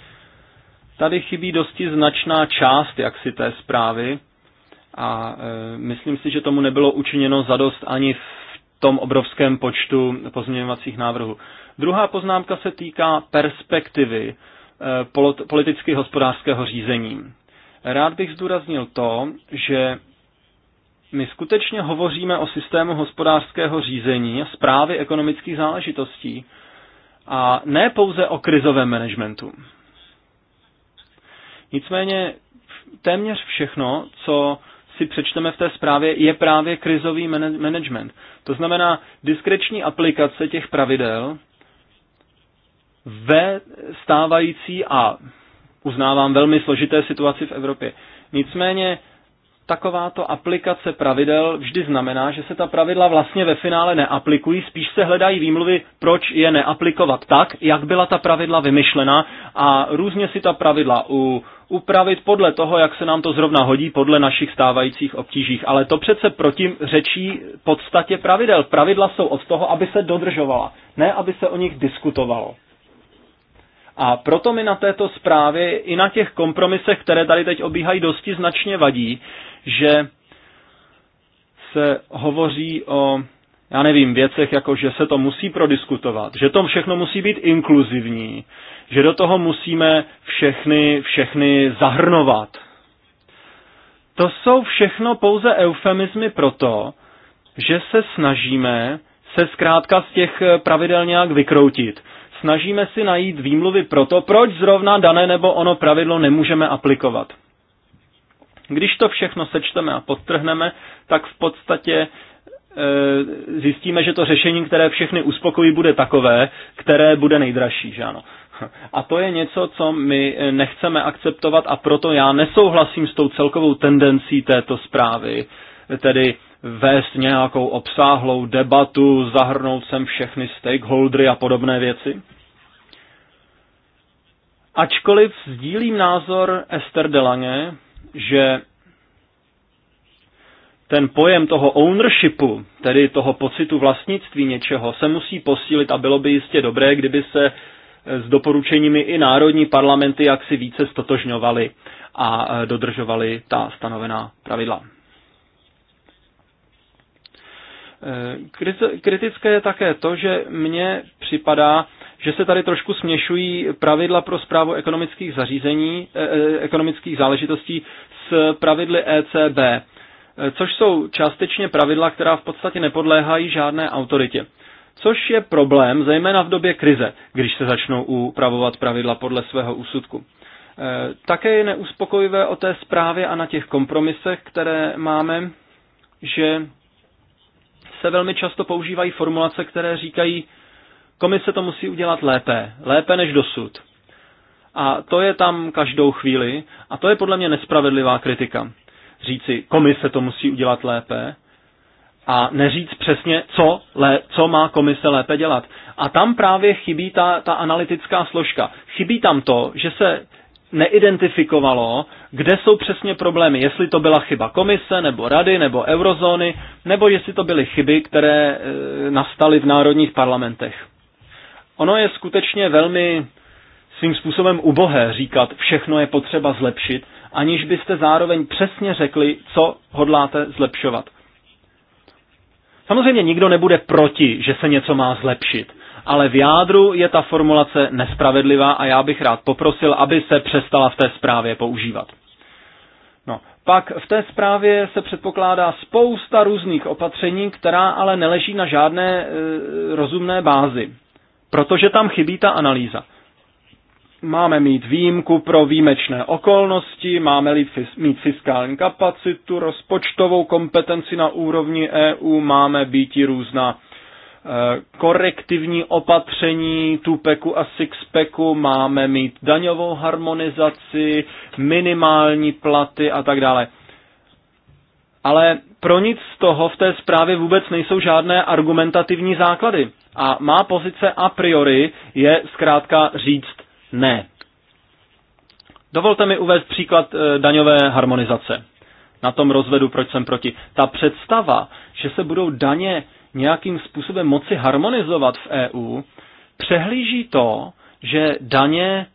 tady chybí dosti značná část jaksi té zprávy, a e, myslím si, že tomu nebylo učiněno zadost ani v tom obrovském počtu pozměňovacích návrhů. Druhá poznámka se týká perspektivy e, politicky hospodářského řízení. Rád bych zdůraznil to, že my skutečně hovoříme o systému hospodářského řízení a zprávy ekonomických záležitostí a ne pouze o krizovém managementu. Nicméně téměř všechno, co si přečteme v té zprávě, je právě krizový management. To znamená diskreční aplikace těch pravidel ve stávající a uznávám velmi složité situaci v Evropě. Nicméně takováto aplikace pravidel vždy znamená, že se ta pravidla vlastně ve finále neaplikují, spíš se hledají výmluvy, proč je neaplikovat tak, jak byla ta pravidla vymyšlena a různě si ta pravidla u, upravit podle toho, jak se nám to zrovna hodí podle našich stávajících obtížích. Ale to přece proti řečí podstatě pravidel. Pravidla jsou od toho, aby se dodržovala, ne aby se o nich diskutovalo. A proto mi na této zprávě i na těch kompromisech, které tady teď obíhají, dosti značně vadí, že se hovoří o, já nevím, věcech, jako že se to musí prodiskutovat, že to všechno musí být inkluzivní, že do toho musíme všechny, všechny zahrnovat. To jsou všechno pouze eufemizmy proto, že se snažíme se zkrátka z těch pravidel nějak vykroutit. Snažíme si najít výmluvy proto, proč zrovna dané nebo ono pravidlo nemůžeme aplikovat. Když to všechno sečteme a podtrhneme, tak v podstatě e, zjistíme, že to řešení, které všechny uspokojí, bude takové, které bude nejdražší, že ano. A to je něco, co my nechceme akceptovat a proto já nesouhlasím s tou celkovou tendencí této zprávy, tedy vést nějakou obsáhlou debatu, zahrnout sem všechny stakeholdery a podobné věci. Ačkoliv sdílím názor Esther Delange, že ten pojem toho ownershipu, tedy toho pocitu vlastnictví něčeho, se musí posílit a bylo by jistě dobré, kdyby se s doporučeními i národní parlamenty jaksi více stotožňovaly a e, dodržovaly ta stanovená pravidla. E, kritické je také to, že mně připadá, že se tady trošku směšují pravidla pro zprávu ekonomických zařízení, eh, eh, ekonomických záležitostí s pravidly ECB, eh, což jsou částečně pravidla, která v podstatě nepodléhají žádné autoritě. Což je problém, zejména v době krize, když se začnou upravovat pravidla podle svého úsudku. Také je neuspokojivé o té zprávě a na těch kompromisech, které máme, že se velmi často používají formulace, které říkají, Komise to musí udělat lépe, lépe než dosud. A to je tam každou chvíli a to je podle mě nespravedlivá kritika. Říci, komise to musí udělat lépe a neříct přesně, co, le, co má komise lépe dělat. A tam právě chybí ta, ta analytická složka. Chybí tam to, že se neidentifikovalo, kde jsou přesně problémy, jestli to byla chyba komise, nebo rady, nebo eurozóny, nebo jestli to byly chyby, které e, nastaly v národních parlamentech. Ono je skutečně velmi svým způsobem ubohé říkat, všechno je potřeba zlepšit, aniž byste zároveň přesně řekli, co hodláte zlepšovat. Samozřejmě nikdo nebude proti, že se něco má zlepšit, ale v jádru je ta formulace nespravedlivá a já bych rád poprosil, aby se přestala v té zprávě používat. No, pak v té zprávě se předpokládá spousta různých opatření, která ale neleží na žádné e, rozumné bázi protože tam chybí ta analýza. Máme mít výjimku pro výjimečné okolnosti, máme mít fiskální kapacitu, rozpočtovou kompetenci na úrovni EU, máme být i různá e, korektivní opatření tupeku a sixpeku, máme mít daňovou harmonizaci, minimální platy a tak dále. Ale pro nic z toho v té zprávě vůbec nejsou žádné argumentativní základy. A má pozice a priori je zkrátka říct ne. Dovolte mi uvést příklad eh, daňové harmonizace. Na tom rozvedu, proč jsem proti. Ta představa, že se budou daně nějakým způsobem moci harmonizovat v EU, přehlíží to, že daně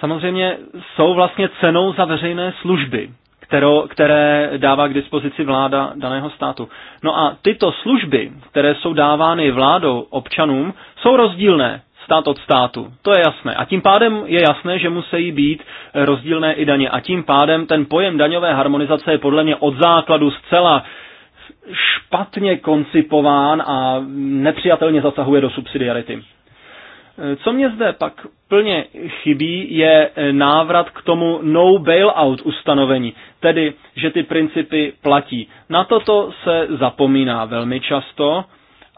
samozřejmě jsou vlastně cenou za veřejné služby kterou, které dává k dispozici vláda daného státu. No a tyto služby, které jsou dávány vládou občanům, jsou rozdílné stát od státu. To je jasné. A tím pádem je jasné, že musí být rozdílné i daně. A tím pádem ten pojem daňové harmonizace je podle mě od základu zcela špatně koncipován a nepřijatelně zasahuje do subsidiarity. Co mě zde pak plně chybí, je návrat k tomu no bailout ustanovení, tedy že ty principy platí. Na toto se zapomíná velmi často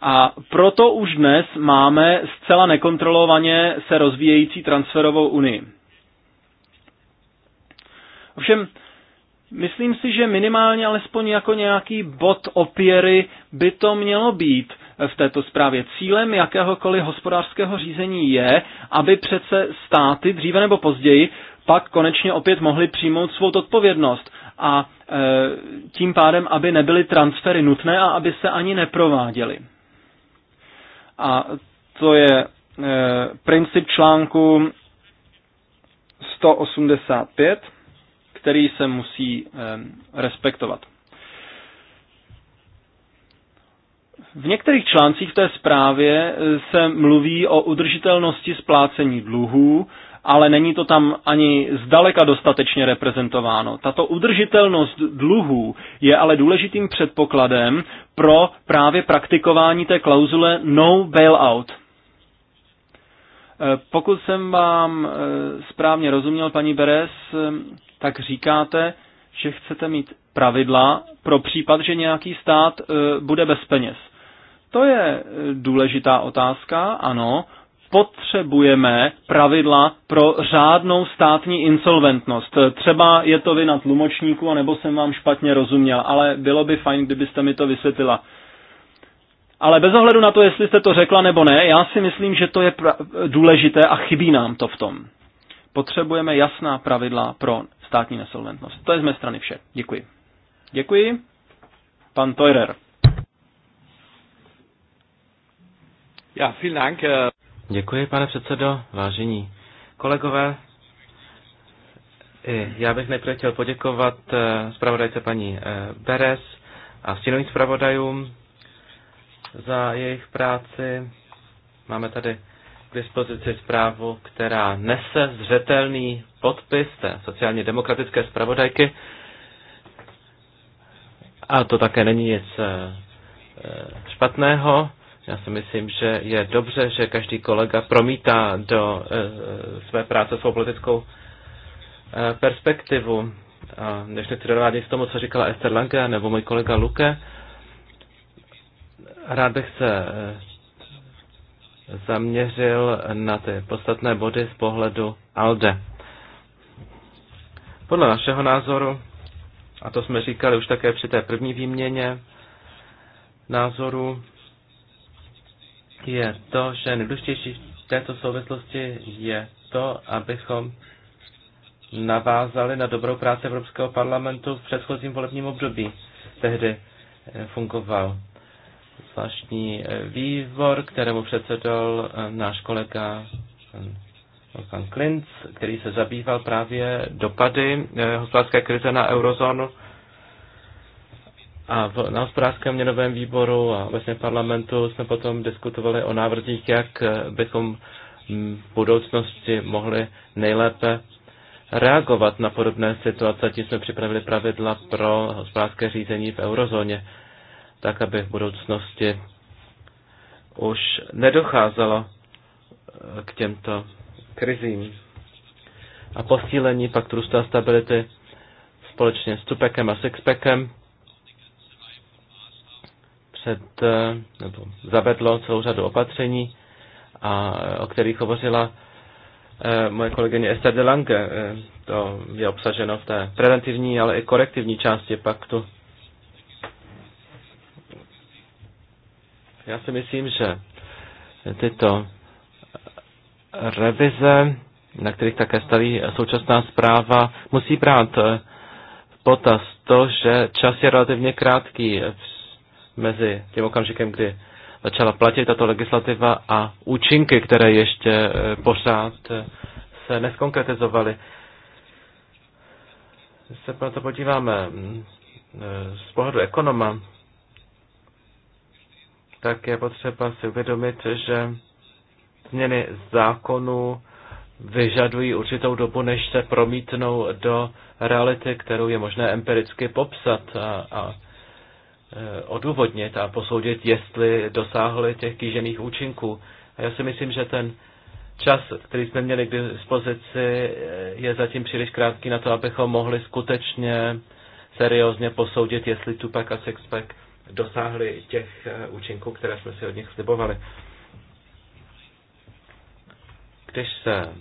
a proto už dnes máme zcela nekontrolovaně se rozvíjející transferovou unii. Ovšem, myslím si, že minimálně alespoň jako nějaký bod opěry by to mělo být – v této zprávě. Cílem jakéhokoliv hospodářského řízení je, aby přece státy dříve nebo později pak konečně opět mohli přijmout svou odpovědnost a e, tím pádem, aby nebyly transfery nutné a aby se ani neprováděly. A to je e, princip článku 185, který se musí e, respektovat. V některých článcích v té zprávě eh, se mluví o udržitelnosti splácení dluhů, ale není to tam ani zdaleka dostatečně reprezentováno. Tato udržitelnost dluhů je ale důležitým předpokladem pro právě praktikování té klauzule no bailout. Eh, pokud jsem vám eh, správně rozuměl, paní Beres, tak říkáte, že chcete mít pravidla pro případ, že nějaký stát bude bez peněz. To je e, důležitá otázka, ano. Potřebujeme pravidla pro řádnou státní insolventnost. E, třeba je to vina tlumočníku, anebo jsem vám špatně rozuměl, ale bylo by fajn, kdybyste mi to vysvětlila. Ale bez ohledu na to, jestli jste to řekla nebo ne, já si myslím, že to je důležité a chybí nám to v tom. Potřebujeme jasná pravidla pro státní nesolventnost. To je z mé strany vše. Děkuji. Děkuji. Pan Teurer. Ja, vielen Dank. Děkuji, pane předsedo, vážení kolegové. Já bych nejprve chtěl poděkovat eh, zpravodajce paní eh, Beres a stínovým zpravodajům za jejich práci. Máme tady k dispozici zprávu, která nese zřetelný podpis té sociálně demokratické zpravodajky. A to také není nic eh, špatného. Já si myslím, že je dobře, že každý kolega promítá do e, své práce svou politickou e, perspektivu. A než nechci dodávat nic tomu, co říkala Esther Lange nebo můj kolega Luke, rád bych se eh, zaměřil na ty podstatné body z pohledu ALDE. Podle našeho názoru, a to jsme říkali už také při té první výměně názoru, je to, že nejdůležitější v této souvislosti je to, abychom navázali na dobrou práci Evropského parlamentu v předchozím volebním období. Tehdy eh, fungoval zvláštní eh, výbor, kterému předsedal eh, náš kolega pan Klinc, který se zabýval právě dopady hospodářské krize na eurozónu a v, na hospodářském měnovém výboru a vlastně parlamentu jsme potom diskutovali o návrzích, jak bychom v budoucnosti mohli nejlépe reagovat na podobné situace. Tím jsme připravili pravidla pro hospodářské řízení v eurozóně, tak aby v budoucnosti už nedocházelo eh, k těmto krizím. A posílení pak růstu a stability společně s Tupekem a Sixpackem před, eh, nebo zavedlo celou řadu opatření, a, eh, o kterých hovořila eh, moje kolegyně Esther de Lange. To je obsaženo v té preventivní, ale i korektivní části paktu. Já si myslím, že tyto revize, na kterých také staví současná zpráva, musí brát v potaz to, že čas je relativně krátký mezi tím okamžikem, kdy začala platit tato legislativa a účinky, které ještě eh, pořád eh, se neskonkretizovaly. Když se na to podíváme mm, eh, z pohledu ekonoma, tak je potřeba si uvědomit, že změny zákonů vyžadují určitou dobu, než se promítnou do reality, kterou je možné empiricky popsat a, a Eh, odůvodnit a posoudit, jestli dosáhly těch kýžených účinků. A já si myslím, že ten čas, který jsme měli k dispozici, eh, je zatím příliš krátký na to, abychom mohli skutečně seriózně posoudit, jestli Tupac a Sixpack dosáhli těch eh, účinků, které jsme si od nich slibovali. Když se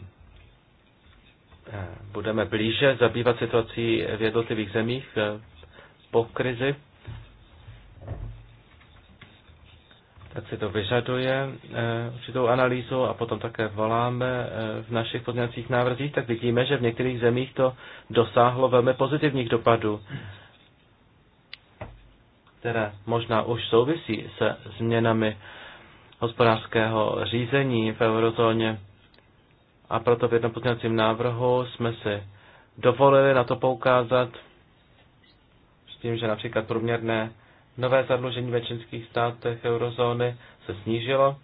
budeme blíže zabývat situací v jednotlivých zemích po krizi, tak si to vyžaduje eh, určitou analýzu a potom také voláme eh, v našich pozměňovacích návrzích, tak vidíme, že v některých zemích to dosáhlo velmi pozitivních dopadů, které možná už souvisí se změnami hospodářského řízení v eurozóně. A proto v jednom pozměňovacím návrhu jsme si dovolili na to poukázat s tím, že například průměrné nové zadlužení ve členských státech eurozóny se snížilo,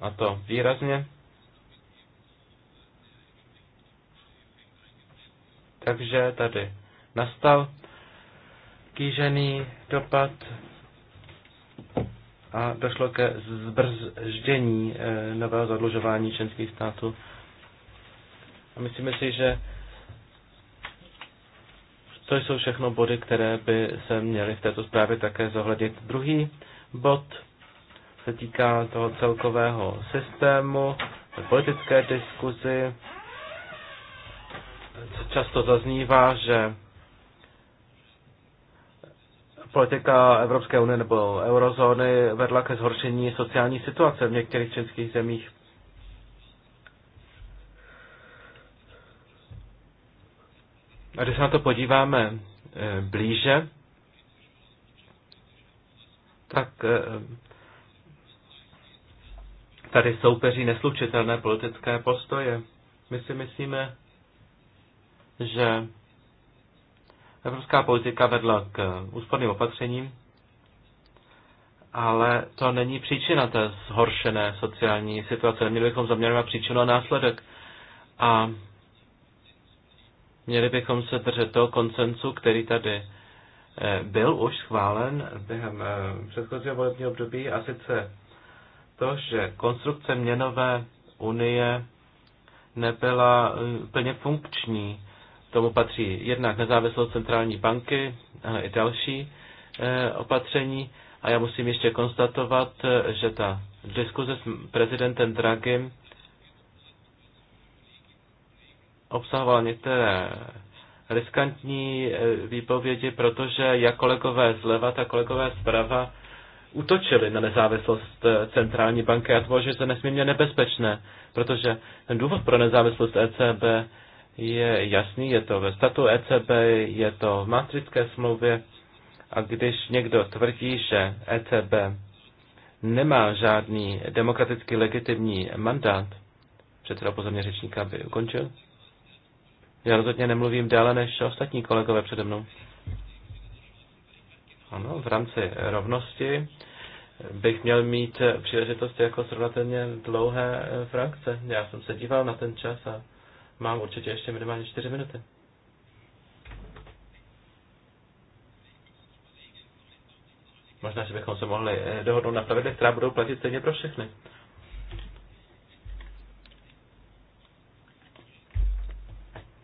a to výrazně. Takže tady nastal kýžený dopad a došlo ke zbrzdění eh, nového zadlužování členských států. A myslíme si, že to jsou všechno body, které by se měly v této zprávě také zohlednit. Druhý bod se týká toho celkového systému, politické diskuzi. Často zaznívá, že politika Evropské unie nebo eurozóny vedla ke zhoršení sociální situace v některých českých zemích. A když se na to podíváme eh, blíže, tak eh, tady soupeří neslučitelné politické postoje. My si myslíme, že evropská politika vedla k úsporným opatřením, ale to není příčina té zhoršené sociální situace. Neměli bychom zaměřovat příčinu a následek. A Měli bychom se držet toho koncensu, který tady eh, byl už schválen během eh, předchozího volebního období, a sice to, že konstrukce měnové unie nebyla eh, plně funkční. Tomu patří jednak nezávislost centrální banky, ale i další opatření. A já musím ještě konstatovat, že ta diskuze s prezidentem Dragim obsahoval některé riskantní eh, výpovědi, protože jak kolegové zleva, tak kolegové zprava utočili na nezávislost eh, centrální banky a tvořili se nesmírně nebezpečné, protože ten důvod pro nezávislost ECB je jasný, je to ve statu ECB, je to v Maastrichtské smlouvě a když někdo tvrdí, že ECB nemá žádný demokraticky legitimní mandát, předseda pozorně řečníka by ukončil, já rozhodně nemluvím déle než ostatní kolegové přede mnou. Ano, v rámci rovnosti bych měl mít příležitost jako srovnatelně dlouhé frakce. Já jsem se díval na ten čas a mám určitě ještě minimálně čtyři minuty. Možná, že bychom se mohli dohodnout na pravidlech, která budou platit stejně pro všechny.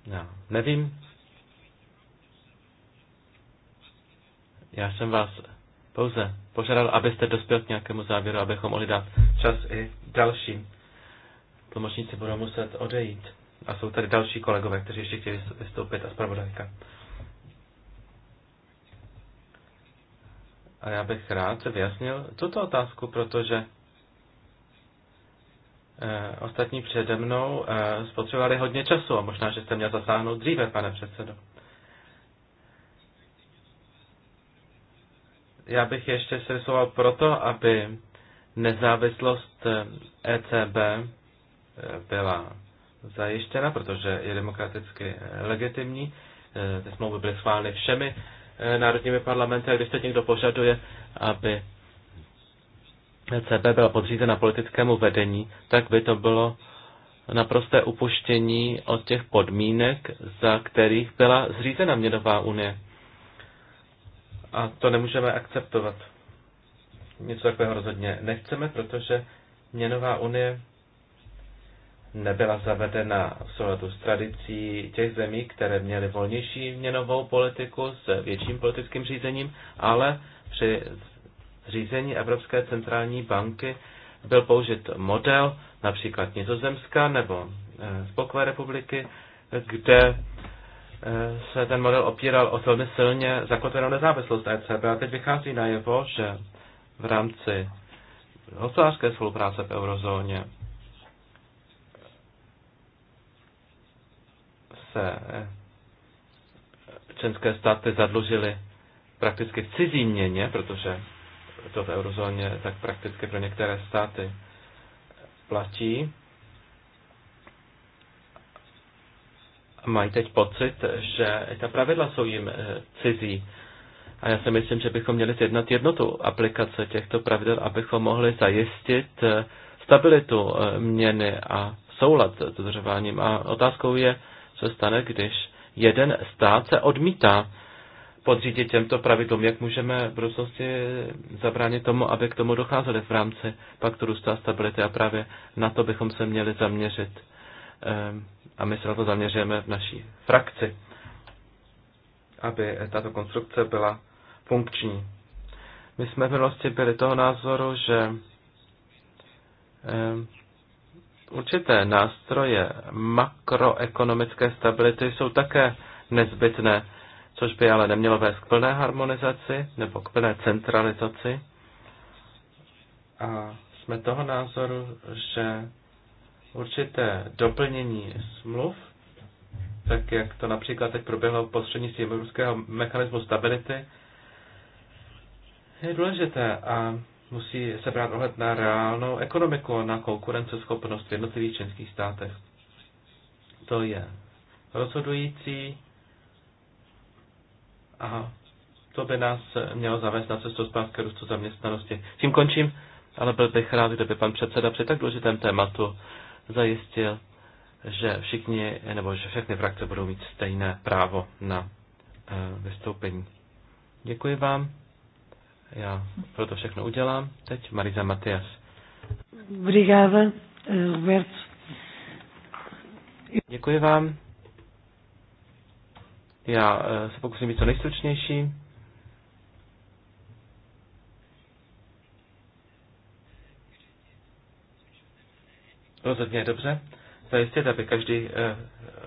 Já nevím. Já jsem vás pouze požádal, abyste dospěl k nějakému závěru, abychom mohli dát čas i dalším. Tlumočníci budou muset odejít. A jsou tady další kolegové, kteří ještě chtějí vystoupit a zpravodajka. A já bych rád vyjasnil tuto otázku, protože Eh, ostatní přede mnou eh, spotřebovali hodně času a možná, že jste měl zasáhnout dříve, pane předsedo. Já bych ještě se vysloval proto, aby nezávislost ECB eh, e byla zajištěna, protože je demokraticky legitimní. Ty smlouvy byly schváleny všemi národními parlamenty a když se někdo požaduje, aby CB byla podřízena politickému vedení, tak by to bylo naprosté upuštění od těch podmínek, za kterých byla zřízena měnová unie. A to nemůžeme akceptovat. Něco takového rozhodně nechceme, protože měnová unie nebyla zavedena v souladu s tradicí těch zemí, které měly volnější měnovou politiku s větším politickým řízením, ale při řízení Evropské centrální banky byl použit model například Nizozemska nebo eh, Spolkové republiky, kde eh, se ten model opíral o velmi silně zakotvenou nezávislost ECB a teď vychází najevo, že v rámci hospodářské spolupráce v eurozóně se eh, členské státy zadlužily prakticky v cizí měně, protože to v eurozóně, tak prakticky pro některé státy platí. Mají teď pocit, že ta pravidla jsou jim eh, cizí. A já si myslím, že bychom měli sjednat jednotu aplikace těchto pravidel, abychom mohli zajistit eh, stabilitu eh, měny a soulad s dodržováním. A otázkou je, co stane, když jeden stát se odmítá podřídit těmto pravidlům. Jak můžeme v budoucnosti zabránit tomu, aby k tomu docházeli v rámci paktu růstu a stability a právě na to bychom se měli zaměřit. Ehm, a my se na to zaměřujeme v naší frakci, aby tato konstrukce byla funkční. My jsme v minulosti byli toho názoru, že ehm, určité nástroje makroekonomické stability jsou také nezbytné což by ale nemělo vést k plné harmonizaci nebo k plné centralizaci. A jsme toho názoru, že určité doplnění smluv, tak jak to například teď proběhlo prostřednictvím ruského mechanismu stability, je důležité a musí se brát ohled na reálnou ekonomiku, a na konkurenceschopnost v jednotlivých členských státech. To je rozhodující a to by nás mělo zavést na cestu zpátky růstu zaměstnanosti. Tím končím, ale byl bych rád, kdyby pan předseda při tak důležitém tématu zajistil, že všichni, nebo že všechny frakce budou mít stejné právo na eh, vystoupení. Děkuji vám. Já proto všechno udělám. Teď Mariza Matias. Obrigada, eh, Roberto. Děkuji vám. Já eh, se pokusím být co nejstručnější. Rozhodně dobře. Zajistit, aby každý eh,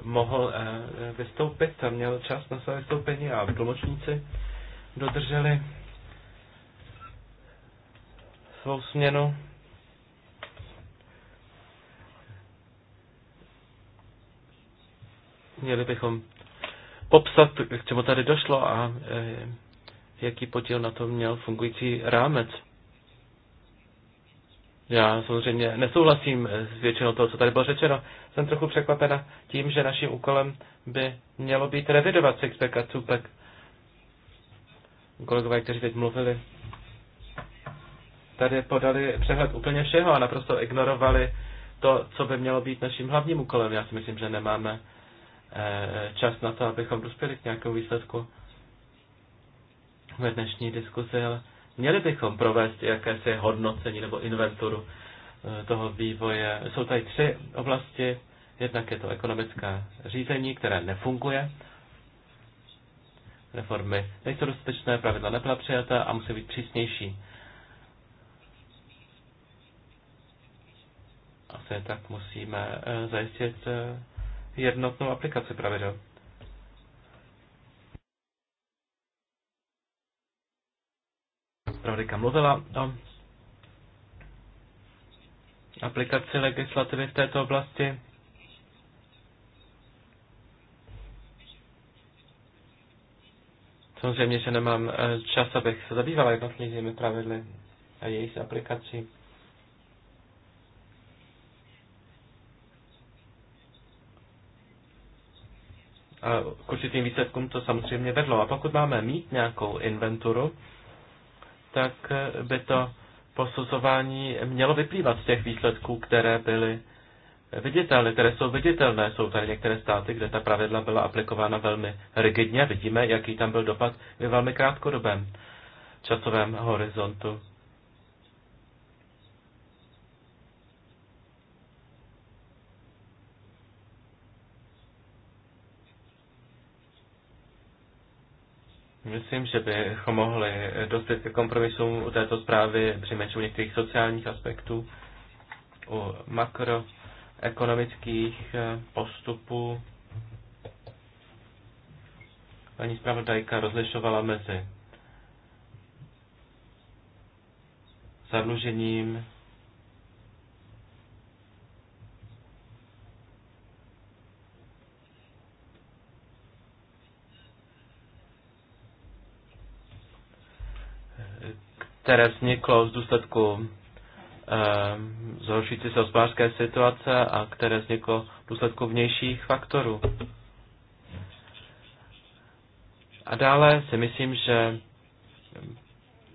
mohl eh, vystoupit a měl čas na své vystoupení a tlumočníci dodrželi svou směnu. Měli bychom popsat, k čemu tady došlo a e, jaký podíl na to měl fungující rámec. Já samozřejmě nesouhlasím e, s většinou toho, co tady bylo řečeno. Jsem trochu překvapena tím, že naším úkolem by mělo být revidovat Sixpack a Tupac. Kolegové, kteří teď mluvili, tady podali přehled úplně všeho a naprosto ignorovali to, co by mělo být naším hlavním úkolem. Já si myslím, že nemáme Eh, čas na to, abychom dospěli k nějakému výsledku ve dnešní diskuzi, ale měli bychom provést jakési hodnocení nebo inventuru eh, toho vývoje. Jsou tady tři oblasti. Jednak je to ekonomické řízení, které nefunguje. Reformy nejsou dostatečné, pravidla nebyla přijata a musí být přísnější. Asi tak musíme eh, zajistit jednotnou aplikaci pravidel. Pravdika mluvila o aplikaci legislativy v této oblasti. Samozřejmě, že nemám eh, čas, abych se zabývala jednotlivými pravidly a jejich aplikací. A k určitým výsledkům to samozřejmě vedlo. A pokud máme mít nějakou inventuru, tak eh, by to posuzování mělo vyplývat z těch výsledků, které byly viditelné, které jsou viditelné. Jsou tady některé státy, kde ta pravidla byla aplikována velmi rigidně. Vidíme, jaký tam byl dopad ve velmi krátkodobém časovém horizontu. Myslím, že bychom mohli dostat ke kompromisu u této zprávy při u některých sociálních aspektů, u makroekonomických eh, postupů. Paní zpravodajka rozlišovala mezi zadlužením které vzniklo z důsledku ehm, zhoršující se hospodářské situace a které vzniklo v důsledku vnějších faktorů. A dále si myslím, že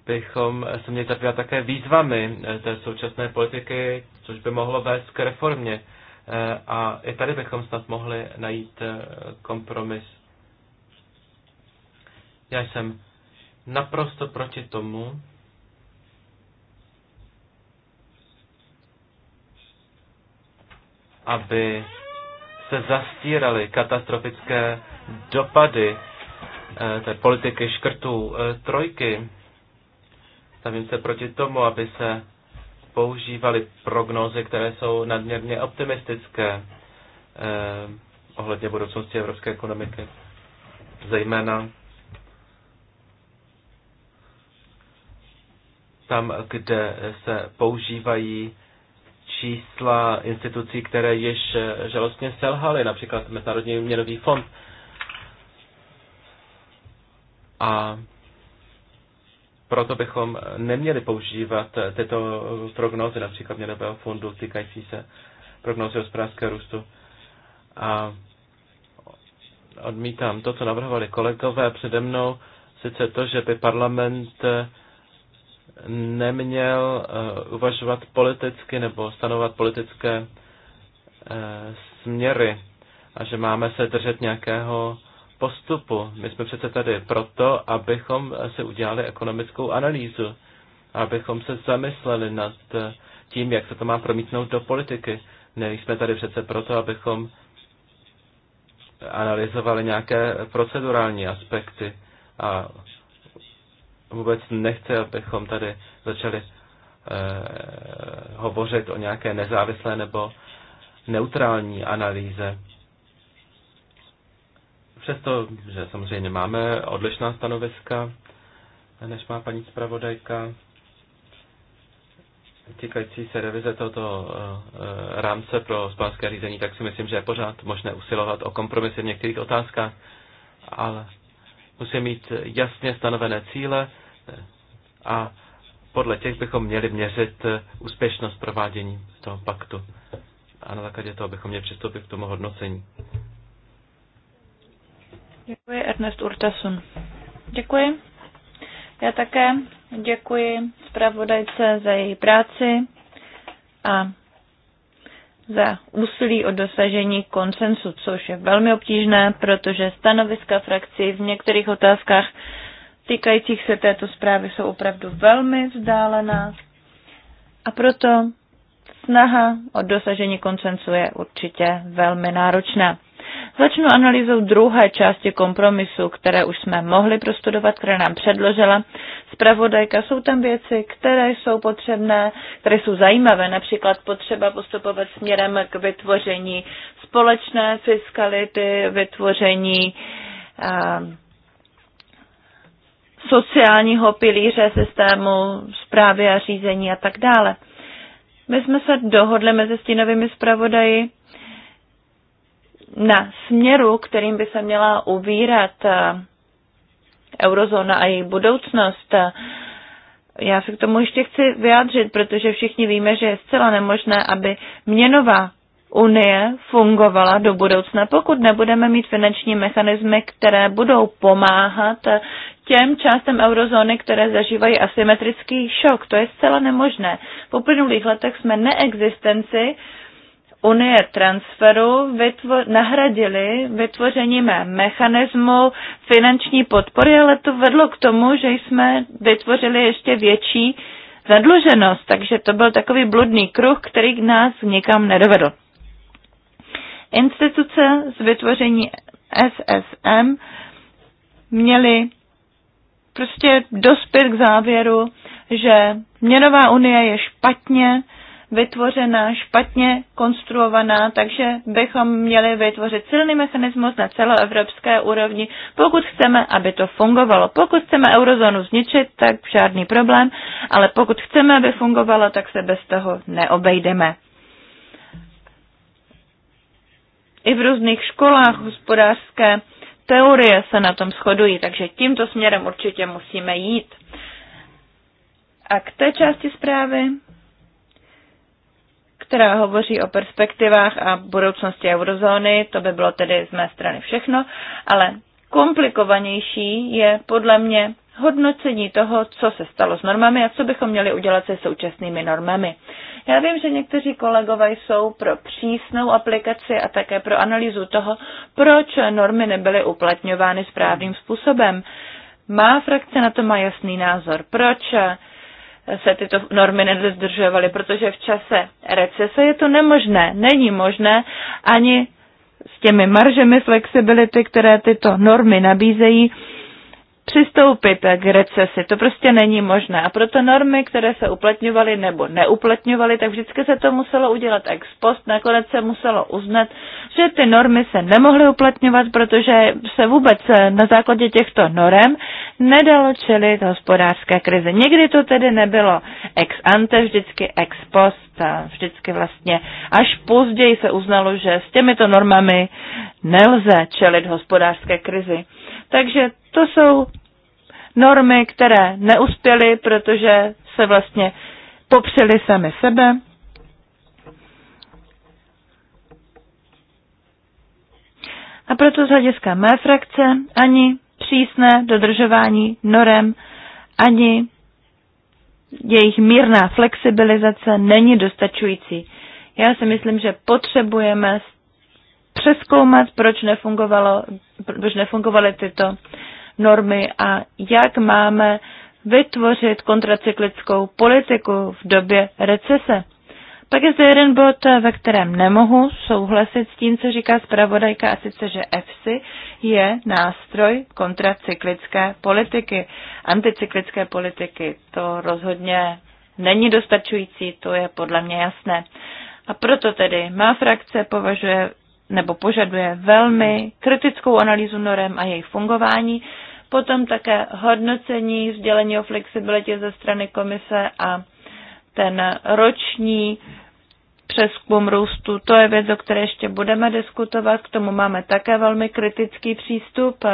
bychom se měli zabývat také výzvami eh, té současné politiky, což by mohlo vést k reformě. Eh, a i tady bychom snad mohli najít eh, kompromis. Já jsem naprosto proti tomu, aby se zastíraly katastrofické dopady eh, té politiky škrtů eh, trojky. Stavím se proti tomu, aby se používaly prognózy, které jsou nadměrně optimistické eh, ohledně budoucnosti evropské ekonomiky. Zejména tam, kde se používají čísla institucí, které již žalostně selhaly, například Mezinárodní měnový fond. A proto bychom neměli používat tyto prognózy, například měnového fondu týkající se prognózy hospodářského růstu. A odmítám to, co navrhovali kolegové přede mnou, sice to, že by parlament neměl eh, uvažovat politicky nebo stanovat politické eh, směry a že máme se držet nějakého postupu. My jsme přece tady proto, abychom si udělali ekonomickou analýzu, abychom se zamysleli nad eh, tím, jak se to má promítnout do politiky. Nejsme tady přece proto, abychom analyzovali nějaké procedurální aspekty a vůbec nechce, abychom tady začali eh, hovořit o nějaké nezávislé nebo neutrální analýze. Přesto, že samozřejmě máme odlišná stanoviska, než má paní zpravodajka, týkající se revize tohoto eh, rámce pro spánské řízení, tak si myslím, že je pořád možné usilovat o kompromisy v některých otázkách, ale musí mít jasně stanovené cíle, a podle těch bychom měli měřit úspěšnost provádění toho paktu. A na základě toho bychom měli přistoupit k tomu hodnocení. Děkuji, Ernest Urtasun. Děkuji. Já také děkuji zpravodajce za její práci a za úsilí o dosažení konsensu, což je velmi obtížné, protože stanoviska frakcí v některých otázkách týkajících se této zprávy jsou opravdu velmi vzdálená a proto snaha o dosažení koncensu je určitě velmi náročná. Začnu analýzou druhé části kompromisu, které už jsme mohli prostudovat, které nám předložila zpravodajka. Jsou tam věci, které jsou potřebné, které jsou zajímavé, například potřeba postupovat směrem k vytvoření společné fiskality, vytvoření uh, sociálního pilíře systému zprávy a řízení a tak dále. My jsme se dohodli mezi stínovými zpravodaji na směru, kterým by se měla uvírat eh, eurozóna a její budoucnost. Já se k tomu ještě chci vyjádřit, protože všichni víme, že je zcela nemožné, aby měnová Unie fungovala do budoucna, pokud nebudeme mít finanční mechanismy, které budou pomáhat těm částem eurozóny, které zažívají asymetrický šok. To je zcela nemožné. V uplynulých letech jsme neexistenci Unie transferu vytvo- nahradili vytvořením mechanismu finanční podpory, ale to vedlo k tomu, že jsme vytvořili ještě větší zadluženost, takže to byl takový bludný kruh, který nás nikam nedovedl instituce z vytvoření SSM měly prostě dospět k závěru, že měnová unie je špatně vytvořená, špatně konstruovaná, takže bychom měli vytvořit silný mechanismus na celoevropské úrovni, pokud chceme, aby to fungovalo. Pokud chceme eurozónu zničit, tak žádný problém, ale pokud chceme, aby fungovalo, tak se bez toho neobejdeme. I v různých školách hospodářské teorie se na tom shodují, takže tímto směrem určitě musíme jít. A k té části zprávy, která hovoří o perspektivách a budoucnosti eurozóny, to by bylo tedy z mé strany všechno, ale komplikovanější je podle mě hodnocení toho, co se stalo s normami a co bychom měli udělat se současnými normami. Já vím, že někteří kolegové jsou pro přísnou aplikaci a také pro analýzu toho, proč normy nebyly uplatňovány správným způsobem. Má frakce na to má jasný názor. Proč se tyto normy nedodržovaly? Protože v čase recese je to nemožné. Není možné ani s těmi maržemi flexibility, které tyto normy nabízejí, přistoupit k recesi. To prostě není možné. A proto normy, které se uplatňovaly nebo neuplatňovaly, tak vždycky se to muselo udělat ex post. Nakonec se muselo uznat, že ty normy se nemohly uplatňovat, protože se vůbec eh, na základě těchto norem nedalo čelit hospodářské krize. Někdy to tedy nebylo ex ante, vždycky ex post a vždycky vlastně až později se uznalo, že s těmito normami nelze čelit hospodářské krizi. Takže to jsou normy, které neuspěly, protože se vlastně popřeli sami sebe. A proto z hlediska mé frakce ani přísné dodržování norem, ani jejich mírná flexibilizace není dostačující. Já si myslím, že potřebujeme přeskoumat, proč nefungovalo protože nefungovaly tyto normy a jak máme vytvořit kontracyklickou politiku v době recese. Pak je zde jeden bod, ve kterém nemohu souhlasit s tím, co říká zpravodajka, a sice, že EFSI je nástroj kontracyklické politiky, anticyklické politiky. To rozhodně není dostačující, to je podle mě jasné. A proto tedy má frakce považuje nebo požaduje velmi kritickou analýzu norem a jejich fungování, potom také hodnocení sdělení o flexibilitě ze strany komise a ten roční přeskum růstu, to je věc, o které ještě budeme diskutovat, k tomu máme také velmi kritický přístup.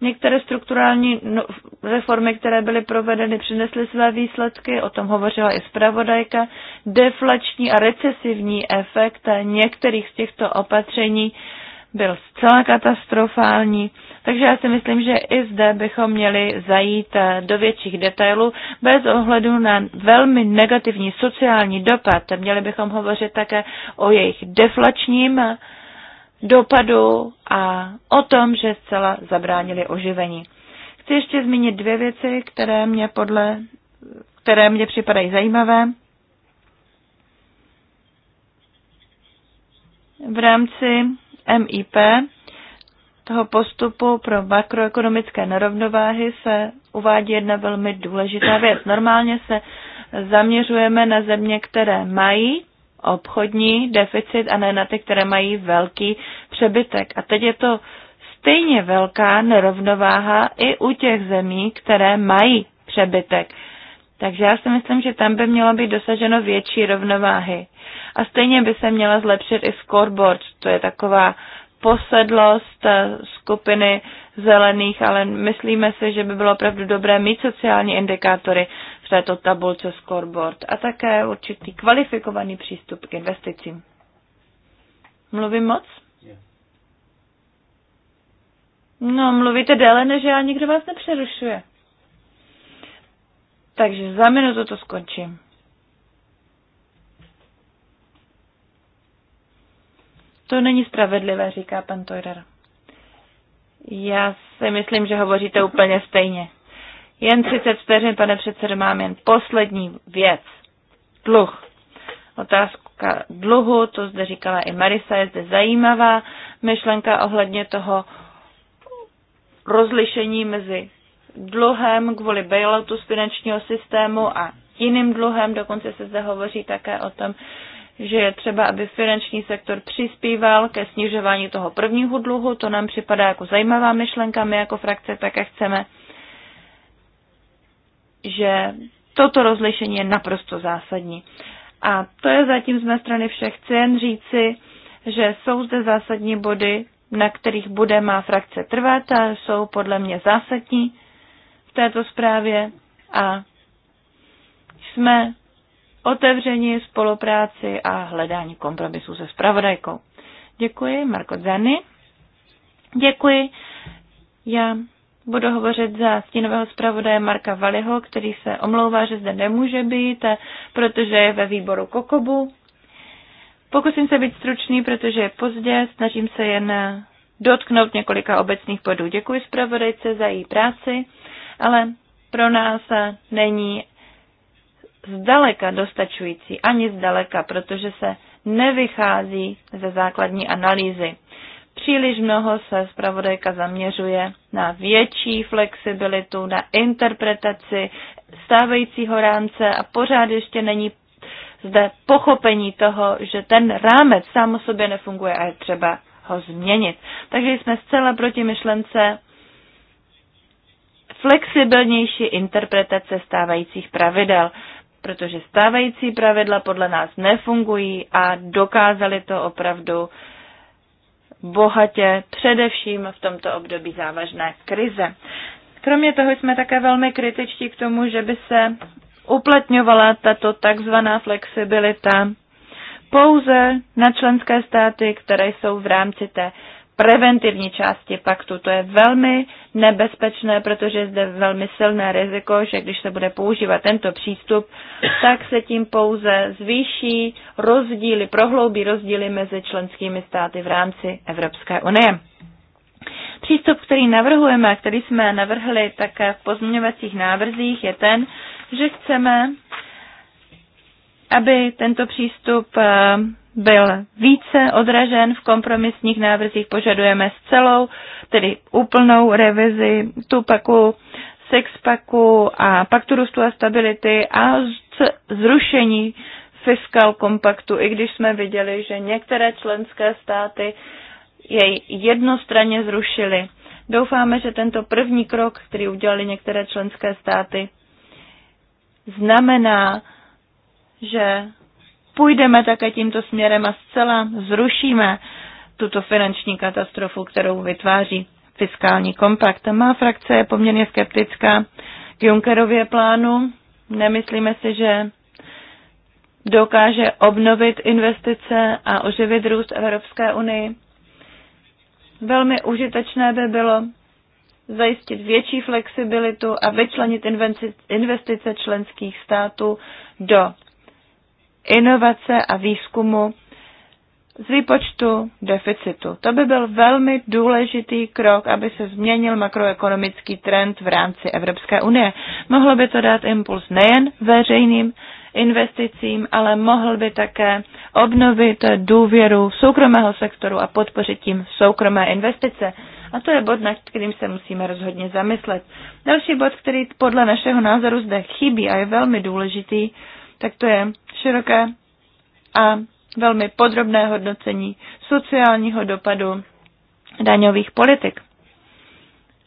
Některé strukturální no, reformy, které byly provedeny, přinesly své výsledky, o tom hovořila i zpravodajka. Deflační a recesivní efekt některých z těchto opatření byl zcela katastrofální, takže já si myslím, že i zde bychom měli zajít eh, do větších detailů bez ohledu na velmi negativní sociální dopad. Měli bychom hovořit také o jejich deflačním dopadu a o tom, že zcela zabránili oživení. Chci ještě zmínit dvě věci, které mě, podle, které mě připadají zajímavé. V rámci MIP toho postupu pro makroekonomické nerovnováhy se uvádí jedna velmi důležitá věc. Normálně se zaměřujeme na země, které mají obchodní deficit a ne na ty, které mají velký přebytek. A teď je to stejně velká nerovnováha i u těch zemí, které mají přebytek. Takže já si myslím, že tam by mělo být dosaženo větší rovnováhy. A stejně by se měla zlepšit i scoreboard, to je taková posedlost eh, skupiny zelených, ale myslíme si, že by bylo opravdu dobré mít sociální indikátory, v této tabulce scoreboard a také určitý kvalifikovaný přístup k investicím. Mluvím moc? No, mluvíte déle než já, nikdo vás nepřerušuje. Takže za minutu to skončím. To není spravedlivé, říká pan Toirer. Já si myslím, že hovoříte úplně stejně. Jen 30 vteřin, pane předsedo, mám jen poslední věc. Dluh. Otázka dluhu, to zde říkala i Marisa, je zde zajímavá myšlenka ohledně toho rozlišení mezi dluhem kvůli bailoutu z finančního systému a jiným dluhem. Dokonce se zde hovoří také o tom, že je třeba, aby finanční sektor přispíval ke snižování toho prvního dluhu. To nám připadá jako zajímavá myšlenka. My jako frakce také chceme že toto rozlišení je naprosto zásadní. A to je zatím z mé strany vše. Chci jen říci, že jsou zde zásadní body, na kterých bude má frakce trvat a jsou podle mě zásadní v této zprávě a jsme otevřeni spolupráci a hledání kompromisů se spravodajkou. Děkuji, Marko Zany. Děkuji. Já Budu hovořit za stínového zpravodaje Marka Valiho, který se omlouvá, že zde nemůže být, protože je ve výboru Kokobu. Pokusím se být stručný, protože je pozdě, snažím se jen dotknout několika obecných bodů. Děkuji zpravodajce za její práci, ale pro nás není zdaleka dostačující, ani zdaleka, protože se nevychází ze základní analýzy. Příliš mnoho se zpravodajka zaměřuje na větší flexibilitu, na interpretaci stávajícího rámce a pořád ještě není zde pochopení toho, že ten rámec sám o sobě nefunguje a je třeba ho změnit. Takže jsme zcela proti myšlence flexibilnější interpretace stávajících pravidel, protože stávající pravidla podle nás nefungují a dokázali to opravdu bohatě, především v tomto období závažné krize. Kromě toho jsme také velmi kritičtí k tomu, že by se uplatňovala tato takzvaná flexibilita pouze na členské státy, které jsou v rámci té preventivní části paktu. To je velmi nebezpečné, protože je zde velmi silné riziko, že když se bude používat tento přístup, tak se tím pouze zvýší rozdíly, prohloubí rozdíly mezi členskými státy v rámci Evropské unie. Přístup, který navrhujeme, který jsme navrhli také v pozměňovacích návrzích, je ten, že chceme, aby tento přístup eh, byl více odražen v kompromisních návrzích. Požadujeme s celou, tedy úplnou revizi tupaku, sexpaku a paktu růstu a stability a zrušení fiskal kompaktu, i když jsme viděli, že některé členské státy jej jednostranně zrušily. Doufáme, že tento první krok, který udělali některé členské státy, znamená, že půjdeme také tímto směrem a zcela zrušíme tuto finanční katastrofu, kterou vytváří fiskální kompakt. Má frakce je poměrně skeptická k Junckerově plánu. Nemyslíme si, že dokáže obnovit investice a oživit růst Evropské unii. Velmi užitečné by bylo zajistit větší flexibilitu a vyčlenit investice členských států do inovace a výzkumu z výpočtu deficitu. To by byl velmi důležitý krok, aby se změnil makroekonomický trend v rámci Evropské unie. Mohlo by to dát impuls nejen veřejným investicím, ale mohl by také obnovit důvěru soukromého sektoru a podpořit tím soukromé investice. A to je bod, nad kterým se musíme rozhodně zamyslet. Další bod, který podle našeho názoru zde chybí a je velmi důležitý, tak to je široké a velmi podrobné hodnocení sociálního dopadu daňových politik.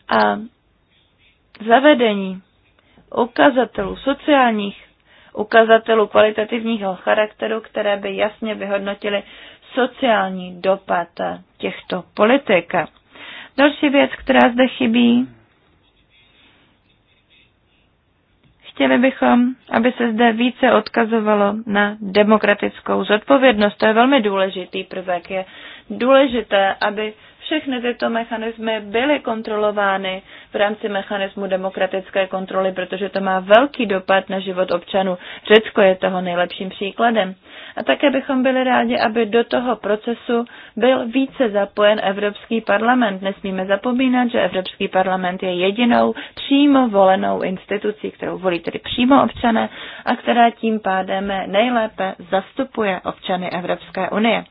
A zavedení ukazatelů sociálních, ukazatelů kvalitativního charakteru, které by jasně vyhodnotily sociální dopad těchto politik. Další věc, která zde chybí, Chtěli bychom, aby se zde více odkazovalo na demokratickou zodpovědnost. To je velmi důležitý prvek. Je důležité, aby všechny tyto mechanismy byly kontrolovány v rámci mechanismu demokratické kontroly, protože to má velký dopad na život občanů. Řecko je toho nejlepším příkladem. A také bychom byli rádi, aby do toho procesu byl více zapojen Evropský parlament. Nesmíme zapomínat, že Evropský parlament je jedinou přímo volenou institucí, kterou volí tedy přímo občané a která tím pádem nejlépe zastupuje občany Evropské unie.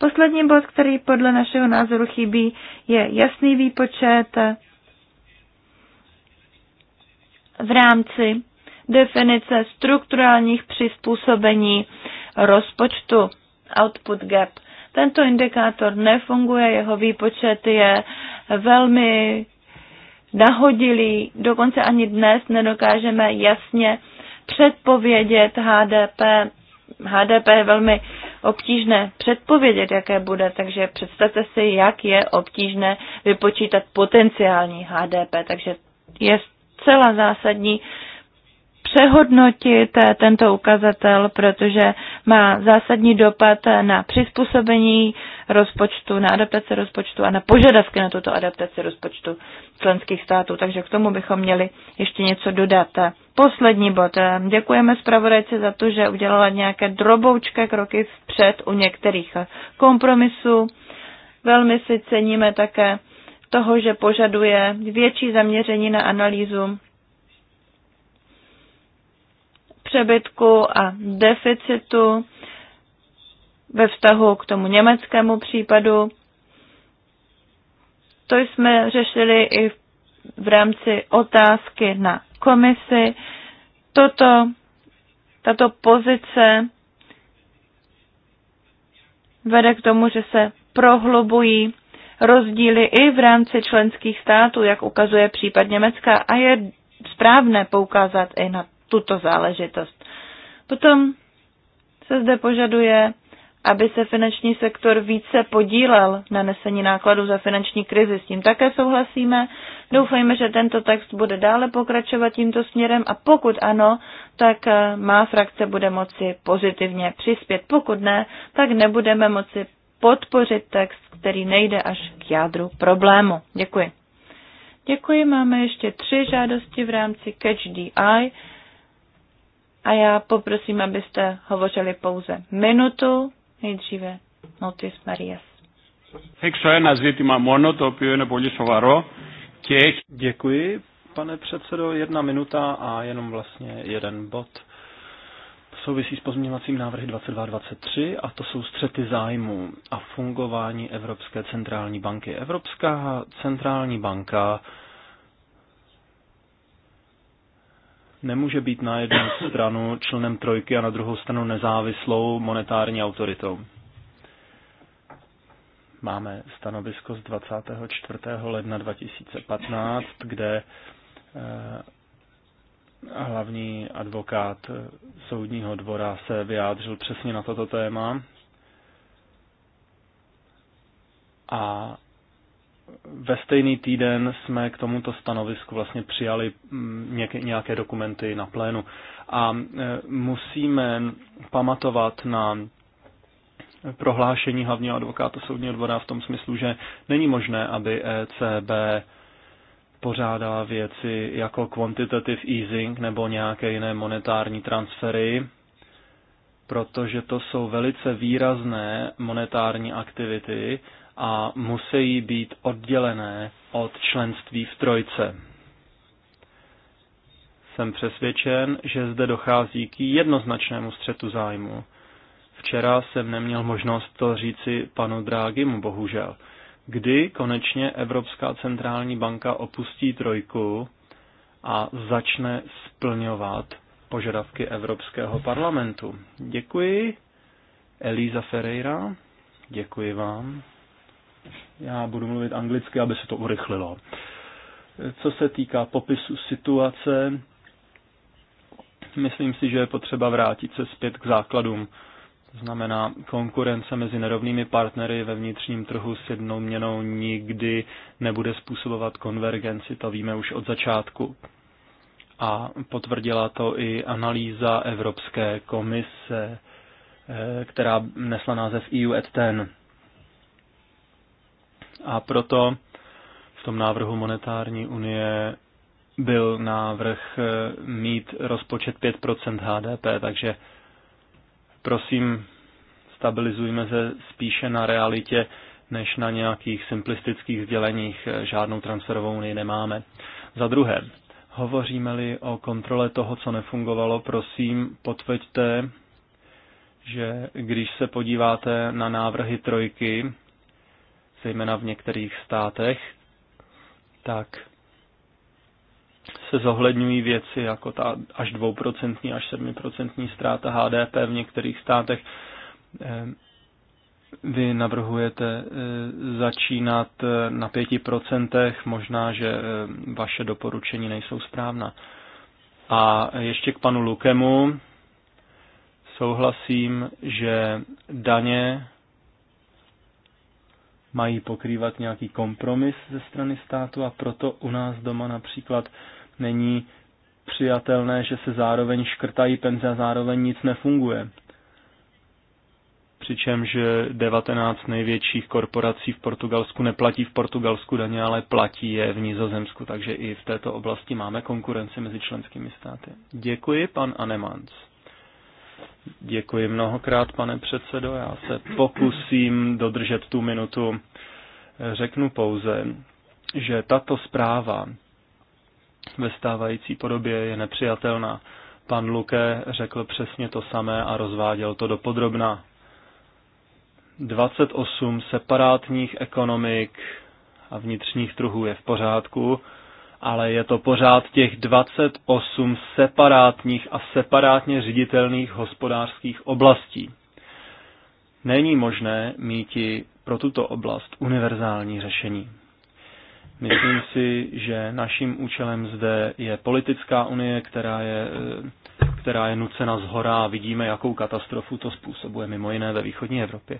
Poslední bod, který podle našeho názoru chybí, je jasný výpočet v rámci definice strukturálních přizpůsobení rozpočtu output gap. Tento indikátor nefunguje, jeho výpočet je velmi nahodilý, dokonce ani dnes nedokážeme jasně předpovědět HDP HDP je velmi obtížné předpovědět, jaké bude, takže představte si, jak je obtížné vypočítat potenciální HDP. Takže je zcela zásadní přehodnotit eh, tento ukazatel, protože má zásadní dopad na přizpůsobení rozpočtu, na adaptaci rozpočtu a na požadavky na tuto adaptaci rozpočtu členských států. Takže k tomu bychom měli ještě něco dodat. Eh, poslední bod. Eh, děkujeme zpravodajci za to, že udělala nějaké droboučké kroky vpřed u některých kompromisů. Velmi si ceníme také toho, že požaduje větší zaměření na analýzu přebytku a deficitu ve vztahu k tomu německému případu. To jsme řešili i v, rámci otázky na komisi. Toto, tato pozice vede k tomu, že se prohlubují rozdíly i v rámci členských států, jak ukazuje případ Německa, a je správné poukázat i na tuto záležitost. Potom se zde požaduje, aby se finanční sektor více podílel na nesení nákladů za finanční krizi. S tím také souhlasíme. Doufejme, že tento text bude dále pokračovat tímto směrem a pokud ano, tak eh, má frakce bude moci pozitivně přispět. Pokud ne, tak nebudeme moci podpořit text, který nejde až k jádru problému. Děkuji. Děkuji, máme ještě tři žádosti v rámci Catch DI. A já poprosím, abyste hovořili pouze minutu, nejdříve Notis Marias. Děkuji, pane předsedo, jedna minuta a jenom vlastně jeden bod. Souvisí s pozměňovacím návrhy 2223 a to jsou střety zájmu a fungování Evropské centrální banky. Evropská centrální banka nemůže být na jednu stranu členem trojky a na druhou stranu nezávislou monetární autoritou. Máme stanovisko z 24. ledna 2015, kde eh, hlavní advokát soudního dvora se vyjádřil přesně na toto téma a ve stejný týden jsme k tomuto stanovisku vlastně přijali mm, nějaké dokumenty na plénu. A e, musíme pamatovat na prohlášení hlavního advokáta soudního dvora v tom smyslu, že není možné, aby ECB pořádala věci jako quantitative easing nebo nějaké jiné monetární transfery, protože to jsou velice výrazné monetární aktivity, a musí být oddělené od členství v trojce. Jsem přesvědčen, že zde dochází k jednoznačnému střetu zájmu. Včera jsem neměl možnost to říci panu Drágimu, bohužel. Kdy konečně Evropská centrální banka opustí trojku a začne splňovat požadavky Evropského parlamentu? Děkuji. Elisa Ferreira, děkuji vám. Já budu mluvit anglicky, aby se to urychlilo. Co se týká popisu situace, myslím si, že je potřeba vrátit se zpět k základům. To znamená, konkurence mezi nerovnými partnery ve vnitřním trhu s jednou měnou nikdy nebude způsobovat konvergenci, to víme už od začátku. A potvrdila to i analýza Evropské komise, eh, která nesla název EU at 10. A proto v tom návrhu monetární unie byl návrh eh, mít rozpočet 5% HDP, takže prosím, stabilizujme se spíše na realitě, než na nějakých simplistických sděleních. Eh, žádnou transferovou unii nemáme. Za druhé, hovoříme-li o kontrole toho, co nefungovalo, prosím, potvrďte, že když se podíváte na návrhy trojky, zejména v některých státech, tak se zohledňují věci jako ta až 2% až 7% ztráta HDP v některých státech. Eh, vy navrhujete eh, začínat eh, na 5%, možná, že vaše doporučení nejsou správná. A ještě k panu Lukemu. Souhlasím, že daně mají pokrývat nějaký kompromis ze strany státu a proto u nás doma například není přijatelné, že se zároveň škrtají penze a zároveň nic nefunguje. Přičemž 19 největších korporací v Portugalsku neplatí v Portugalsku daně, ale platí je v Nizozemsku, takže i v této oblasti máme konkurenci mezi členskými státy. Děkuji, pan Anemans. Děkuji mnohokrát, pane předsedo. Já se pokusím dodržet tu minutu. Řeknu pouze, že tato zpráva ve stávající podobě je nepřijatelná. Pan Luke řekl přesně to samé a rozváděl to do podrobna. 28 separátních ekonomik a vnitřních trhů je v pořádku, ale je to pořád těch 28 separátních a separátně říditelných hospodářských oblastí. Není možné míti pro tuto oblast univerzální řešení. Myslím si, že naším účelem zde je politická unie, která je, eh, která je nucena z hora a vidíme, jakou katastrofu to způsobuje mimo jiné ve východní Evropě.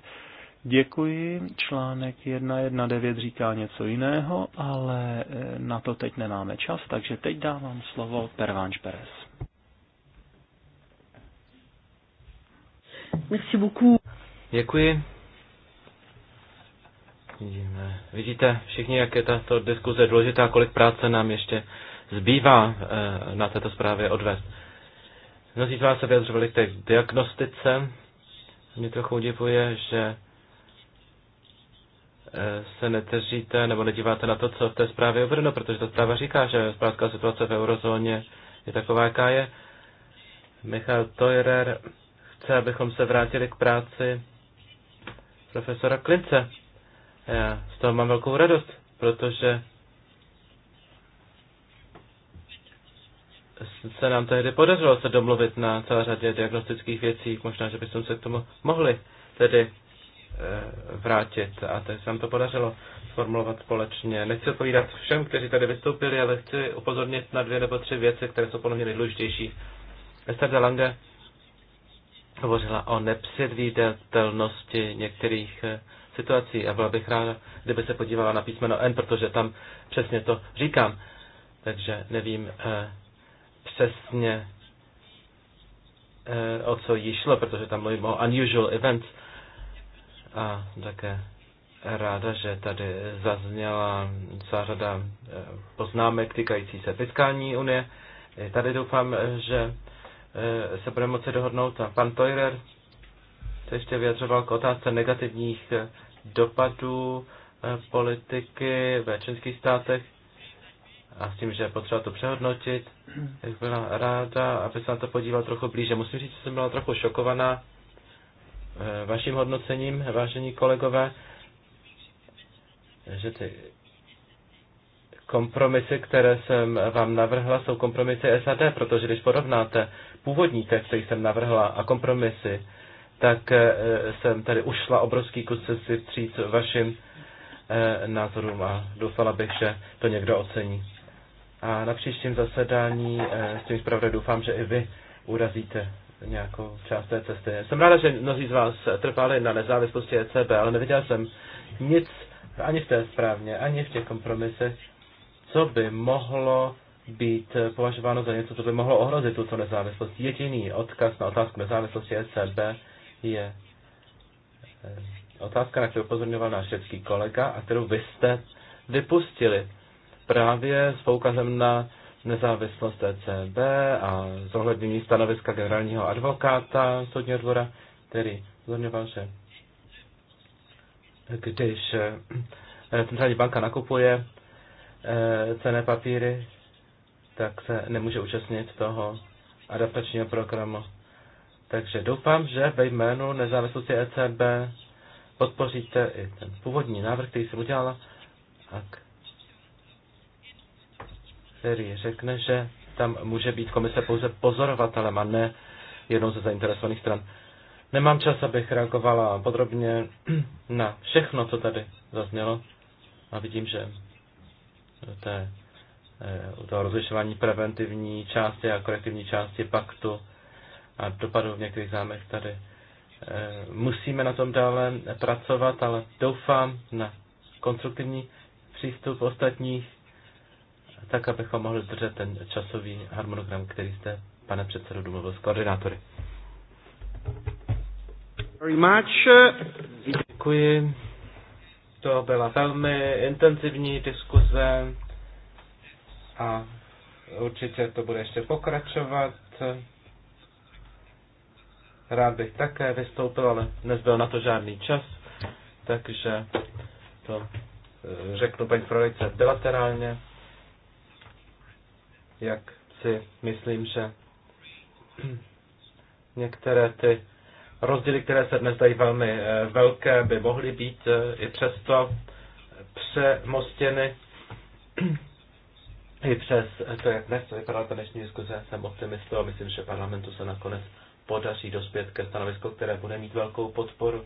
Děkuji, článek 1.1.9 říká něco jiného, ale eh, na to teď nemáme čas, takže teď dávám slovo Pervánč Perez. Merci beaucoup. Děkuji. Vidíme. Vidíte všichni, jak je tato diskuze důležitá, kolik práce nám ještě zbývá eh, na této zprávě odvést. Mnozí z vás se vyjadřovali k té diagnostice. Mě trochu udivuje, že Eh, se neteříte nebo nedíváte na to, co v té zprávě je uvedeno, protože ta zpráva říká, že zprávská situace v eurozóně je taková, jaká je. Michal Teurer chce, abychom se vrátili k práci profesora Klince. Já z toho mám velkou radost, protože se nám tehdy podařilo se domluvit na celé řadě diagnostických věcí, možná, že bychom se k tomu mohli tedy Eh, vrátit. A teď se nám to podařilo formulovat společně. Nechci odpovídat všem, kteří tady vystoupili, ale chci upozornit na dvě nebo tři věci, které jsou podle mě nejdůležitější. Esther Lange hovořila o nepředvídatelnosti některých eh, situací a byla bych ráda, kdyby se podívala na písmeno N, protože tam přesně to říkám. Takže nevím eh, přesně, eh, o co jí šlo, protože tam mluvím o unusual events. Eh, a také ráda, že tady zazněla zářada eh, poznámek týkající se fiskální unie. Tady doufám, že eh, se bude moci dohodnout a pan Teurer se ještě vyjadřoval k otázce negativních eh, dopadů politiky ve členských státech a s tím, že je potřeba to přehodnotit. Tak byla ráda, aby se na to podíval trochu blíže. Musím říct, že jsem byla trochu šokovaná Eh, vaším hodnocením, vážení kolegové, že ty kompromisy, které jsem vám navrhla, jsou kompromisy SAD, protože když porovnáte původní text, který jsem navrhla, a kompromisy, tak eh, jsem tady ušla obrovský kus cesty vstříc vašim eh, názorům a doufala bych, že to někdo ocení. A na příštím zasedání s tím zpravdu doufám, že i vy urazíte nějakou část té cesty. Jsem ráda, že mnozí z vás trvali na nezávislosti ECB, ale neviděl jsem nic ani v té správně, ani v těch kompromisech, co by mohlo být považováno za něco, co by mohlo ohrozit tuto nezávislost. Jediný odkaz na otázku nezávislosti ECB je eh, otázka, na kterou upozorňoval náš český kolega a kterou vy jste vypustili právě s poukazem na nezávislost ECB a zohlednění stanoviska generálního advokáta soudního dvora, který zhodňoval, že když eh, centrální banka nakupuje eh, cené papíry, tak se nemůže účastnit toho adaptačního programu. Takže doufám, že ve jménu nezávislosti ECB podpoříte i ten původní návrh, který jsem udělala, Tak který řekne, že tam může být komise pouze pozorovatelem a ne jednou ze zainteresovaných stran. Nemám čas, abych reagovala podrobně na všechno, co tady zaznělo a vidím, že to je eh, u toho rozlišování preventivní části a korektivní části paktu a dopadu v některých zámech tady. Eh, musíme na tom dále pracovat, ale doufám na konstruktivní přístup ostatních tak abychom mohli držet ten časový harmonogram, který jste, pane předsedo, domluvil s koordinátory. Very much. Děkuji. To byla velmi intenzivní diskuze a určitě to bude ještě pokračovat. Rád bych také vystoupil, ale byl na to žádný čas, takže to eh, řeknu paní Frolice bilaterálně jak si myslím, že některé ty rozdíly, které se dnes dají velmi eh, velké, by mohly být eh, i přesto přemostěny i přes to, jak dnes vypadá ta dnešní diskuze, jsem optimistou a myslím, že parlamentu se nakonec podaří dospět ke stanovisku, které bude mít velkou podporu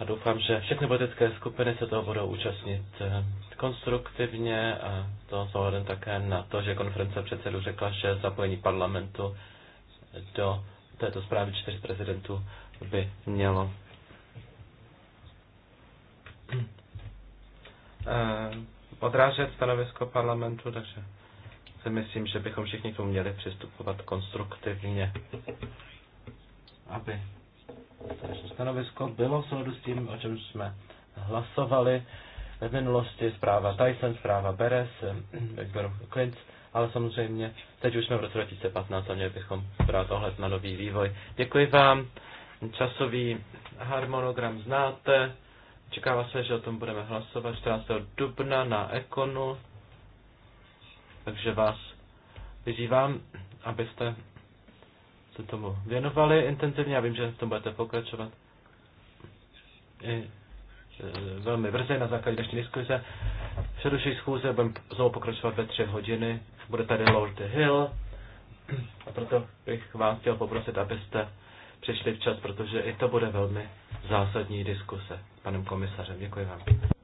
a doufám, že všechny politické skupiny se toho budou účastnit eh, konstruktivně a to s také na to, že konference předsedů řekla, že zapojení parlamentu do této zprávy čtyř prezidentů by mělo eh, odrážet stanovisko parlamentu, takže si myslím, že bychom všichni tu měli přistupovat konstruktivně, aby naše stanovisko bylo v souladu s tím, o čem jsme hlasovali ve minulosti, zpráva Tyson, zpráva Beres, Beckberu Clint, ale samozřejmě teď už jsme v roce 2015 a měli bychom brát ohled na nový vývoj. Děkuji vám, časový harmonogram znáte, čekává se, že o tom budeme hlasovat 14. dubna na Ekonu, takže vás vyzývám, abyste se tomu věnovali intenzivně Já vím, že to budete pokračovat. I e, velmi brzy na základě dnešní diskuze. Přeruší schůze, budeme znovu pokračovat ve tři hodiny. Bude tady Lord Hill. A proto bych vám chtěl poprosit, abyste přišli včas, protože i to bude velmi zásadní diskuse s panem komisařem. Děkuji vám.